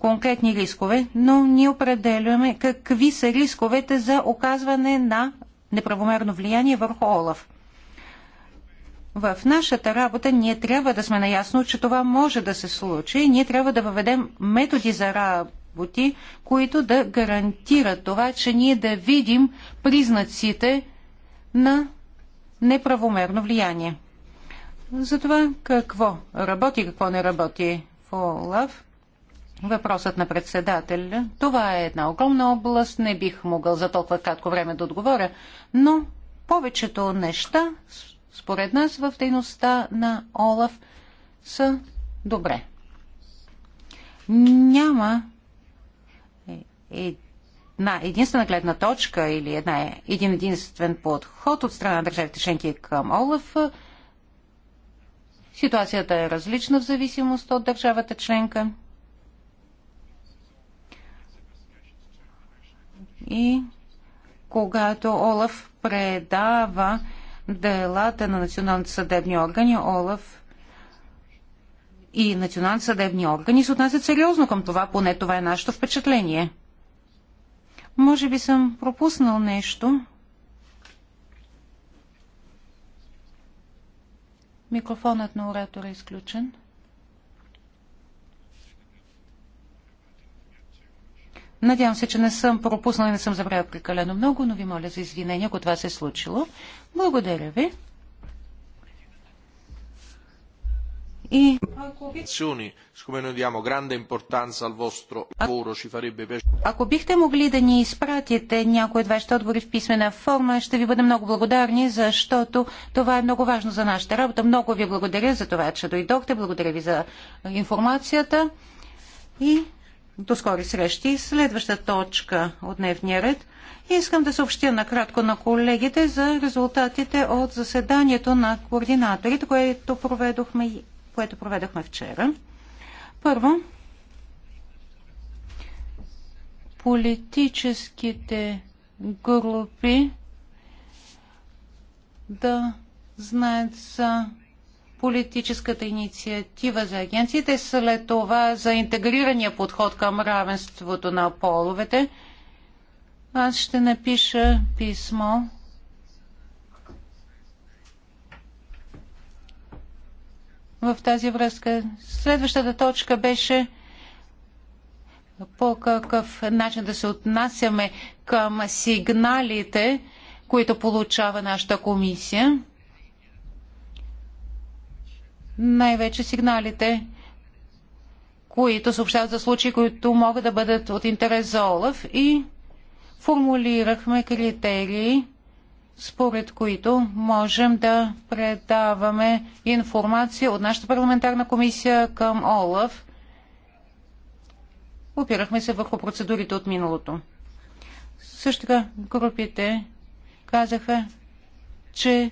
конкретни рискове, но ние определяме какви са рисковете за оказване на неправомерно влияние върху Олаф. В нашата работа ние трябва да сме наясно, че това може да се случи ние трябва да въведем методи за работи, които да гарантират това, че ние да видим признаците на неправомерно влияние. За това какво работи, какво не работи в Олаф. Въпросът на председателя. Това е една огромна област. Не бих могъл за толкова кратко време да отговоря, но повечето неща, според нас, в дейността на Олаф са добре. Няма е, една единствена гледна точка или една, един единствен подход от страна на държавите членки към Олаф. Ситуацията е различна в зависимост от държавата членка. и когато Олаф предава делата на националните съдебни органи, Олаф и националните съдебни органи се отнасят сериозно към това, поне това е нашето впечатление. Може би съм пропуснал нещо. Микрофонът на оратора е изключен. Надявам се, че не съм пропуснала и не съм забравила прекалено много, но ви моля за извинение, ако това се е случило. Благодаря ви. И... Ако бихте могли да ни изпратите някои от вашите отговори в писмена форма, ще ви бъдем много благодарни, защото това е много важно за нашата работа. Много ви благодаря за това, че дойдохте. Благодаря ви за информацията. И до скори срещи. Следваща точка от дневния ред. Искам да съобщя накратко на колегите за резултатите от заседанието на координаторите, което проведохме, което проведохме вчера. Първо, политическите групи да знаят за политическата инициатива за агенциите, след това за интегрирания подход към равенството на половете. Аз ще напиша писмо в тази връзка. Следващата точка беше по какъв начин да се отнасяме към сигналите, които получава нашата комисия най-вече сигналите, които съобщават за случаи, които могат да бъдат от интерес за Олаф и формулирахме критерии, според които можем да предаваме информация от нашата парламентарна комисия към ОЛАФ. Опирахме се върху процедурите от миналото. Също така групите казаха, че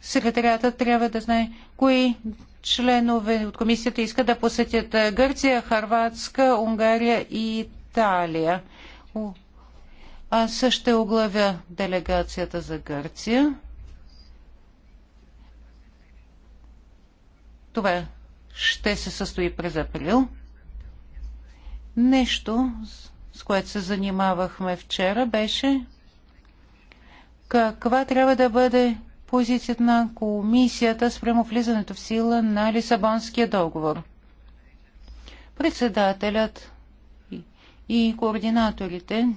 секретарията трябва да знае кои членове от комисията искат да посетят Гърция, Харватска, Унгария и Италия. Аз ще оглавя делегацията за Гърция. Това ще се състои през април. Нещо, с което се занимавахме вчера, беше каква трябва да бъде позицията на комисията спрямо влизането в сила на Лисабонския договор. Председателят и координаторите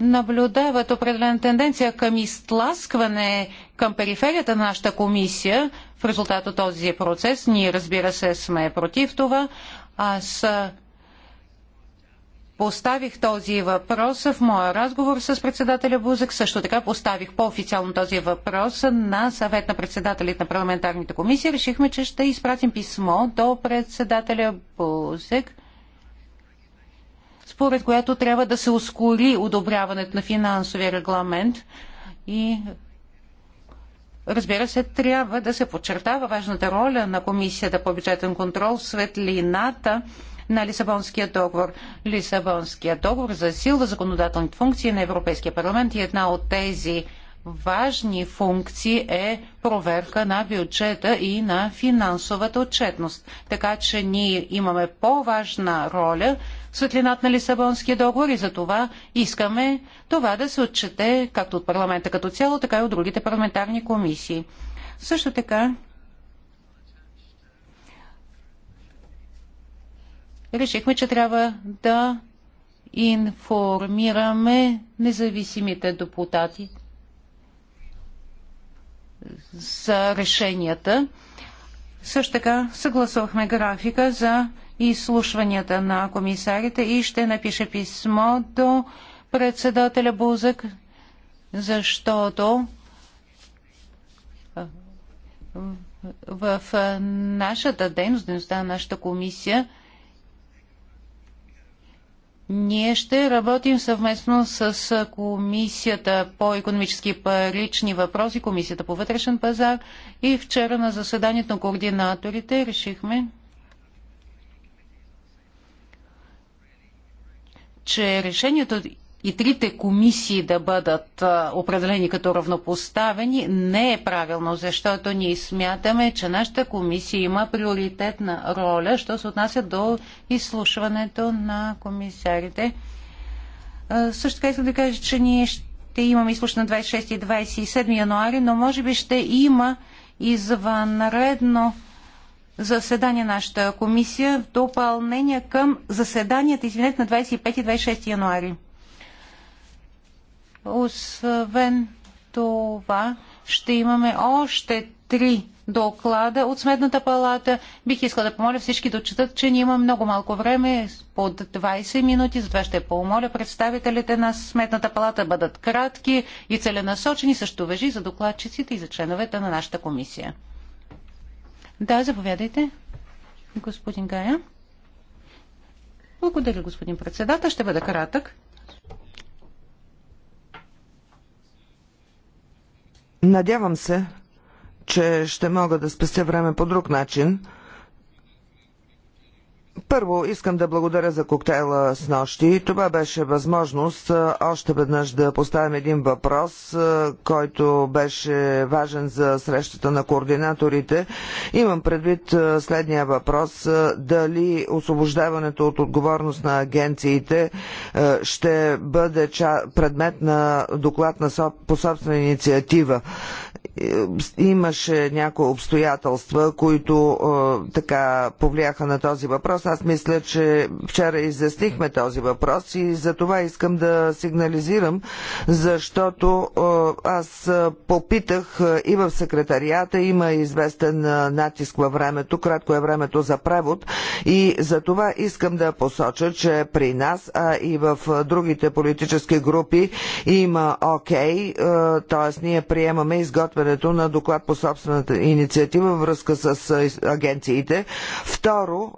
наблюдават определена тенденция към изтласкване към периферията на нашата комисия в резултат от този процес. Ние, разбира се, сме против това. Аз Поставих този въпрос в моя разговор с председателя Бузък. Също така поставих по-официално този въпрос на съвет на председателите на парламентарните комисии. Решихме, че ще изпратим писмо до председателя Бузък според което трябва да се ускори одобряването на финансовия регламент и Разбира се, трябва да се подчертава важната роля на Комисията по бюджетен контрол в светлината на Лисабонския договор. Лисабонския договор засилва законодателните функции на Европейския парламент и една от тези важни функции е проверка на бюджета и на финансовата отчетност. Така че ние имаме по-важна роля в светлината на Лисабонския договор и за това искаме това да се отчете както от парламента като цяло, така и от другите парламентарни комисии. Също така решихме, че трябва да информираме независимите депутати за решенията. Също така съгласувахме графика за изслушванията на комисарите и ще напише писмо до председателя Бузък, защото в нашата дейност, дейността на нашата комисия, ние ще работим съвместно с Комисията по економически парични въпроси, Комисията по вътрешен пазар и вчера на заседанието на координаторите решихме, че решението и трите комисии да бъдат определени като равнопоставени не е правилно, защото ние смятаме, че нашата комисия има приоритетна роля, що се отнася до изслушването на комисарите. Също така искам да кажа, че ние ще имаме изслушване на 26 и 27 януари, но може би ще има извънредно заседание на нашата комисия в допълнение към заседанията, извинете, на 25 и 26 януари. Освен това, ще имаме още три доклада от Сметната палата. Бих искала да помоля всички да отчитат, че ние имаме много малко време, под 20 минути, затова ще помоля представителите на Сметната палата да бъдат кратки и целенасочени, също въжи за докладчиците и за членовете на нашата комисия. Да, заповядайте, господин Гая. Благодаря, господин председател. Ще бъда кратък. Надявам се, че ще мога да спестя време по друг начин. Първо искам да благодаря за коктейла с нощи. Това беше възможност още веднъж да поставим един въпрос, който беше важен за срещата на координаторите. Имам предвид следния въпрос. Дали освобождаването от отговорност на агенциите ще бъде предмет на доклад по собствена инициатива? Е, имаше някои обстоятелства, които е, така повлияха на този въпрос. Аз мисля, че вчера изяснихме този въпрос и за това искам да сигнализирам, защото е, аз е, попитах е, и в секретарията, има известен натиск във времето, кратко е времето за превод и за това искам да посоча, че при нас, а и в другите политически групи има окей, okay, т.е. ние приемаме изготвяне изготвянето на доклад по собствената инициатива във връзка с агенциите. Второ,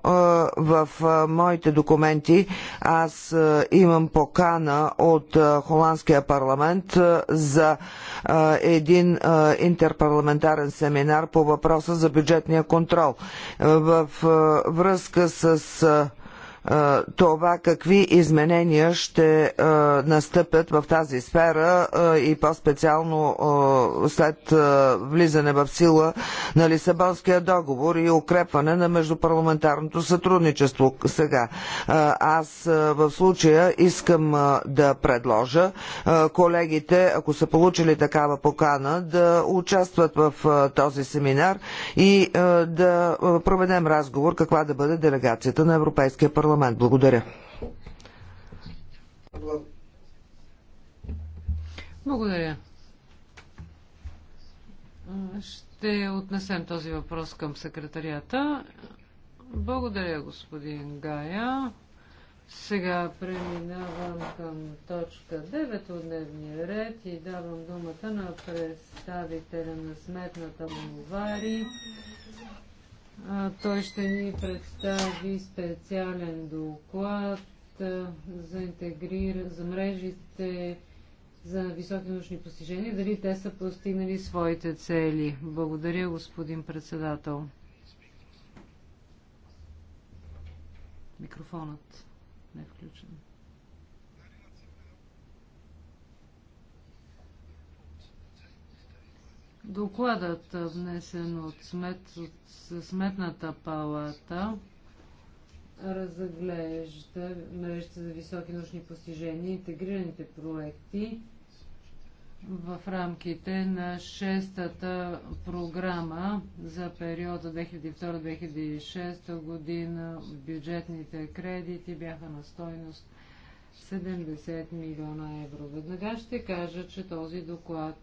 в моите документи аз имам покана от Холандския парламент за един интерпарламентарен семинар по въпроса за бюджетния контрол. В връзка с това какви изменения ще настъпят в тази сфера и по-специално след влизане в сила на Лисабонския договор и укрепване на междупарламентарното сътрудничество сега. Аз в случая искам да предложа колегите, ако са получили такава покана, да участват в този семинар и да проведем разговор каква да бъде делегацията на Европейския парламент парламент. Благодаря. Благодаря. Ще отнесем този въпрос към секретарията. Благодаря, господин Гая. Сега преминавам към точка 9 от дневния ред и давам думата на представителя на сметната му той ще ни представи специален доклад за, интегрира, за мрежите за високи научни постижения, дали те са постигнали своите цели. Благодаря, господин председател. Микрофонът не е включен. Докладът, внесен от, смет, от Сметната палата, разглежда мрежата за високи научни постижения, и интегрираните проекти в рамките на шестата програма за периода 2002-2006 година. Бюджетните кредити бяха на стойност 70 милиона евро. Веднага ще кажа, че този доклад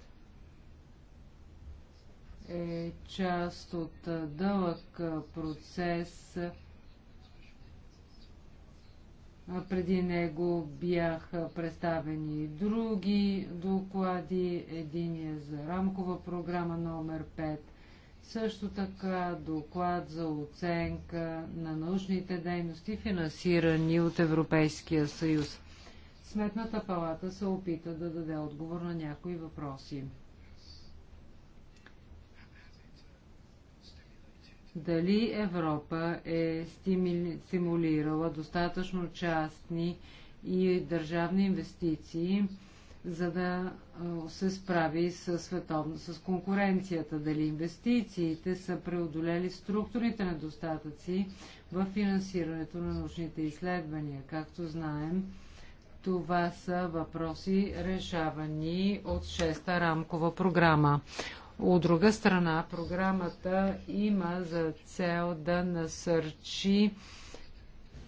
е част от дълъг процес. Преди него бяха представени и други доклади. Един е за рамкова програма номер 5. Също така доклад за оценка на научните дейности, финансирани от Европейския съюз. Сметната палата се опита да даде отговор на някои въпроси. дали Европа е стимулирала достатъчно частни и държавни инвестиции, за да се справи с, световно, с конкуренцията, дали инвестициите са преодолели структурните недостатъци в финансирането на научните изследвания. Както знаем, това са въпроси решавани от шеста рамкова програма. От друга страна, програмата има за цел да насърчи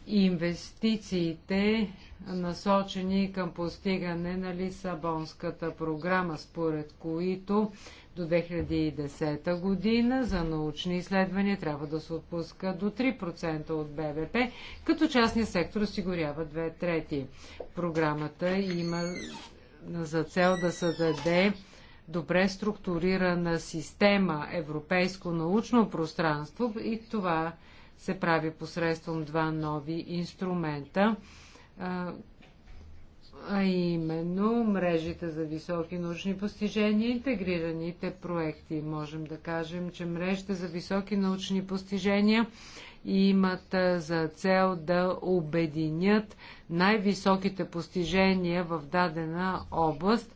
инвестициите, насочени към постигане на Лисабонската програма, според които до 2010 година за научни изследвания трябва да се отпуска до 3% от БВП, като частния сектор осигурява две трети. Програмата има за цел да създаде добре структурирана система, европейско научно пространство и това се прави посредством два нови инструмента, а именно мрежите за високи научни постижения и интегрираните проекти. Можем да кажем, че мрежите за високи научни постижения имат за цел да обединят най-високите постижения в дадена област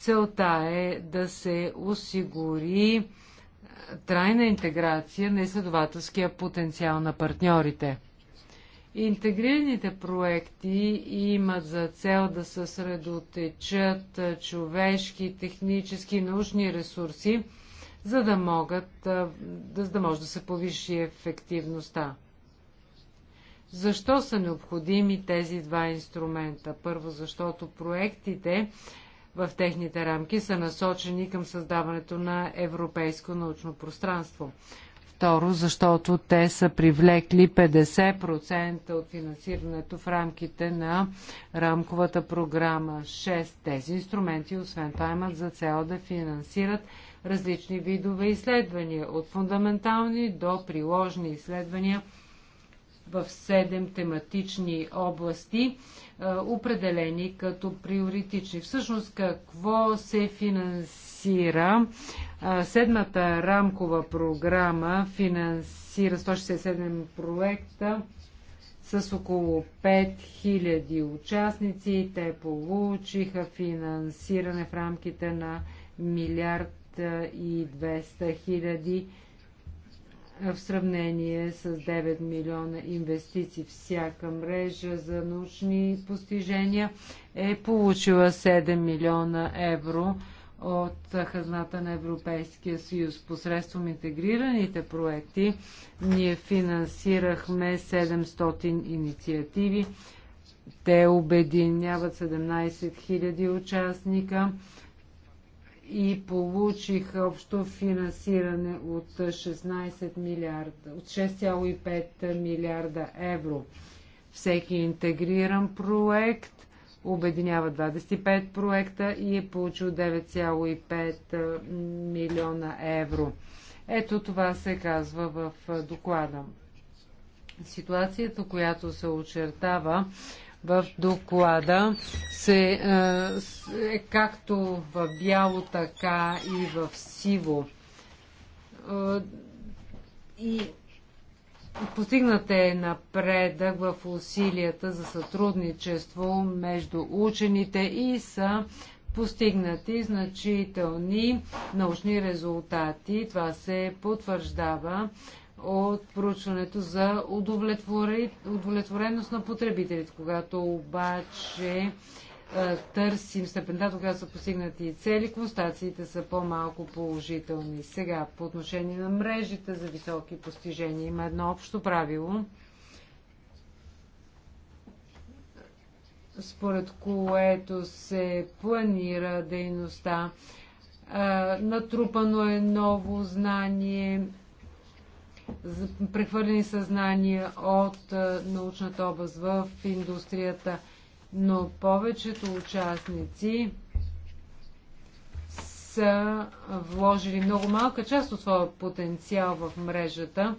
Целта е да се осигури трайна интеграция на изследователския потенциал на партньорите. Интегрираните проекти имат за цел да съсредотечат човешки, технически и научни ресурси, за да, могат, да, да може да се повиши ефективността. Защо са необходими тези два инструмента? Първо, защото проектите в техните рамки са насочени към създаването на европейско научно пространство. Второ, защото те са привлекли 50% от финансирането в рамките на рамковата програма 6. Тези инструменти, освен това, имат за цел да финансират различни видове изследвания, от фундаментални до приложни изследвания в 7 тематични области определени като приоритични. Всъщност какво се финансира? Седмата рамкова програма финансира 167 проекта с около 5000 участници. Те получиха финансиране в рамките на милиард и 200 хиляди 000 в сравнение с 9 милиона инвестиции. Всяка мрежа за научни постижения е получила 7 милиона евро от хазната на Европейския съюз. Посредством интегрираните проекти ние финансирахме 700 инициативи. Те обединяват 17 000 участника и получиха общо финансиране от 16 милиарда, от 6,5 милиарда евро. Всеки интегриран проект обединява 25 проекта и е получил 9,5 милиона евро. Ето това се казва в доклада. Ситуацията, която се очертава в доклада се, е, е както в бяло, така и в сиво. Е, и постигнат е напредък в усилията за сътрудничество между учените и са постигнати значителни научни резултати. Това се потвърждава от проучването за удовлетвореност на потребителите. Когато обаче е, търсим степента, когато са постигнати цели, констациите са по-малко положителни. Сега, по отношение на мрежите за високи постижения, има едно общо правило, според което се планира дейността. Натрупано е ново знание, прехвърлени съзнания от научната област в индустрията, но повечето участници са вложили много малка част от своя потенциал в мрежата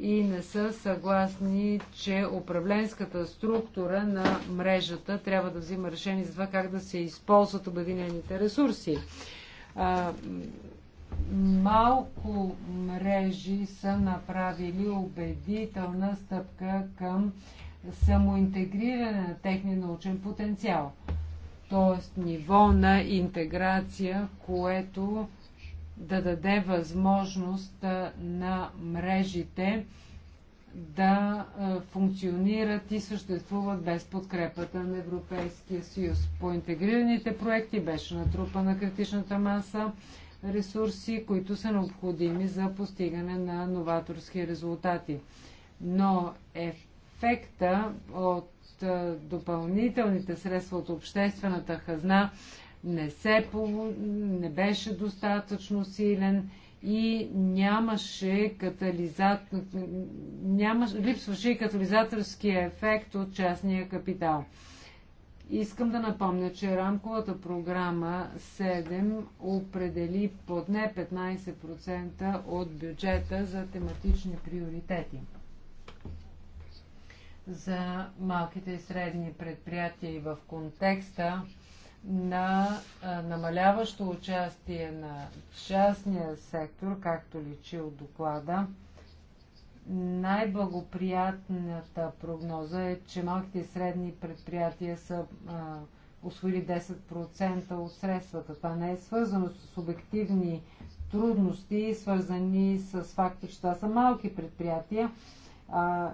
и не са съгласни, че управленската структура на мрежата трябва да взима решение за това как да се използват обединените ресурси малко мрежи са направили убедителна стъпка към самоинтегриране на техния научен потенциал. Тоест ниво на интеграция, което да даде възможност на мрежите да функционират и съществуват без подкрепата на Европейския съюз. По интегрираните проекти беше натрупана критичната маса ресурси, които са необходими за постигане на новаторски резултати. Но ефекта от допълнителните средства от обществената хазна не, се, не беше достатъчно силен и нямаше катализатор, нямаше, липсваше и катализаторския ефект от частния капитал. Искам да напомня, че рамковата програма 7 определи подне 15% от бюджета за тематични приоритети. За малките и средни предприятия и в контекста на намаляващо участие на частния сектор, както личи от доклада, най-благоприятната прогноза е, че малките и средни предприятия са а, освоили 10% от средствата. Това не е свързано с обективни трудности, свързани с факта, че това са малки предприятия, а,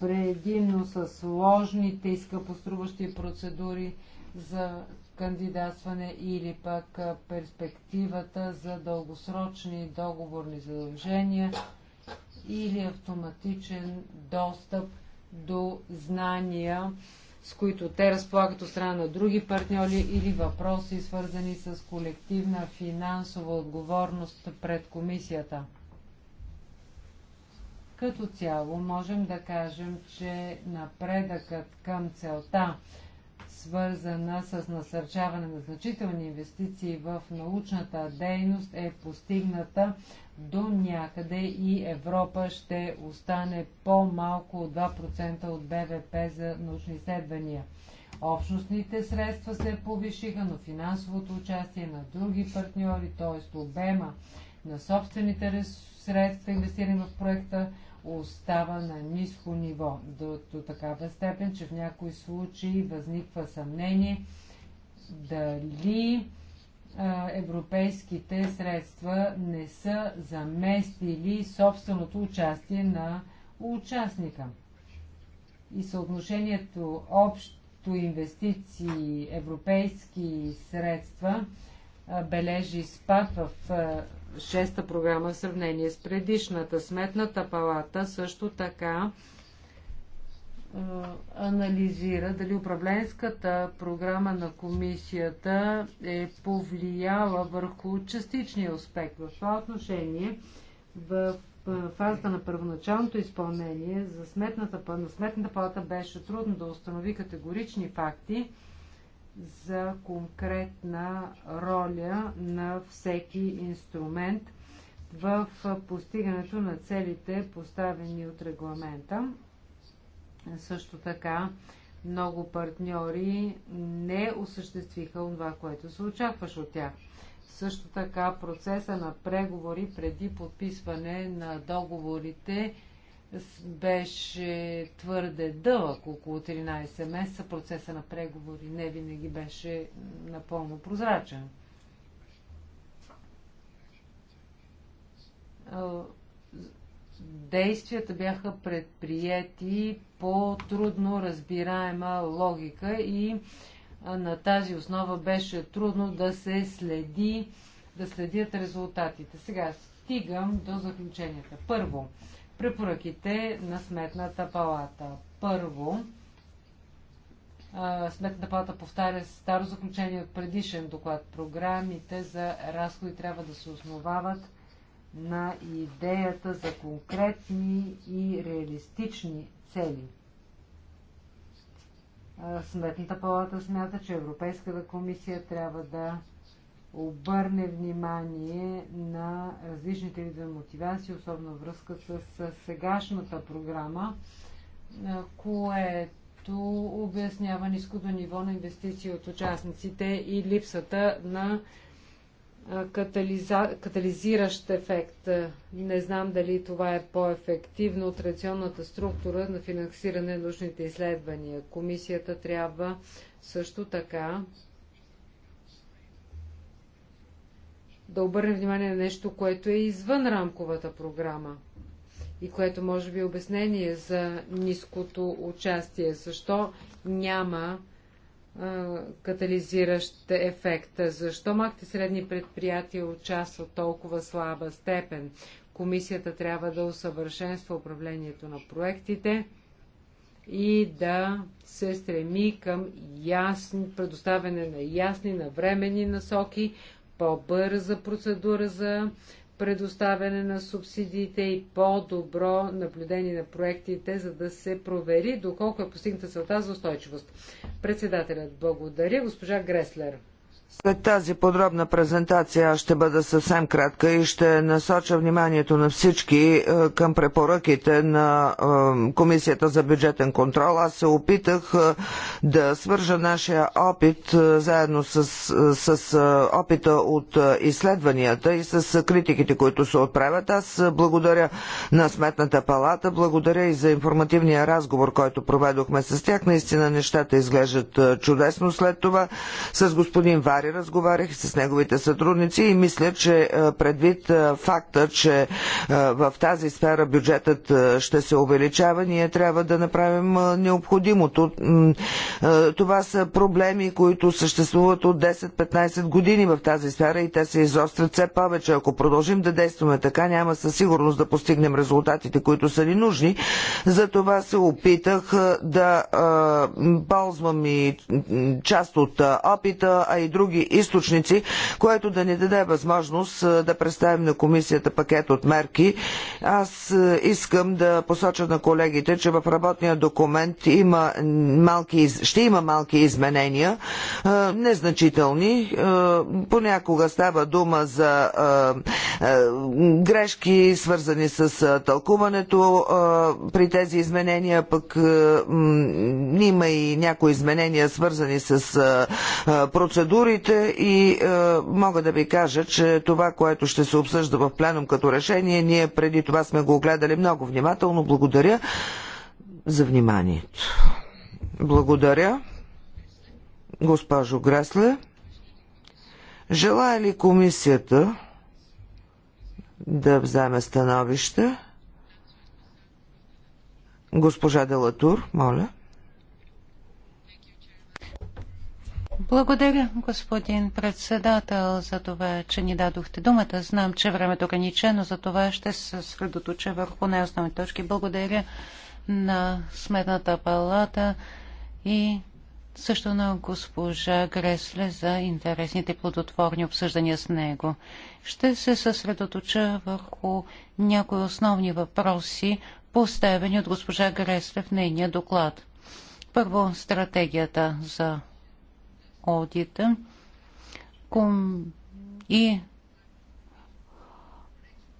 предимно с сложните и скъпоструващи процедури за кандидатстване или пък перспективата за дългосрочни договорни задължения – или автоматичен достъп до знания, с които те разполагат от страна на други партньори или въпроси, свързани с колективна финансова отговорност пред комисията. Като цяло можем да кажем, че напредъкът към целта свързана с насърчаване на значителни инвестиции в научната дейност, е постигната до някъде и Европа ще остане по-малко от 2% от БВП за научни изследвания. Общностните средства се повишиха, но финансовото участие на други партньори, т.е. обема на собствените средства, инвестирани в проекта, остава на ниско ниво, до, до такава степен, че в някои случаи възниква съмнение дали а, европейските средства не са заместили собственото участие на участника. И съотношението общо инвестиции европейски средства бележи спад в шеста програма в сравнение с предишната. Сметната палата също така анализира дали управленската програма на комисията е повлияла върху частичния успех. В това отношение в фазата на първоначалното изпълнение за сметната, на сметната палата беше трудно да установи категорични факти, за конкретна роля на всеки инструмент в постигането на целите, поставени от регламента. Също така, много партньори не осъществиха това, което се очакваше от тях. Също така, процеса на преговори преди подписване на договорите беше твърде дълъг, около 13 месеца. Процеса на преговори не винаги беше напълно прозрачен. Действията бяха предприяти по трудно разбираема логика и на тази основа беше трудно да се следи, да следят резултатите. Сега стигам до заключенията. Първо, препоръките на Сметната палата. Първо, Сметната палата повтаря старо заключение от предишен доклад. Програмите за разходи трябва да се основават на идеята за конкретни и реалистични цели. Сметната палата смята, че Европейската комисия трябва да обърне внимание на различните видове мотивации, особено връзка с сегашната програма, което обяснява ниското ниво на инвестиции от участниците и липсата на катализа... катализиращ ефект. Не знам дали това е по-ефективно от традиционната структура на финансиране на научните изследвания. Комисията трябва също така да обърнем внимание на нещо, което е извън рамковата програма и което може би е обяснение за ниското участие. Защо няма а, катализиращ ефект? Защо махте средни предприятия участват толкова слаба степен? Комисията трябва да усъвършенства управлението на проектите и да се стреми към ясни, предоставяне на ясни, навремени насоки, по-бърза процедура за предоставяне на субсидиите и по-добро наблюдение на проектите, за да се провери доколко е постигната целта за устойчивост. Председателят благодаря. Госпожа Греслер. След тази подробна презентация аз ще бъда съвсем кратка и ще насоча вниманието на всички е, към препоръките на е, Комисията за бюджетен контрол. Аз се опитах е, да свържа нашия опит заедно с, с опита от изследванията и с критиките, които се отправят. Аз благодаря на Сметната палата, благодаря и за информативния разговор, който проведохме с тях. Наистина нещата изглеждат чудесно след това с господин Вари комисари, разговарях с неговите сътрудници и мисля, че е, предвид е, факта, че е, в тази сфера бюджетът ще се увеличава, ние трябва да направим необходимото. Това са проблеми, които съществуват от 10-15 години в тази сфера и те се изострят все повече. Ако продължим да действаме така, няма със сигурност да постигнем резултатите, които са ни нужни. Затова се опитах да ползвам и част от опита, а и други други източници, което да ни даде възможност да представим на комисията пакет от мерки. Аз искам да посоча на колегите, че в работния документ има малки, ще има малки изменения, незначителни. Понякога става дума за грешки, свързани с тълкуването при тези изменения, пък има и някои изменения, свързани с процедури, структурите и е, мога да ви кажа, че това, което ще се обсъжда в пленум като решение, ние преди това сме го огледали много внимателно. Благодаря за вниманието. Благодаря, госпожо Гресле. Желая ли комисията да вземе становище? Госпожа Делатур, моля. Благодаря, господин председател, за това, че ни дадохте думата. Знам, че времето е ограничено, за това ще се средоточа върху най-основни точки. Благодаря на Сметната палата и също на госпожа Гресле за интересните плодотворни обсъждания с него. Ще се съсредоточа върху някои основни въпроси, поставени от госпожа Гресле в нейния доклад. Първо, стратегията за одита и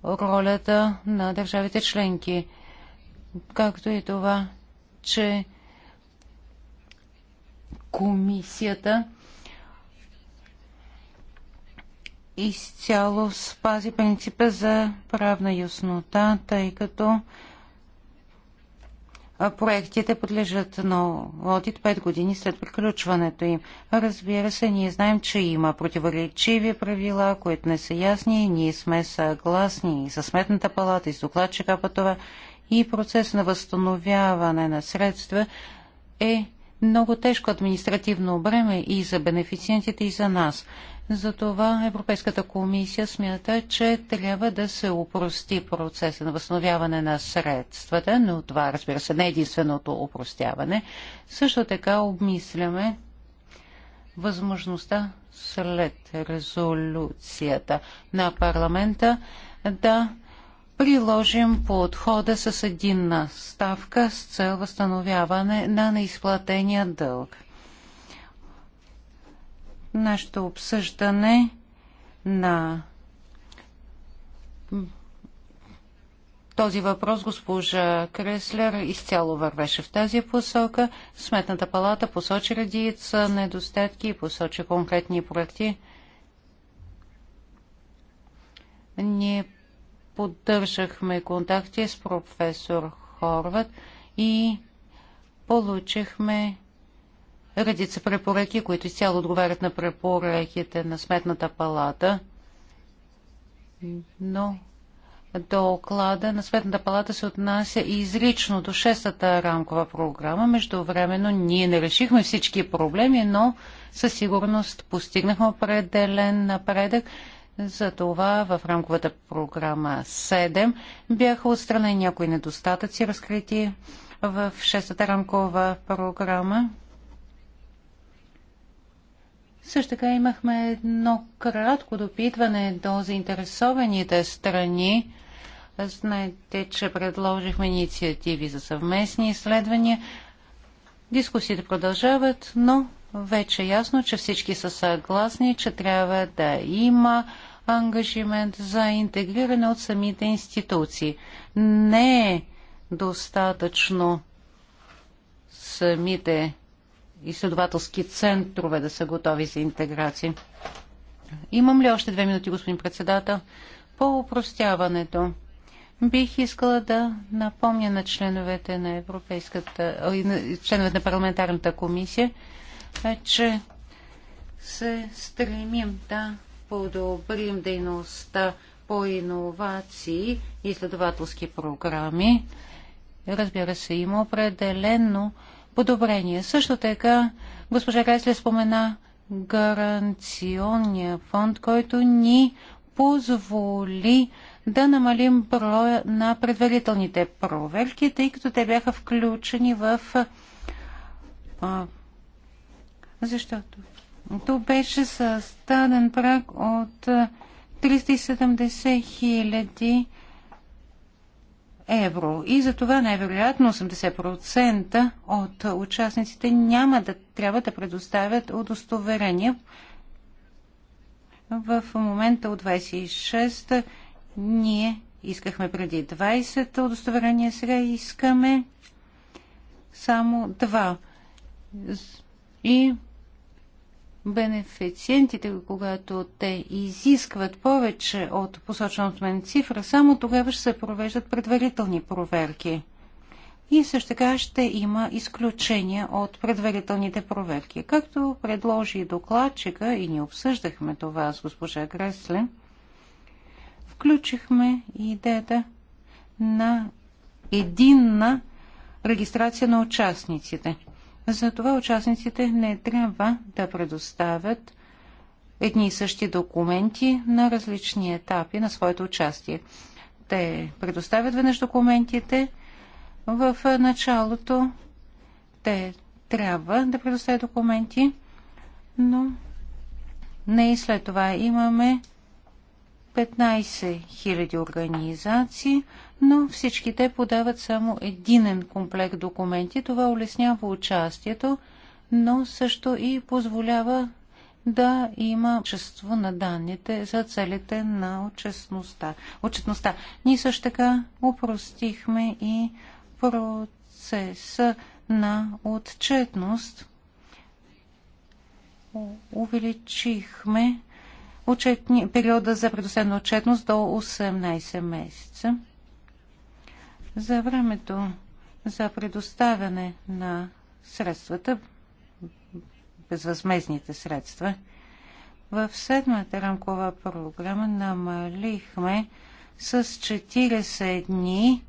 ролята на държавите членки, както и това, че комисията изцяло спази принципа за правна яснота, тъй като проектите подлежат на одит 5 години след приключването им. Разбира се, ние знаем, че има противоречиви правила, които не са ясни и ние сме съгласни и с Сметната палата, и с докладчика по това. И процес на възстановяване на средства е много тежко административно бреме и за бенефициентите, и за нас. Затова Европейската комисия смята, че трябва да се упрости процеса на възстановяване на средствата, но това, разбира се, не е единственото упростяване. Също така обмисляме възможността след резолюцията на парламента да приложим подхода с единна ставка с цел възстановяване на неизплатения дълг нашето обсъждане на този въпрос госпожа Креслер изцяло вървеше в тази посока. Сметната палата посочи редица недостатки и посочи конкретни проекти. Ние поддържахме контакти с професор Хорват и получихме редица препоръки, които изцяло отговарят на препоръките на Сметната палата. Но доклада на Сметната палата се отнася и изрично до шестата рамкова програма. Междувременно ние не решихме всички проблеми, но със сигурност постигнахме определен напредък. Затова в рамковата програма 7 бяха отстранени някои недостатъци, разкрити в шестата рамкова програма. Също така имахме едно кратко допитване до заинтересованите страни. Знаете, че предложихме инициативи за съвместни изследвания. Дискусиите продължават, но вече е ясно, че всички са съгласни, че трябва да има ангажимент за интегриране от самите институции. Не е достатъчно самите изследователски центрове да са готови за интеграция. Имам ли още две минути, господин председател? По упростяването. Бих искала да напомня на членовете на Европейската, членовете на парламентарната комисия, е, че се стремим да подобрим дейността по иновации и изследователски програми. Разбира се, има определено подобрение. Също така госпожа Гресле спомена гаранционния фонд, който ни позволи да намалим броя на предварителните проверки, тъй като те бяха включени в... А, защото то беше създаден прак от 370 хиляди евро. И за това най-вероятно 80% от участниците няма да трябва да предоставят удостоверения. В момента от 26 ние искахме преди 20 удостоверения, сега искаме само 2. И бенефициентите, когато те изискват повече от посочената от мен цифра, само тогава ще се провеждат предварителни проверки. И също така ще има изключения от предварителните проверки. Както предложи докладчика и ни обсъждахме това с госпожа Гресле, включихме идеята на единна регистрация на участниците – затова участниците не трябва да предоставят едни и същи документи на различни етапи на своето участие. Те предоставят веднъж документите в началото. Те трябва да предоставят документи, но не и след това имаме 15 000 организации, но всички те подават само единен комплект документи. Това улеснява участието, но също и позволява да има чувство на данните за целите на отчетността. отчетността. Ние също така упростихме и процеса на отчетност. Увеличихме периода за предоставена отчетност до 18 месеца за времето за предоставяне на средствата, безвъзмезните средства. В седмата рамкова програма намалихме с 40 дни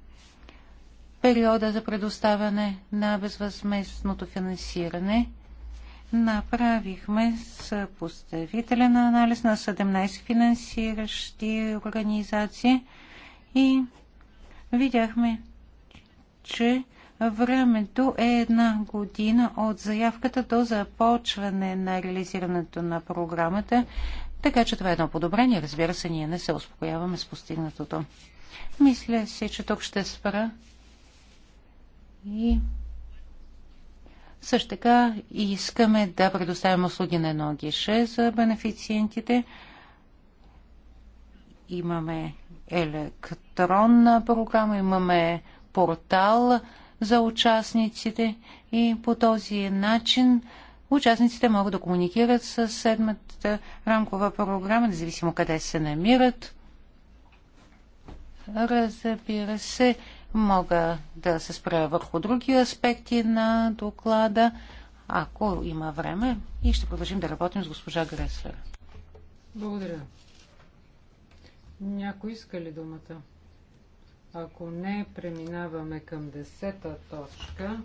периода за предоставяне на безвъзместното финансиране. Направихме съпоставителен анализ на 17 финансиращи организации и видяхме, че времето е една година от заявката до започване на реализирането на програмата, така че това е едно подобрение. Разбира се, ние не се успокояваме с постигнатото. Мисля си, че тук ще спра и също така искаме да предоставим услуги на едно гише за бенефициентите – Имаме електронна програма, имаме портал за участниците и по този начин участниците могат да комуникират с седмата рамкова програма, независимо къде се намират. Разбира се, мога да се спра върху други аспекти на доклада, ако има време и ще продължим да работим с госпожа Греслер. Благодаря. Някой иска ли думата? Ако не, преминаваме към десета точка.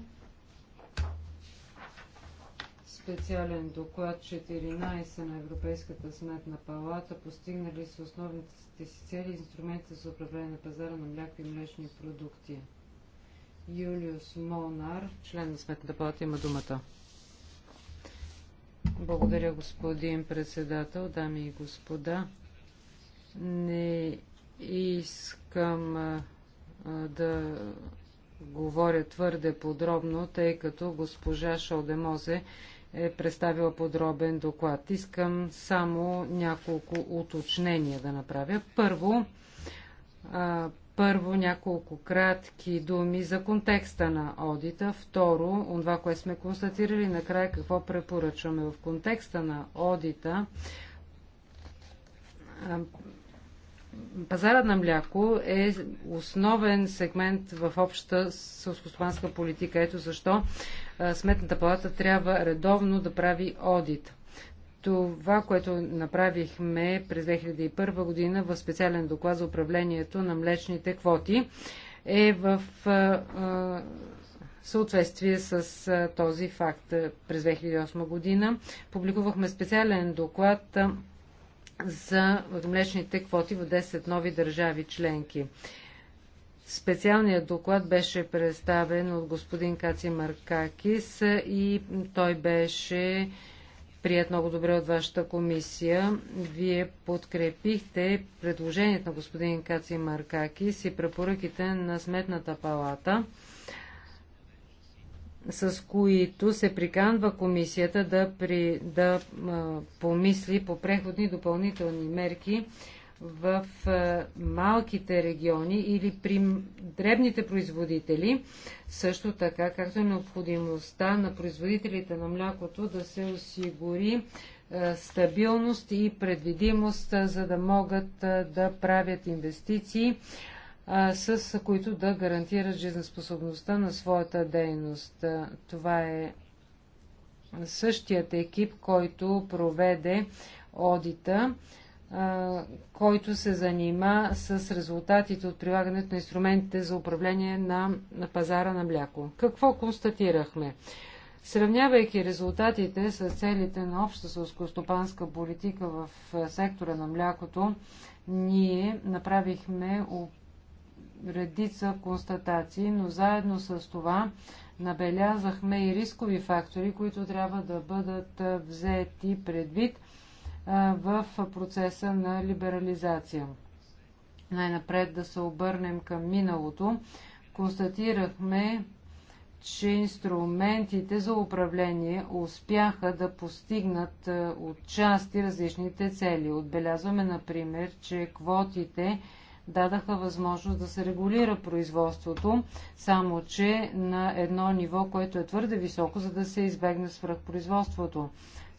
Специален доклад 14 на Европейската сметна палата. Постигнали са основните си цели и инструментите за управление на пазара на мляко и млечни продукти. Юлиус Молнар, член на Сметната палата, има думата. Благодаря, господин председател, дами и господа. Не искам да говоря твърде подробно, тъй като госпожа Шодемозе е представила подробен доклад. Искам само няколко уточнения да направя. Първо, първо няколко кратки думи за контекста на одита. Второ, това, което сме констатирали, накрая какво препоръчваме в контекста на одита пазарът на мляко е основен сегмент в общата селскостопанска политика. Ето защо Сметната палата трябва редовно да прави одит. Това, което направихме през 2001 година в специален доклад за управлението на млечните квоти, е в съответствие с този факт. През 2008 година публикувахме специален доклад за млечните квоти в 10 нови държави членки. Специалният доклад беше представен от господин Каци Маркакис и той беше прият много добре от вашата комисия. Вие подкрепихте предложението на господин Каци Маркакис и препоръките на Сметната палата – с които се приканва комисията да, при, да а, помисли по преходни допълнителни мерки в а, малките региони или при дребните производители, също така както е необходимостта на производителите на млякото да се осигури а, стабилност и предвидимост, за да могат да правят инвестиции с които да гарантират жизнеспособността на своята дейност. Това е същият екип, който проведе одита, който се занима с резултатите от прилагането на инструментите за управление на, на пазара на мляко. Какво констатирахме? Сравнявайки резултатите с целите на обща сълскостопанска политика в сектора на млякото, ние направихме редица констатации, но заедно с това набелязахме и рискови фактори, които трябва да бъдат взети предвид в процеса на либерализация. Най-напред да се обърнем към миналото. Констатирахме, че инструментите за управление успяха да постигнат отчасти различните цели. Отбелязваме, например, че квотите дадаха възможност да се регулира производството, само че на едно ниво, което е твърде високо, за да се избегне свръхпроизводството.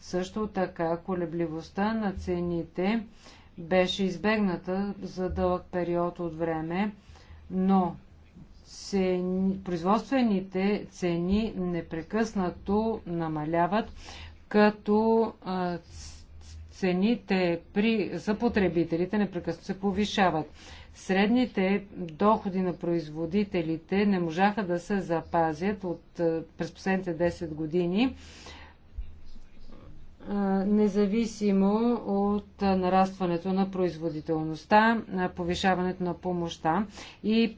Също така колебливостта на цените беше избегната за дълъг период от време, но производствените цени непрекъснато намаляват, като цените при, за потребителите непрекъснато се повишават. Средните доходи на производителите не можаха да се запазят от, през последните 10 години, независимо от нарастването на производителността, повишаването на помощта и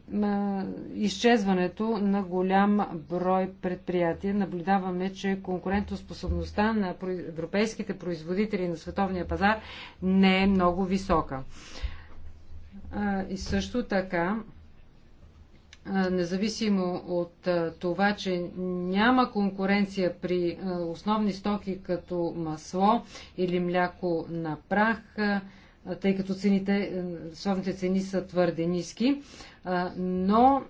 изчезването на голям брой предприятия. Наблюдаваме, че конкурентоспособността на европейските производители на световния пазар не е много висока. И също така, независимо от това, че няма конкуренция при основни стоки като масло или мляко на прах, тъй като цените, основните цени са твърде ниски, но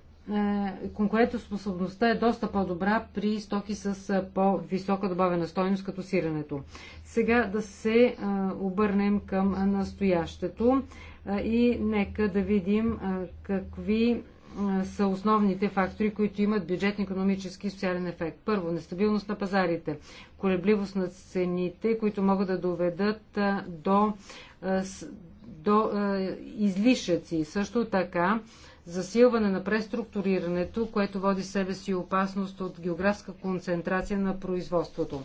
конкурентоспособността е доста по-добра при стоки с по-висока добавена стойност, като сирането. Сега да се обърнем към настоящето и нека да видим какви са основните фактори, които имат бюджет, економически и социален ефект. Първо, нестабилност на пазарите, колебливост на цените, които могат да доведат до, до излишъци. Също така, засилване на преструктурирането, което води себе си опасност от географска концентрация на производството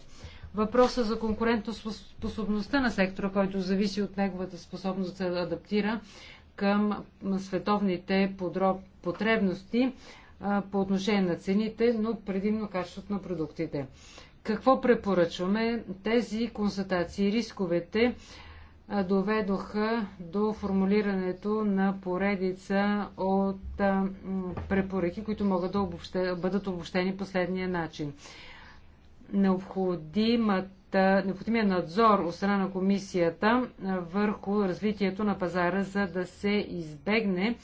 въпроса за конкурентоспособността на сектора, който зависи от неговата способност да се адаптира към световните подроб... потребности а, по отношение на цените, но предимно качеството на продуктите. Какво препоръчваме? Тези констатации, рисковете а, доведоха до формулирането на поредица от а, препоръки, които могат да обобщ... бъдат обобщени последния начин необходимата, необходимия надзор от страна на комисията върху развитието на пазара, за да се избегне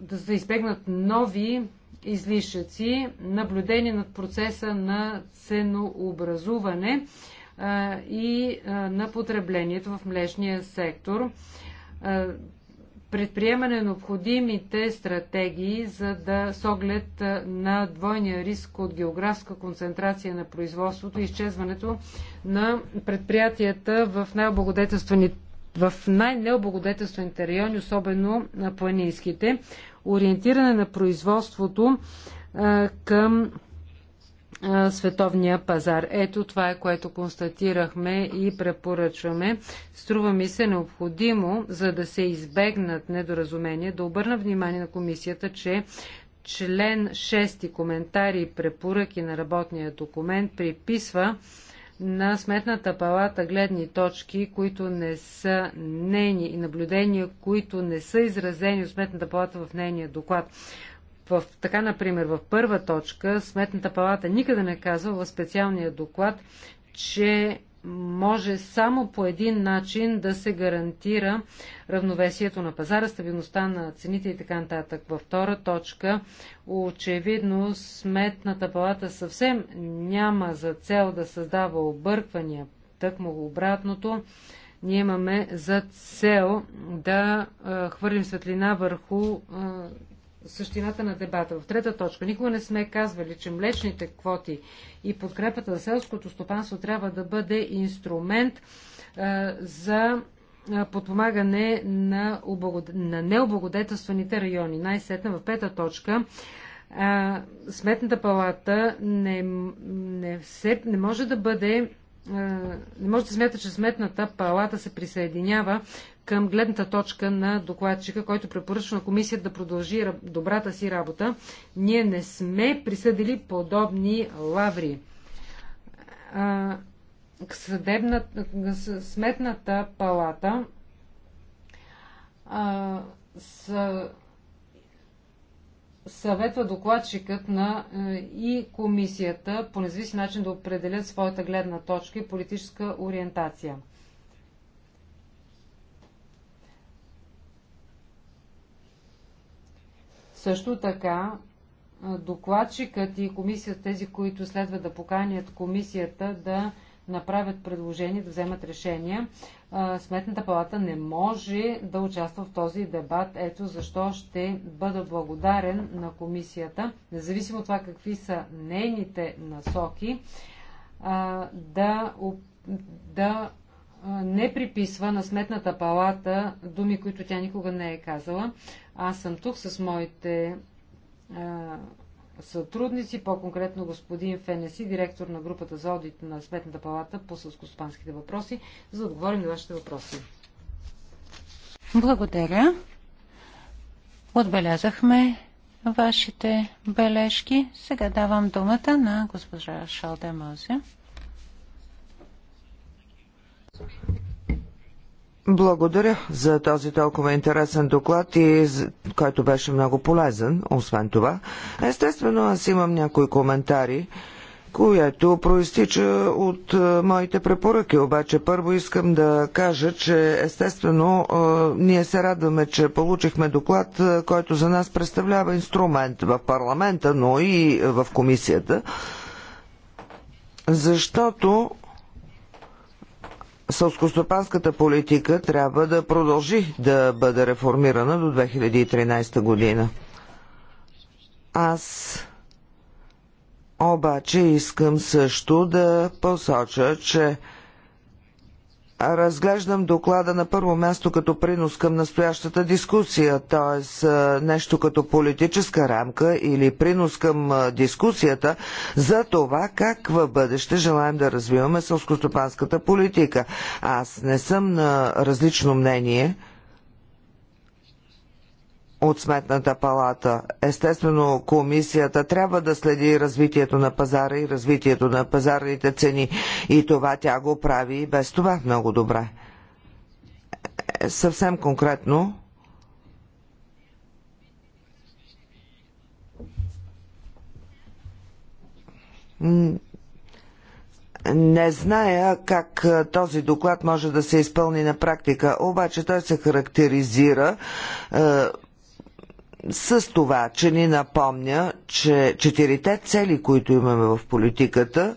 да се избегнат нови излишъци, наблюдение над процеса на ценообразуване и на потреблението в млечния сектор предприемане необходимите стратегии за да с оглед на двойния риск от географска концентрация на производството и изчезването на предприятията в най-облагодетелстваните в най-необлагодетелствените райони, особено на планинските, ориентиране на производството към световния пазар. Ето това е, което констатирахме и препоръчваме. Струва ми се необходимо, за да се избегнат недоразумения, да обърна внимание на комисията, че член 6 коментари и препоръки на работния документ приписва на Сметната палата гледни точки, които не са нейни и наблюдения, които не са изразени от Сметната палата в нейния доклад. В, така, например, в първа точка Сметната палата никъде не е казва в специалния доклад, че може само по един начин да се гарантира равновесието на пазара, стабилността на цените и така нататък. Във втора точка, очевидно, сметната палата съвсем няма за цел да създава обърквания, тъкмо обратното. Ние имаме за цел да хвърлим светлина върху същината на дебата. В трета точка никога не сме казвали, че млечните квоти и подкрепата за селското стопанство трябва да бъде инструмент а, за подпомагане на, облагод... на необлагодетелстваните райони. Най-сетна в пета точка а, Сметната палата не, не, се, не може да бъде е, не може да смята, че сметната палата се присъединява към гледната точка на докладчика, който препоръчва на комисията да продължи добрата си работа. Ние не сме присъдили подобни лаври. Е, Съдебната, сметната палата а, е, са съветва докладчикът на е, и комисията по независим начин да определят своята гледна точка и политическа ориентация. Също така, е, докладчикът и комисията, тези, които следва да поканят комисията да направят предложение, да вземат решения. Сметната палата не може да участва в този дебат. Ето защо ще бъда благодарен на комисията, независимо от това какви са нейните насоки, да, да не приписва на Сметната палата думи, които тя никога не е казала. Аз съм тук с моите сътрудници, по-конкретно господин Фенеси, директор на групата за аудит на Сметната палата по сълскоспанските въпроси, за да отговорим на вашите въпроси. Благодаря. Отбелязахме вашите бележки. Сега давам думата на госпожа Шалде благодаря за този толкова интересен доклад и който беше много полезен, освен това. Естествено, аз имам някои коментари, което проистича от е, моите препоръки. Обаче първо искам да кажа, че естествено е, ние се радваме, че получихме доклад, е, който за нас представлява инструмент в парламента, но и в комисията, защото Сълскостопанската политика трябва да продължи да бъде реформирана до 2013 година. Аз обаче искам също да посоча, че разглеждам доклада на първо място като принос към настоящата дискусия, т.е. нещо като политическа рамка или принос към дискусията за това как в бъдеще желаем да развиваме сълскостопанската политика. Аз не съм на различно мнение от Сметната палата. Естествено, комисията трябва да следи развитието на пазара и развитието на пазарните цени. И това тя го прави и без това много добре. Е, съвсем конкретно, Не зная как е, този доклад може да се изпълни на практика, обаче той се характеризира е, с това, че ни напомня, че четирите цели, които имаме в политиката,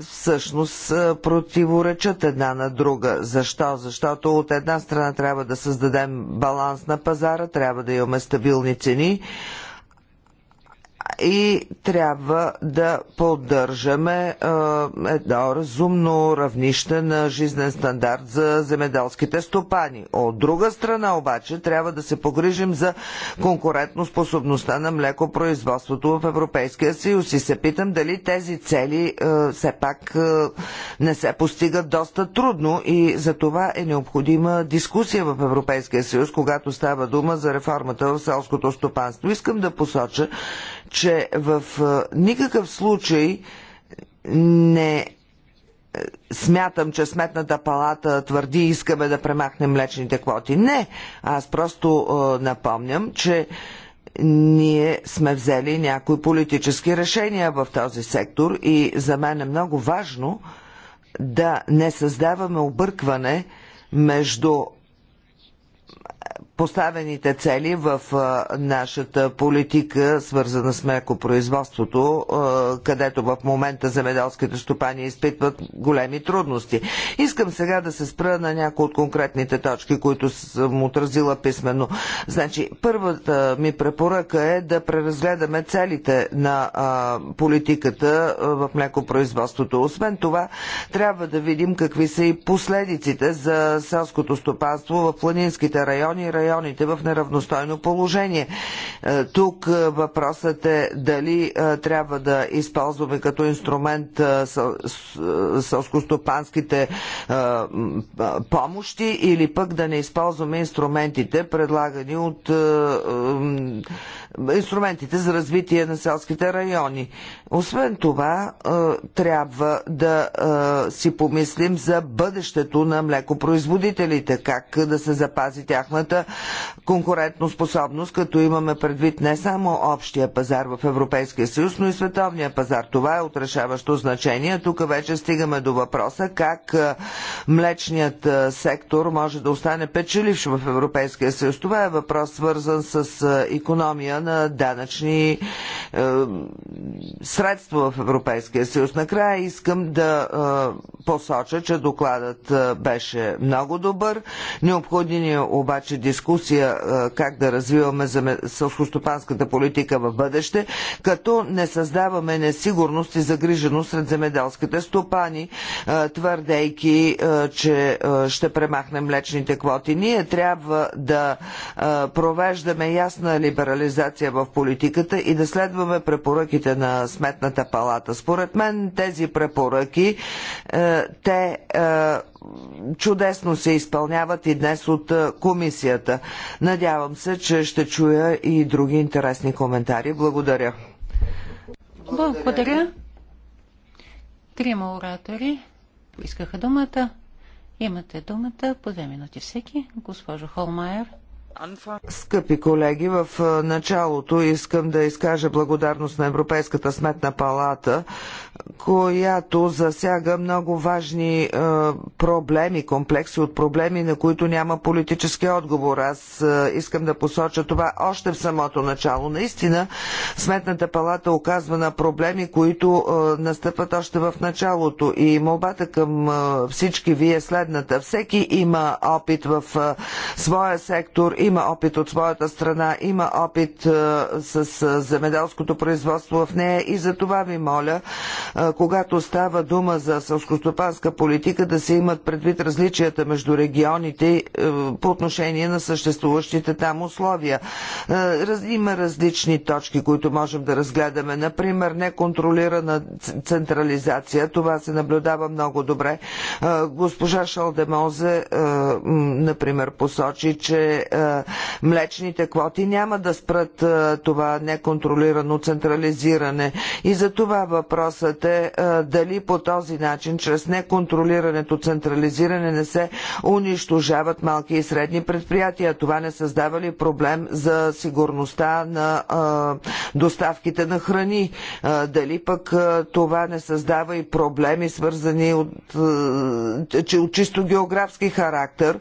всъщност противоречат една на друга. Защо? Защото от една страна трябва да създадем баланс на пазара, трябва да имаме стабилни цени, и трябва да поддържаме едно разумно равнище на жизнен стандарт за земеделските стопани. От друга страна обаче трябва да се погрижим за способността на млекопроизводството в Европейския съюз и се питам дали тези цели все пак не се постигат доста трудно и за това е необходима дискусия в Европейския съюз, когато става дума за реформата в селското стопанство. Искам да посоча, че в никакъв случай не е, смятам, че Сметната палата твърди искаме да премахнем млечните квоти. Не, аз просто напомням, че ние сме взели някои политически решения в този сектор и за мен е много важно да не създаваме объркване между поставените цели в нашата политика, свързана с мекопроизводството, където в момента земеделските стопани изпитват големи трудности. Искам сега да се спра на някои от конкретните точки, които съм отразила писменно. Значи, първата ми препоръка е да преразгледаме целите на политиката в млекопроизводството. Освен това, трябва да видим какви са и последиците за селското стопанство в планинските райони райони районите в неравностойно положение. Е, тук е, въпросът е дали е, трябва да използваме като инструмент сълскостопанските помощи или пък да не използваме инструментите, предлагани от инструментите за развитие на селските райони. Освен това, е, трябва да е, си помислим за бъдещето на млекопроизводителите, как да се запази тяхната способност, като имаме предвид не само общия пазар в Европейския съюз, но и световния пазар. Това е отрешаващо значение. Тук вече стигаме до въпроса как е, млечният сектор може да остане печеливш в Европейския съюз. Това е въпрос свързан с економия на данъчни е, средства в Европейския съюз. Накрая искам да е, посоча, че докладът е, беше много добър. Необходим е обаче дискусия е, как да развиваме селскостопанската политика в бъдеще, като не създаваме несигурност и загриженост сред земеделските стопани, е, твърдейки, е, че е, ще премахнем млечните квоти. Ние трябва да е, провеждаме ясна либерализация корекция в политиката и да следваме препоръките на Сметната палата. Според мен тези препоръки, е, те е, чудесно се изпълняват и днес от е, комисията. Надявам се, че ще чуя и други интересни коментари. Благодаря. Благодаря. Благодаря. Трима оратори поискаха думата. Имате думата по две минути всеки. Госпожо Холмайер. Скъпи колеги, в началото искам да изкажа благодарност на Европейската сметна палата, която засяга много важни е, проблеми, комплекси от проблеми, на които няма политически отговор. Аз е, искам да посоча това още в самото начало. Наистина, Сметната палата оказва на проблеми, които е, настъпват още в началото. И молбата към всички вие следната. Всеки има опит в своя сектор и има опит от своята страна, има опит с земеделското производство в нея и за това ви моля, когато става дума за сълскостопанска политика, да се имат предвид различията между регионите по отношение на съществуващите там условия. Има различни точки, които можем да разгледаме. Например, неконтролирана централизация. Това се наблюдава много добре. Госпожа Шалдемозе, например, посочи, че млечните квоти няма да спрат е, това неконтролирано централизиране. И за това въпросът е, е дали по този начин, чрез неконтролирането централизиране, не се унищожават малки и средни предприятия. Това не създава ли проблем за сигурността на е, доставките на храни? Дали пък това не създава и проблеми, свързани от, от чисто географски характер?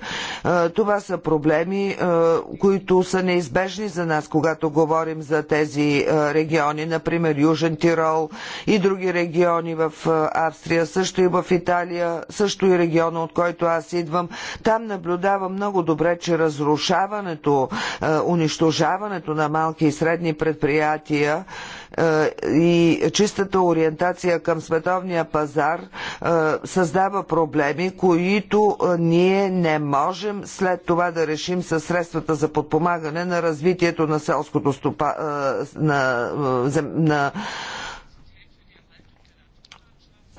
Това са проблеми, е, които са неизбежни за нас, когато говорим за тези е, региони, например Южен Тирол и други региони в е, Австрия, също и в Италия, също и региона, от който аз идвам. Там наблюдавам много добре, че разрушаването, унищожаването на малки и средни предприятия, е, и чистата ориентация към световния пазар е, създава проблеми, които е, ние не можем след това да решим със средствата за подпомагане на развитието на селското стопа... на... на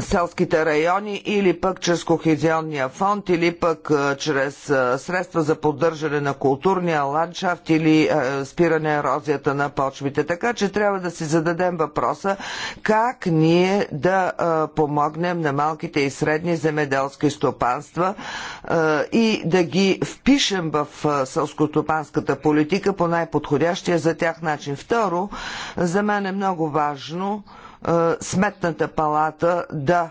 селските райони или пък чрез Кохезионния фонд, или пък чрез средства за поддържане на културния ландшафт или спиране ерозията на почвите. Така че трябва да си зададем въпроса как ние да помогнем на малките и средни земеделски стопанства и да ги впишем в селскостопанската политика по най-подходящия за тях начин. Второ, за мен е много важно Сметната палата да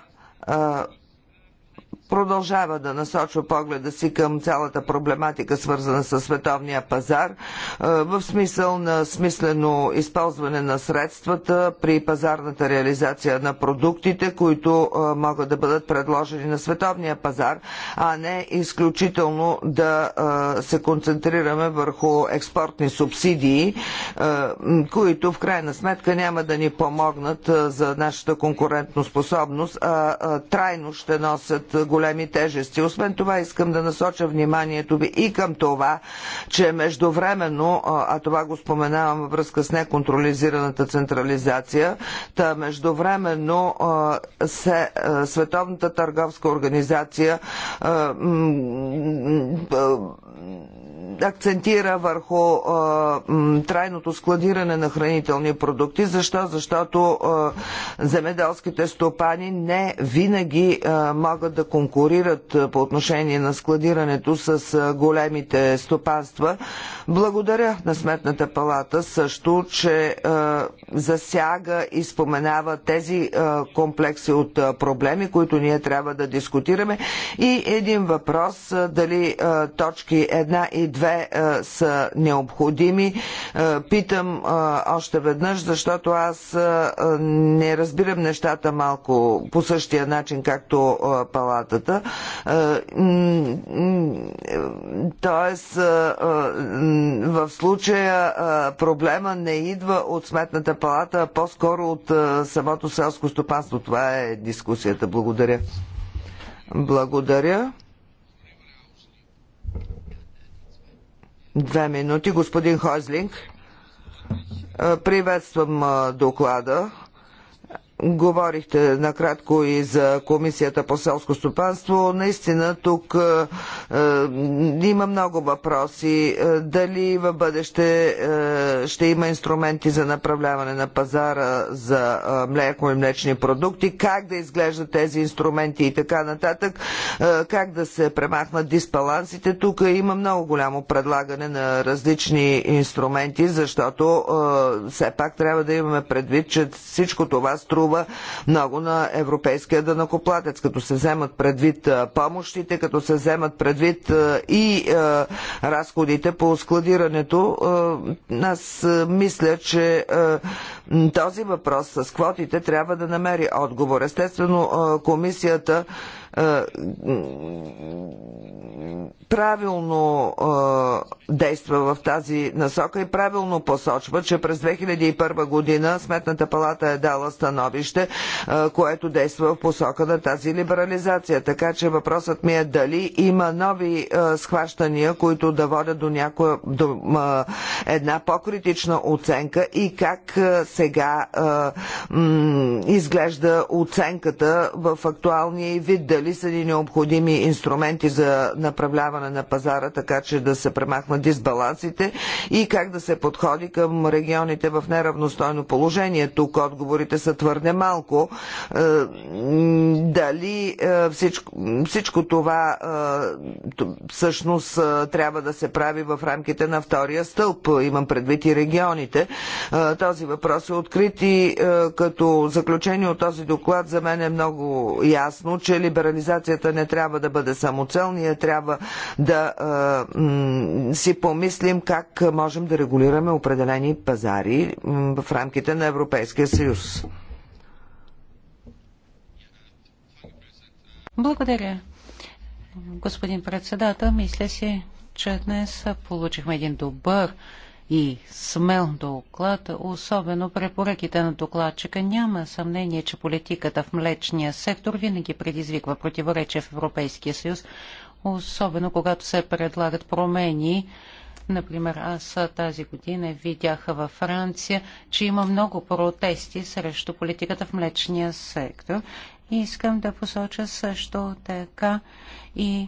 продължава да насочва погледа си към цялата проблематика, свързана с световния пазар, е, в смисъл на смислено използване на средствата при пазарната реализация на продуктите, които е, могат да бъдат предложени на световния пазар, а не изключително да е, се концентрираме върху експортни субсидии, които в крайна сметка няма да ни помогнат за нашата конкурентоспособност, а трайно ще носят голям големи тежести. Освен това искам да насоча вниманието ви и към това, че междувременно, а това го споменавам във връзка с неконтролизираната централизация, та междувременно се, Световната търговска организация акцентира върху а, трайното складиране на хранителни продукти. Защо? Защото а, земеделските стопани не винаги а, могат да конкурират по отношение на складирането с големите стопанства. Благодаря на Сметната палата също, че засяга и споменава тези комплекси от проблеми, които ние трябва да дискутираме. И един въпрос, дали точки 1 и 2 две е, са необходими. Е, питам е, още веднъж, защото аз не разбирам нещата малко по същия начин, както палатата. Тоест, в случая проблема не идва от сметната палата, а по-скоро от самото селско стопанство. Това е дискусията. Благодаря. Благодаря. Две минути. Господин Хозлинг, приветствам доклада. Говорихте накратко и за Комисията по селско стопанство. Наистина тук е, е има много въпроси. Е, дали в бъдеще е, ще има инструменти за направляване на пазара за е, млеко и млечни продукти, как да изглеждат тези инструменти и така нататък, е, как да се премахнат дисбалансите. Тук има много голямо предлагане на различни инструменти, защото все пак трябва да имаме предвид, че всичко това струва струва много на европейския данакоплатец, като се вземат предвид помощите, като се вземат предвид и разходите по складирането. Аз мисля, че този въпрос с квотите трябва да намери отговор. Естествено, комисията е, правилно е, действа в тази насока и правилно посочва, че през 2001 година Сметната палата е дала становище, е, което действа в посока на тази либерализация. Така че въпросът ми е дали има нови схващания, които да водят до, някоя, до една по-критична оценка и как сега изглежда оценката в актуалния вид. Дали дали са ни необходими инструменти за направляване на пазара, така че да се премахнат дисбалансите и как да се подходи към регионите в неравностойно положение. Тук отговорите са твърде малко. Е, дали е, всичко, всичко това е, всъщност трябва да се прави в рамките на втория стълб, имам предвид и регионите. Този въпрос е открит и като заключение от този доклад за мен е много ясно, че либерализацията децентрализацията не трябва да бъде самоцел, ние трябва да а, си помислим как можем да регулираме определени пазари в рамките на Европейския съюз. Благодаря. Господин председател, мисля си, че днес получихме един добър и смел доклад, особено препоръките на докладчика. Няма съмнение, че политиката в млечния сектор винаги предизвиква противоречия в Европейския съюз, особено когато се предлагат промени. Например, аз тази година видях във Франция, че има много протести срещу политиката в млечния сектор. И искам да посоча също така и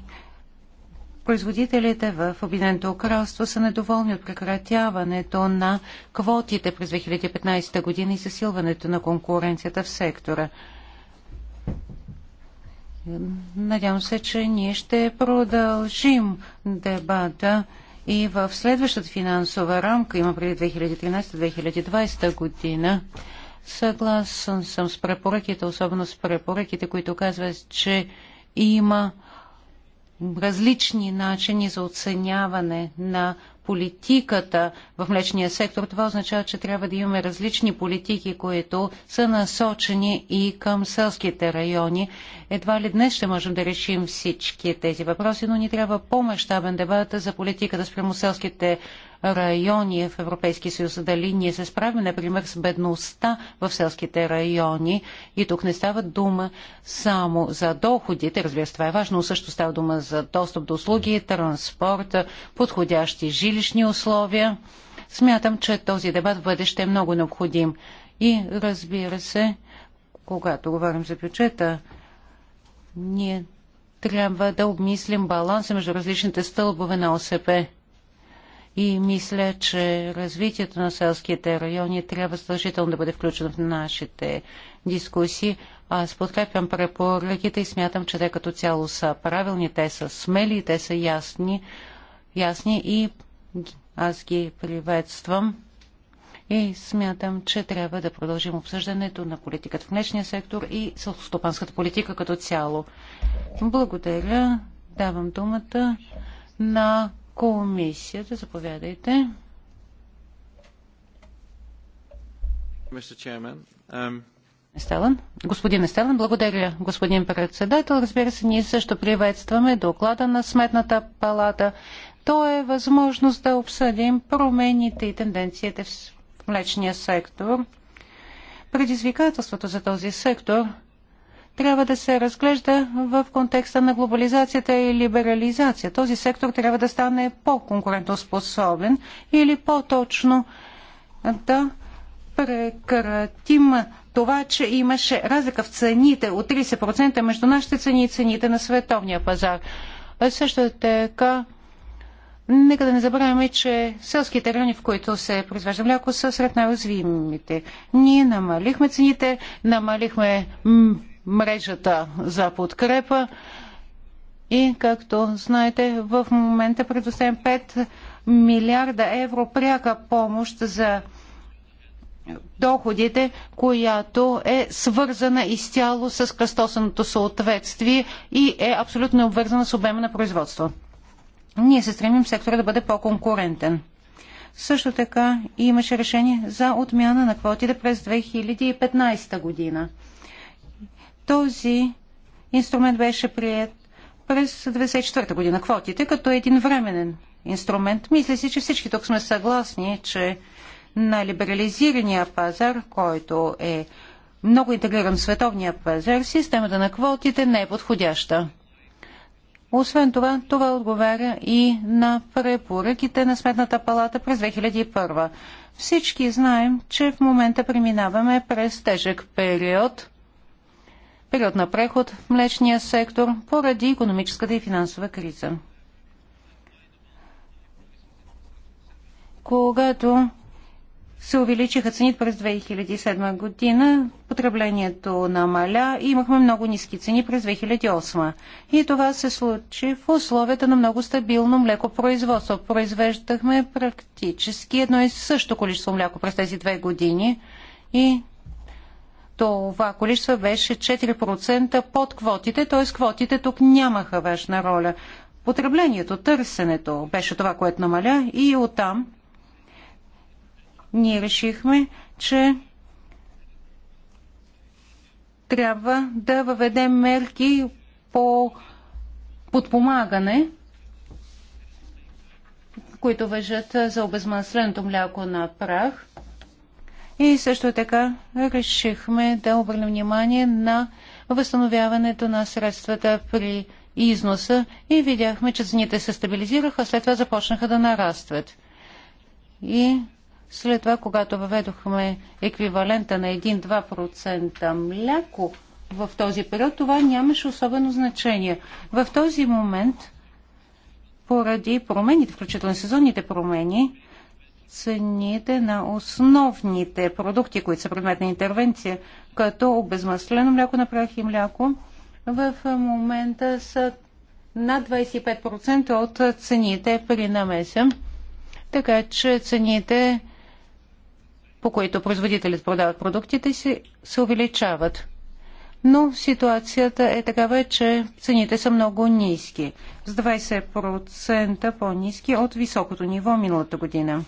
Производителите в Обединеното кралство са недоволни от прекратяването на квотите през 2015 година и засилването на конкуренцията в сектора. Надявам се, че ние ще продължим дебата и в следващата финансова рамка, има преди 2013-2020 година, съгласен съм с препоръките, особено с препоръките, които казват, че има различни начини за оценяване на политиката в млечния сектор, това означава, че трябва да имаме различни политики, които са насочени и към селските райони. Едва ли днес ще можем да решим всички тези въпроси, но ни трябва по-масштабен дебат за политиката спрямо селските райони в Европейския съюз. Дали ние се справим, например, с бедността в селските райони. И тук не става дума само за доходите. Разбира се, това е важно, но също става дума за достъп до услуги, транспорт, подходящи жилищни условия. Смятам, че този дебат в бъдеще е много необходим. И разбира се, когато говорим за бюджета, ние трябва да обмислим баланса между различните стълбове на ОСП. И мисля, че развитието на селските райони трябва задължително да бъде включено в нашите дискусии. Аз подкрепям препоръките и смятам, че те като цяло са правилни, те са смели, те са ясни, ясни и аз ги приветствам. И смятам, че трябва да продължим обсъждането на политиката в млечния сектор и селскостопанската политика като цяло. Благодаря. Давам думата на комисията. Заповядайте. Естелън. Господин Естелън, благодаря, господин председател. Разбира се, ние също приветстваме доклада на Сметната палата. То е възможност да обсъдим промените и тенденциите в млечния сектор. Предизвикателството за този сектор – трябва да се разглежда в контекста на глобализацията и либерализация. Този сектор трябва да стане по-конкурентоспособен или по-точно да прекратим това, че имаше разлика в цените от 30% между нашите цени и цените на световния пазар. Също така, нека да не забравяме, че селските райони, в които се произвежда мляко, са сред най-уязвимите. Ние намалихме цените, намалихме мрежата за подкрепа. И, както знаете, в момента предоставим 5 милиарда евро пряка помощ за доходите, която е свързана изцяло с кръстосаното съответствие и е абсолютно обвързана с обема на производство. Ние се стремим сектора да бъде по-конкурентен. Също така имаше решение за отмяна на квотите през 2015 година. Този инструмент беше прият през 1994 година. Квотите като е един временен инструмент. Мисля си, че всички тук сме съгласни, че на либерализирания пазар, който е много интегриран в световния пазар, системата на квотите не е подходяща. Освен това, това отговаря и на препоръките на Сметната палата през 2001. Всички знаем, че в момента преминаваме през тежък период период на преход в млечния сектор поради економическата и финансова криза. Когато се увеличиха цените през 2007 година, потреблението намаля и имахме много ниски цени през 2008. И това се случи в условията на много стабилно млекопроизводство. Произвеждахме практически едно и също количество мляко през тези две години и това количество беше 4% под квотите, т.е. квотите тук нямаха важна роля. Потреблението, търсенето беше това, което намаля и оттам ние решихме, че трябва да въведем мерки по подпомагане, които въжат за обезмасленото мляко на прах. И също така решихме да обърнем внимание на възстановяването на средствата при износа и видяхме, че цените се стабилизираха, след това започнаха да нарастват. И след това, когато въведохме еквивалента на 1-2% мляко в този период, това нямаше особено значение. В този момент, поради промените, включително сезонните промени, цените на основните продукти, които са предмет на интервенция, като обезмаслено мляко на прах и мляко, в момента са над 25% от цените при намеса. Така че цените, по които производителите продават продуктите си, се увеличават. Но ситуацията е такава, че цените са много ниски. С 20% по-ниски от високото ниво миналата година.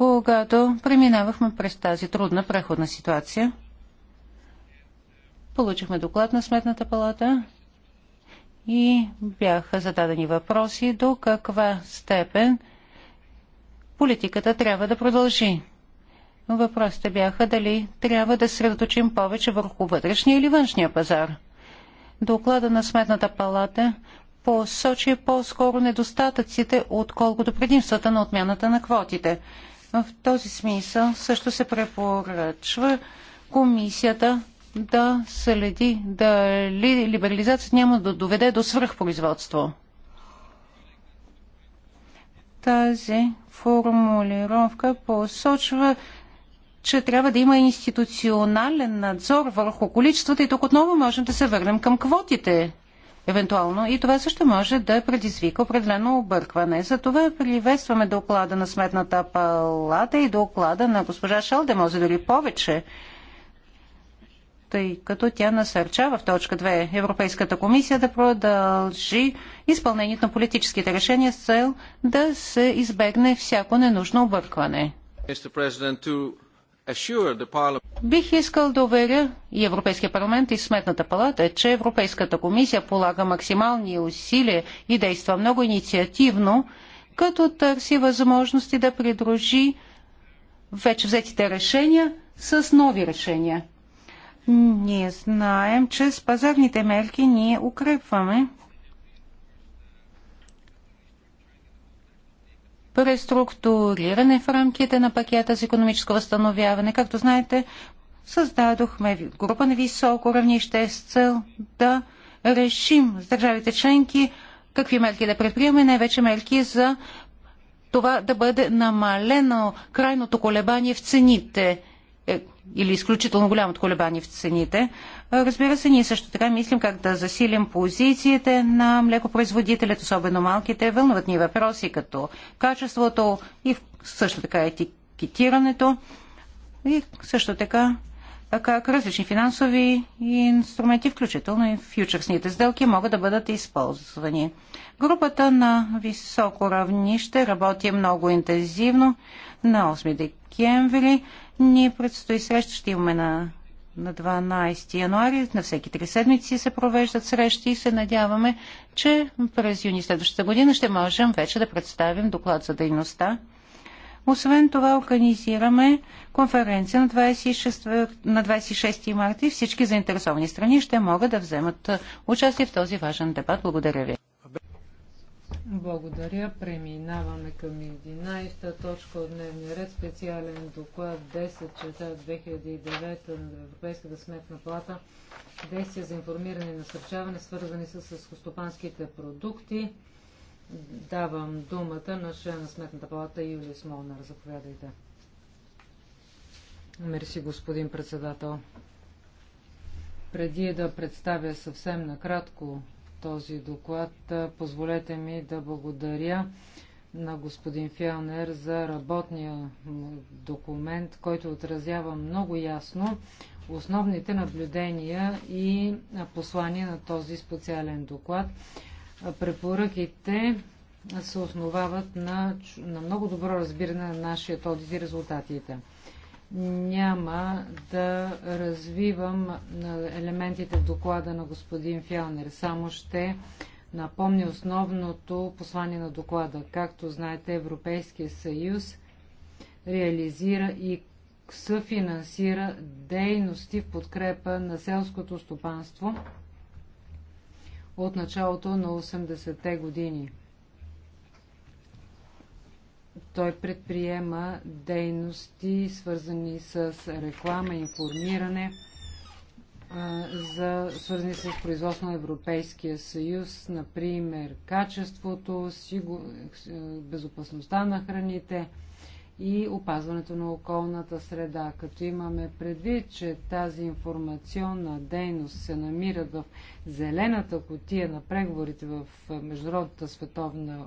когато преминавахме през тази трудна преходна ситуация. Получихме доклад на Сметната палата и бяха зададени въпроси до каква степен политиката трябва да продължи. Въпросите бяха дали трябва да средоточим повече върху вътрешния или външния пазар. Доклада на Сметната палата посочи по-скоро недостатъците, отколкото предимствата на отмяната на квотите. В този смисъл също се препоръчва комисията да следи дали либерализацията няма да доведе до свръхпроизводство. Тази формулировка посочва, че трябва да има институционален надзор върху количествата и тук отново можем да се върнем към квотите евентуално. И това също може да предизвика определено объркване. Затова приветстваме доклада на Сметната палата и доклада на госпожа може дори повече, тъй като тя насърчава в точка 2 Европейската комисия да продължи изпълнението на политическите решения с цел да се избегне всяко ненужно объркване. Бих искал да уверя и Европейския парламент и Сметната палата, че Европейската комисия полага максимални усилия и действа много инициативно, като търси възможности да придружи вече взетите решения с нови решения. Ние знаем, че с пазарните мерки ние укрепваме преструктуриране в рамките на пакета за економическо възстановяване. Както знаете, създадохме група на високо равнище с цел да решим с държавите членки какви мерки да предприемаме, най-вече мерки за това да бъде намалено крайното колебание в цените е, или изключително голямо колебание в цените. Разбира се, ние също така мислим как да засилим позициите на млекопроизводителят, особено малките. Вълнуват ни въпроси като качеството и също така етикетирането и също така как различни финансови инструменти, включително и фьючерсните сделки, могат да бъдат използвани. Групата на високо равнище работи много интензивно. На 8 декември ние предстои среща. Ще имаме на, на 12 януари. На всеки три седмици се провеждат срещи и се надяваме, че през юни следващата година ще можем вече да представим доклад за дейността. Освен това организираме конференция на 26, на 26 марта и всички заинтересовани страни ще могат да вземат участие в този важен дебат. Благодаря ви. Благодаря. Преминаваме към 11-та точка от дневния ред. Специален доклад 10 часа 2009 на Европейската сметна плата. Действия за информиране и насърчаване, свързани с скостопанските продукти. Давам думата на член на сметната палата Юлия Смолнар. Заповядайте. Мерси, господин председател. Преди да представя съвсем накратко този доклад. Позволете ми да благодаря на господин Фелнер за работния документ, който отразява много ясно основните наблюдения и послания на този специален доклад. Препоръките се основават на, на много добро разбиране на нашия този резултатите няма да развивам елементите в доклада на господин Фялнер. Само ще напомня основното послание на доклада. Както знаете, Европейския съюз реализира и съфинансира дейности в подкрепа на селското стопанство от началото на 80-те години той предприема дейности, свързани с реклама, информиране, за, свързани с производство на Европейския съюз, например качеството, сигур... безопасността на храните, и опазването на околната среда. Като имаме предвид, че тази информационна дейност се намира в зелената котия на преговорите в Международната световна,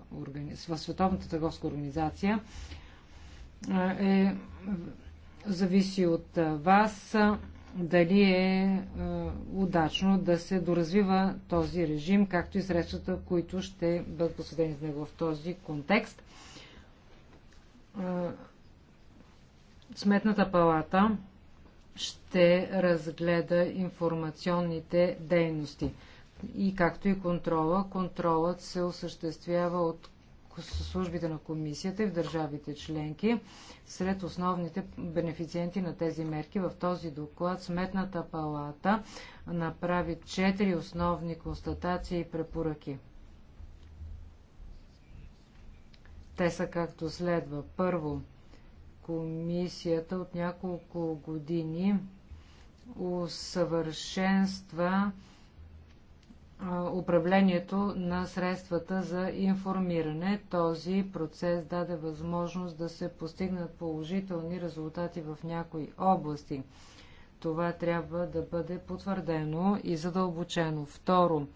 в световната търговска организация, е, зависи от вас дали е удачно да се доразвива този режим, както и средствата, които ще бъдат посветени за него в този контекст. Е, Сметната палата ще разгледа информационните дейности и както и контрола. Контролът се осъществява от службите на комисията и в държавите членки сред основните бенефициенти на тези мерки. В този доклад Сметната палата направи четири основни констатации и препоръки. Те са както следва. Първо, комисията от няколко години усъвършенства управлението на средствата за информиране. Този процес даде възможност да се постигнат положителни резултати в някои области. Това трябва да бъде потвърдено и задълбочено. Второ,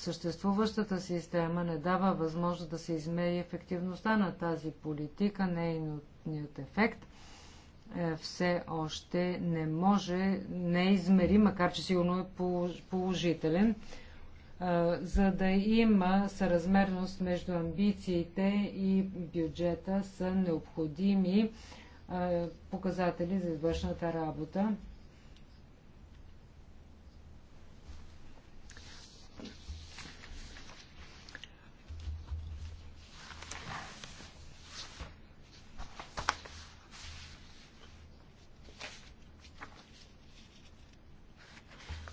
Съществуващата система не дава възможност да се измери ефективността на тази политика, нейният ефект е, все още не може, не е измери, макар че сигурно е положителен, е, за да има съразмерност между амбициите и бюджета са необходими показатели за извършната работа.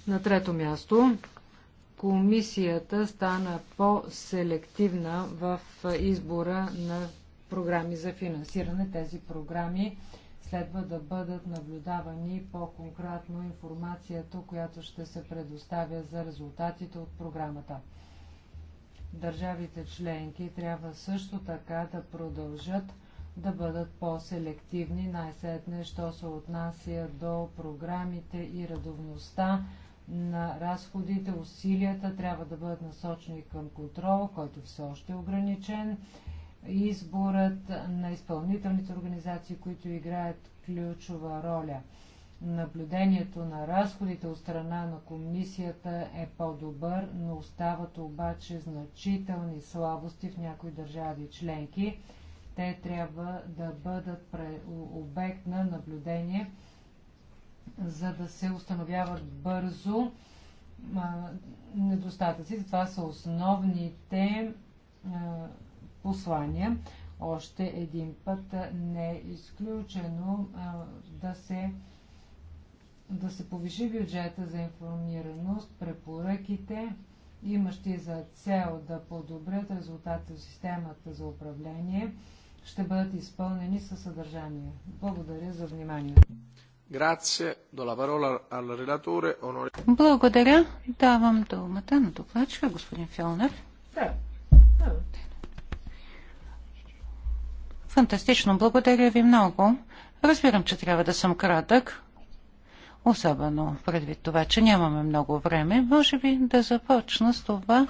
На трето място, комисията стана по-селективна в избора на програми за финансиране. Тези програми следва да бъдат наблюдавани по-конкретно информацията, която ще се предоставя за резултатите от програмата. Държавите членки трябва също така да продължат да бъдат по-селективни, най-сетне, що се отнася до програмите и редовността на разходите, усилията трябва да бъдат насочени към контрола, който все още е ограничен. Изборът на изпълнителните организации, които играят ключова роля. Наблюдението на разходите от страна на комисията е по-добър, но остават обаче значителни слабости в някои държави членки. Те трябва да бъдат обект на наблюдение за да се установяват бързо недостатъци. недостатъците. Това са основните послания. Още един път не е изключено да се да се повиши бюджета за информираност, препоръките, имащи за цел да подобрят резултата в системата за управление, ще бъдат изпълнени със съдържание. Благодаря за вниманието. Благодаря. Давам думата на докладчика, господин Фелнер. Фантастично. Благодаря ви много. Разбирам, че трябва да съм кратък. Особено предвид това, че нямаме много време. Може би да започна с това,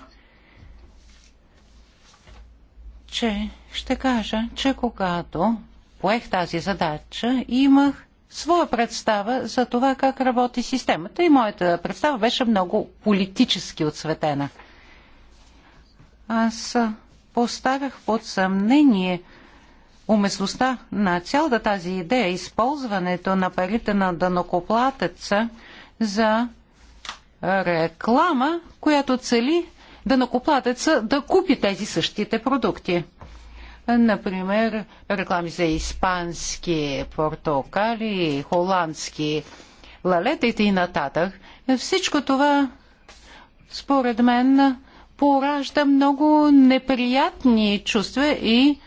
че ще кажа, че когато поех тази задача, имах своя представа за това как работи системата и моята представа беше много политически отсветена. Аз поставях под съмнение уместността на цялата тази идея, използването на парите на дънокоплатеца за реклама, която цели дънокоплатеца да купи тези същите продукти. Например, реклами за испански портокали, холандски лалета и нататък, Всичко това, според мен, поражда много неприятни чувства и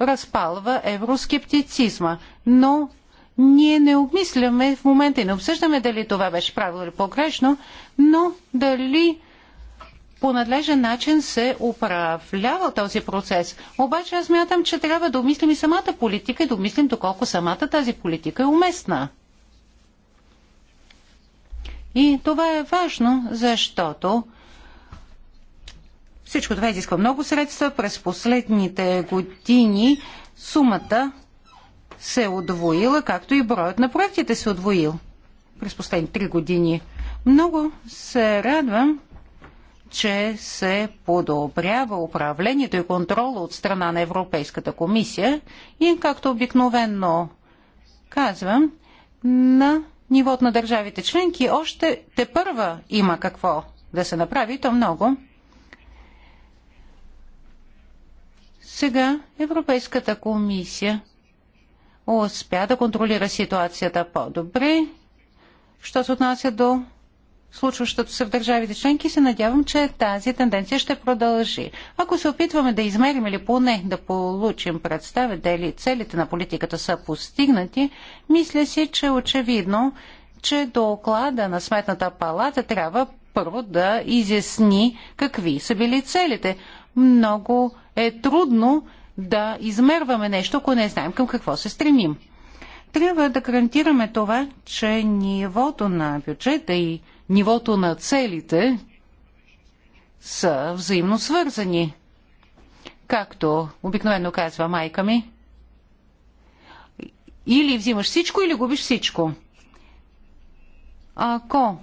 разпалва евроскептицизма. Но ние не обмисляме в момента и не обсъждаме дали това беше правило или погрешно, но дали по надлежен начин се управлява този процес. Обаче аз мятам, че трябва да обмислим и самата политика и да обмислим доколко самата тази политика е уместна. И това е важно, защото всичко това изисква много средства. През последните години сумата се е удвоила, както и броят на проектите се е удвоил през последните три години. Много се радвам, че се подобрява управлението и контрола от страна на Европейската комисия и, както обикновенно казвам, на нивото на държавите членки още те първа има какво да се направи, то много. Сега Европейската комисия успя да контролира ситуацията по-добре, що се отнася до случващото се в държавите членки, се надявам, че тази тенденция ще продължи. Ако се опитваме да измерим или поне да получим представа дали целите на политиката са постигнати, мисля си, че очевидно, че доклада на Сметната палата трябва първо да изясни какви са били целите. Много е трудно да измерваме нещо, ако не знаем към какво се стремим. Трябва да гарантираме това, че нивото на бюджета и нивото на целите са взаимно свързани. Както обикновено казва майка ми, или взимаш всичко, или губиш всичко. Ако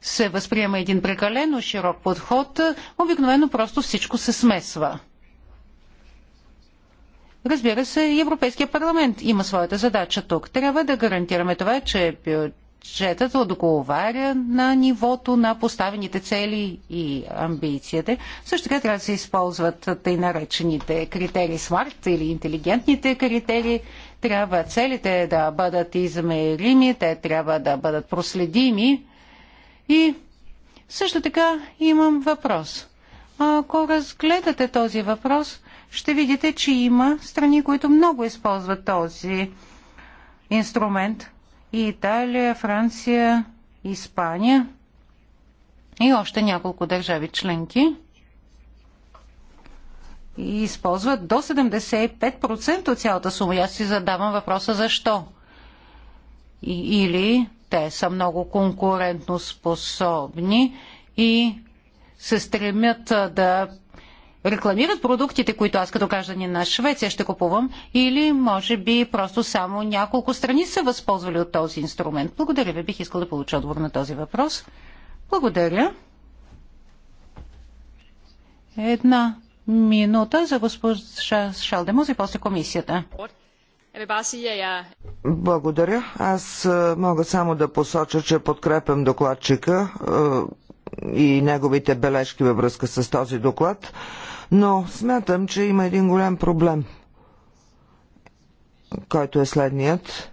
се възприема един прекалено широк подход, обикновено просто всичко се смесва. Разбира се, Европейския парламент има своята задача тук. Трябва да гарантираме това, че бюджетът отговаря на нивото на поставените цели и амбициите. Също така трябва да се използват тъй наречените критерии смарт или интелигентните критерии. Трябва целите да бъдат измерими, те трябва да бъдат проследими. И също така имам въпрос. Ако разгледате този въпрос, ще видите, че има страни, които много използват този инструмент Италия, Франция, Испания и още няколко държави членки и използват до 75% от цялата сума. Аз си задавам въпроса защо. И, или те са много конкурентно способни и се стремят да рекламират продуктите, които аз като гражданин на Швеция ще купувам, или може би просто само няколко страни са възползвали от този инструмент? Благодаря ви. Бих искал да получа отговор на този въпрос. Благодаря. Една минута за госпожа Шалдемоз и после комисията. Благодаря. Аз мога само да посоча, че подкрепям докладчика и неговите бележки във връзка с този доклад, но смятам, че има един голям проблем, който е следният.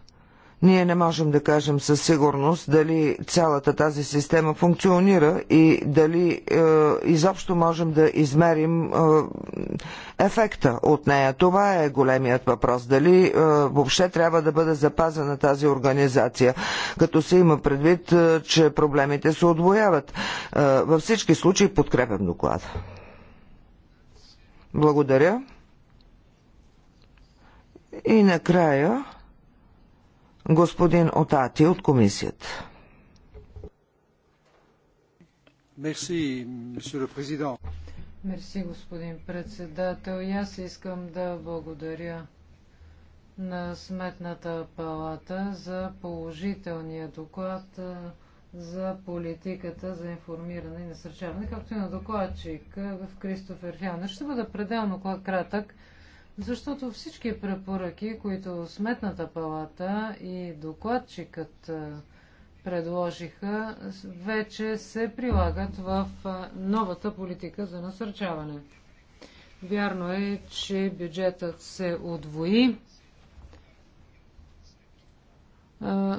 Ние не можем да кажем със сигурност дали цялата тази система функционира и дали е, изобщо можем да измерим е, ефекта от нея. Това е големият въпрос. Дали е, въобще трябва да бъде запазена тази организация, като се има предвид, е, че проблемите се отвояват. Е, във всички случаи подкрепям доклада. Благодаря. И накрая господин Отати от комисията. Мерси, президент. Мерси, господин председател. И аз искам да благодаря на Сметната палата за положителния доклад за политиката за информиране и насърчаване, както и на докладчик в Кристофер Хелнер. Ще бъда пределно кратък. Защото всички препоръки, които Сметната палата и докладчикът предложиха, вече се прилагат в новата политика за насърчаване. Вярно е, че бюджетът се отвои,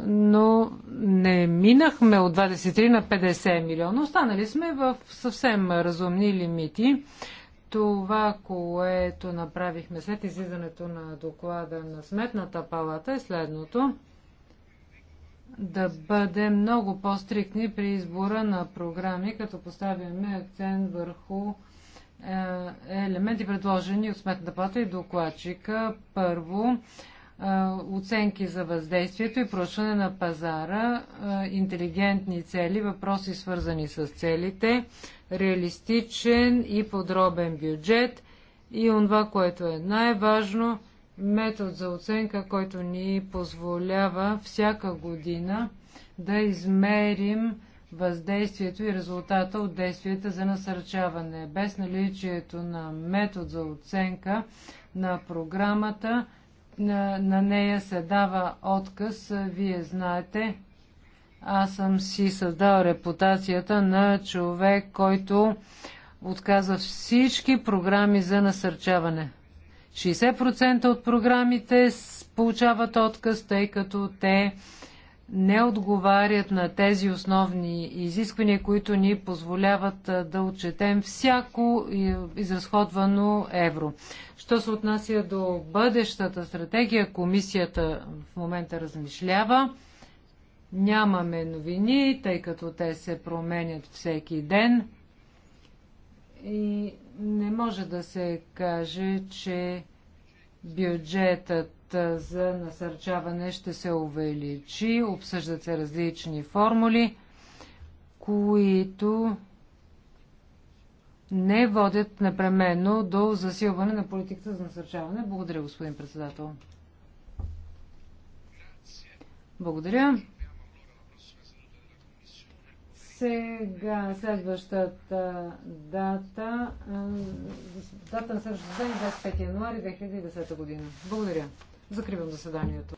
но не минахме от 23 на 50 милиона. Останали сме в съвсем разумни лимити. Това, което направихме след излизането на доклада на Сметната палата е следното. Да бъдем много по-стрикни при избора на програми, като поставяме акцент върху е, елементи, предложени от Сметната палата и докладчика. Първо, е, оценки за въздействието и проучване на пазара, е, интелигентни цели, въпроси свързани с целите, реалистичен и подробен бюджет и онова, което е най-важно, метод за оценка, който ни позволява всяка година да измерим въздействието и резултата от действията за насърчаване. Без наличието на метод за оценка на програмата, на, на нея се дава отказ. Вие знаете, аз съм си създал репутацията на човек, който отказва всички програми за насърчаване. 60% от програмите получават отказ, тъй като те не отговарят на тези основни изисквания, които ни позволяват да отчетем всяко изразходвано евро. Що се отнася до бъдещата стратегия, комисията в момента размишлява. Нямаме новини, тъй като те се променят всеки ден. И не може да се каже, че бюджетът за насърчаване ще се увеличи. Обсъждат се различни формули, които не водят непременно до засилване на политиката за насърчаване. Благодаря, господин председател. Благодаря. Сега следващата дата, дата на следващото е 25 януари 2010 година. Благодаря. Закривам заседанието.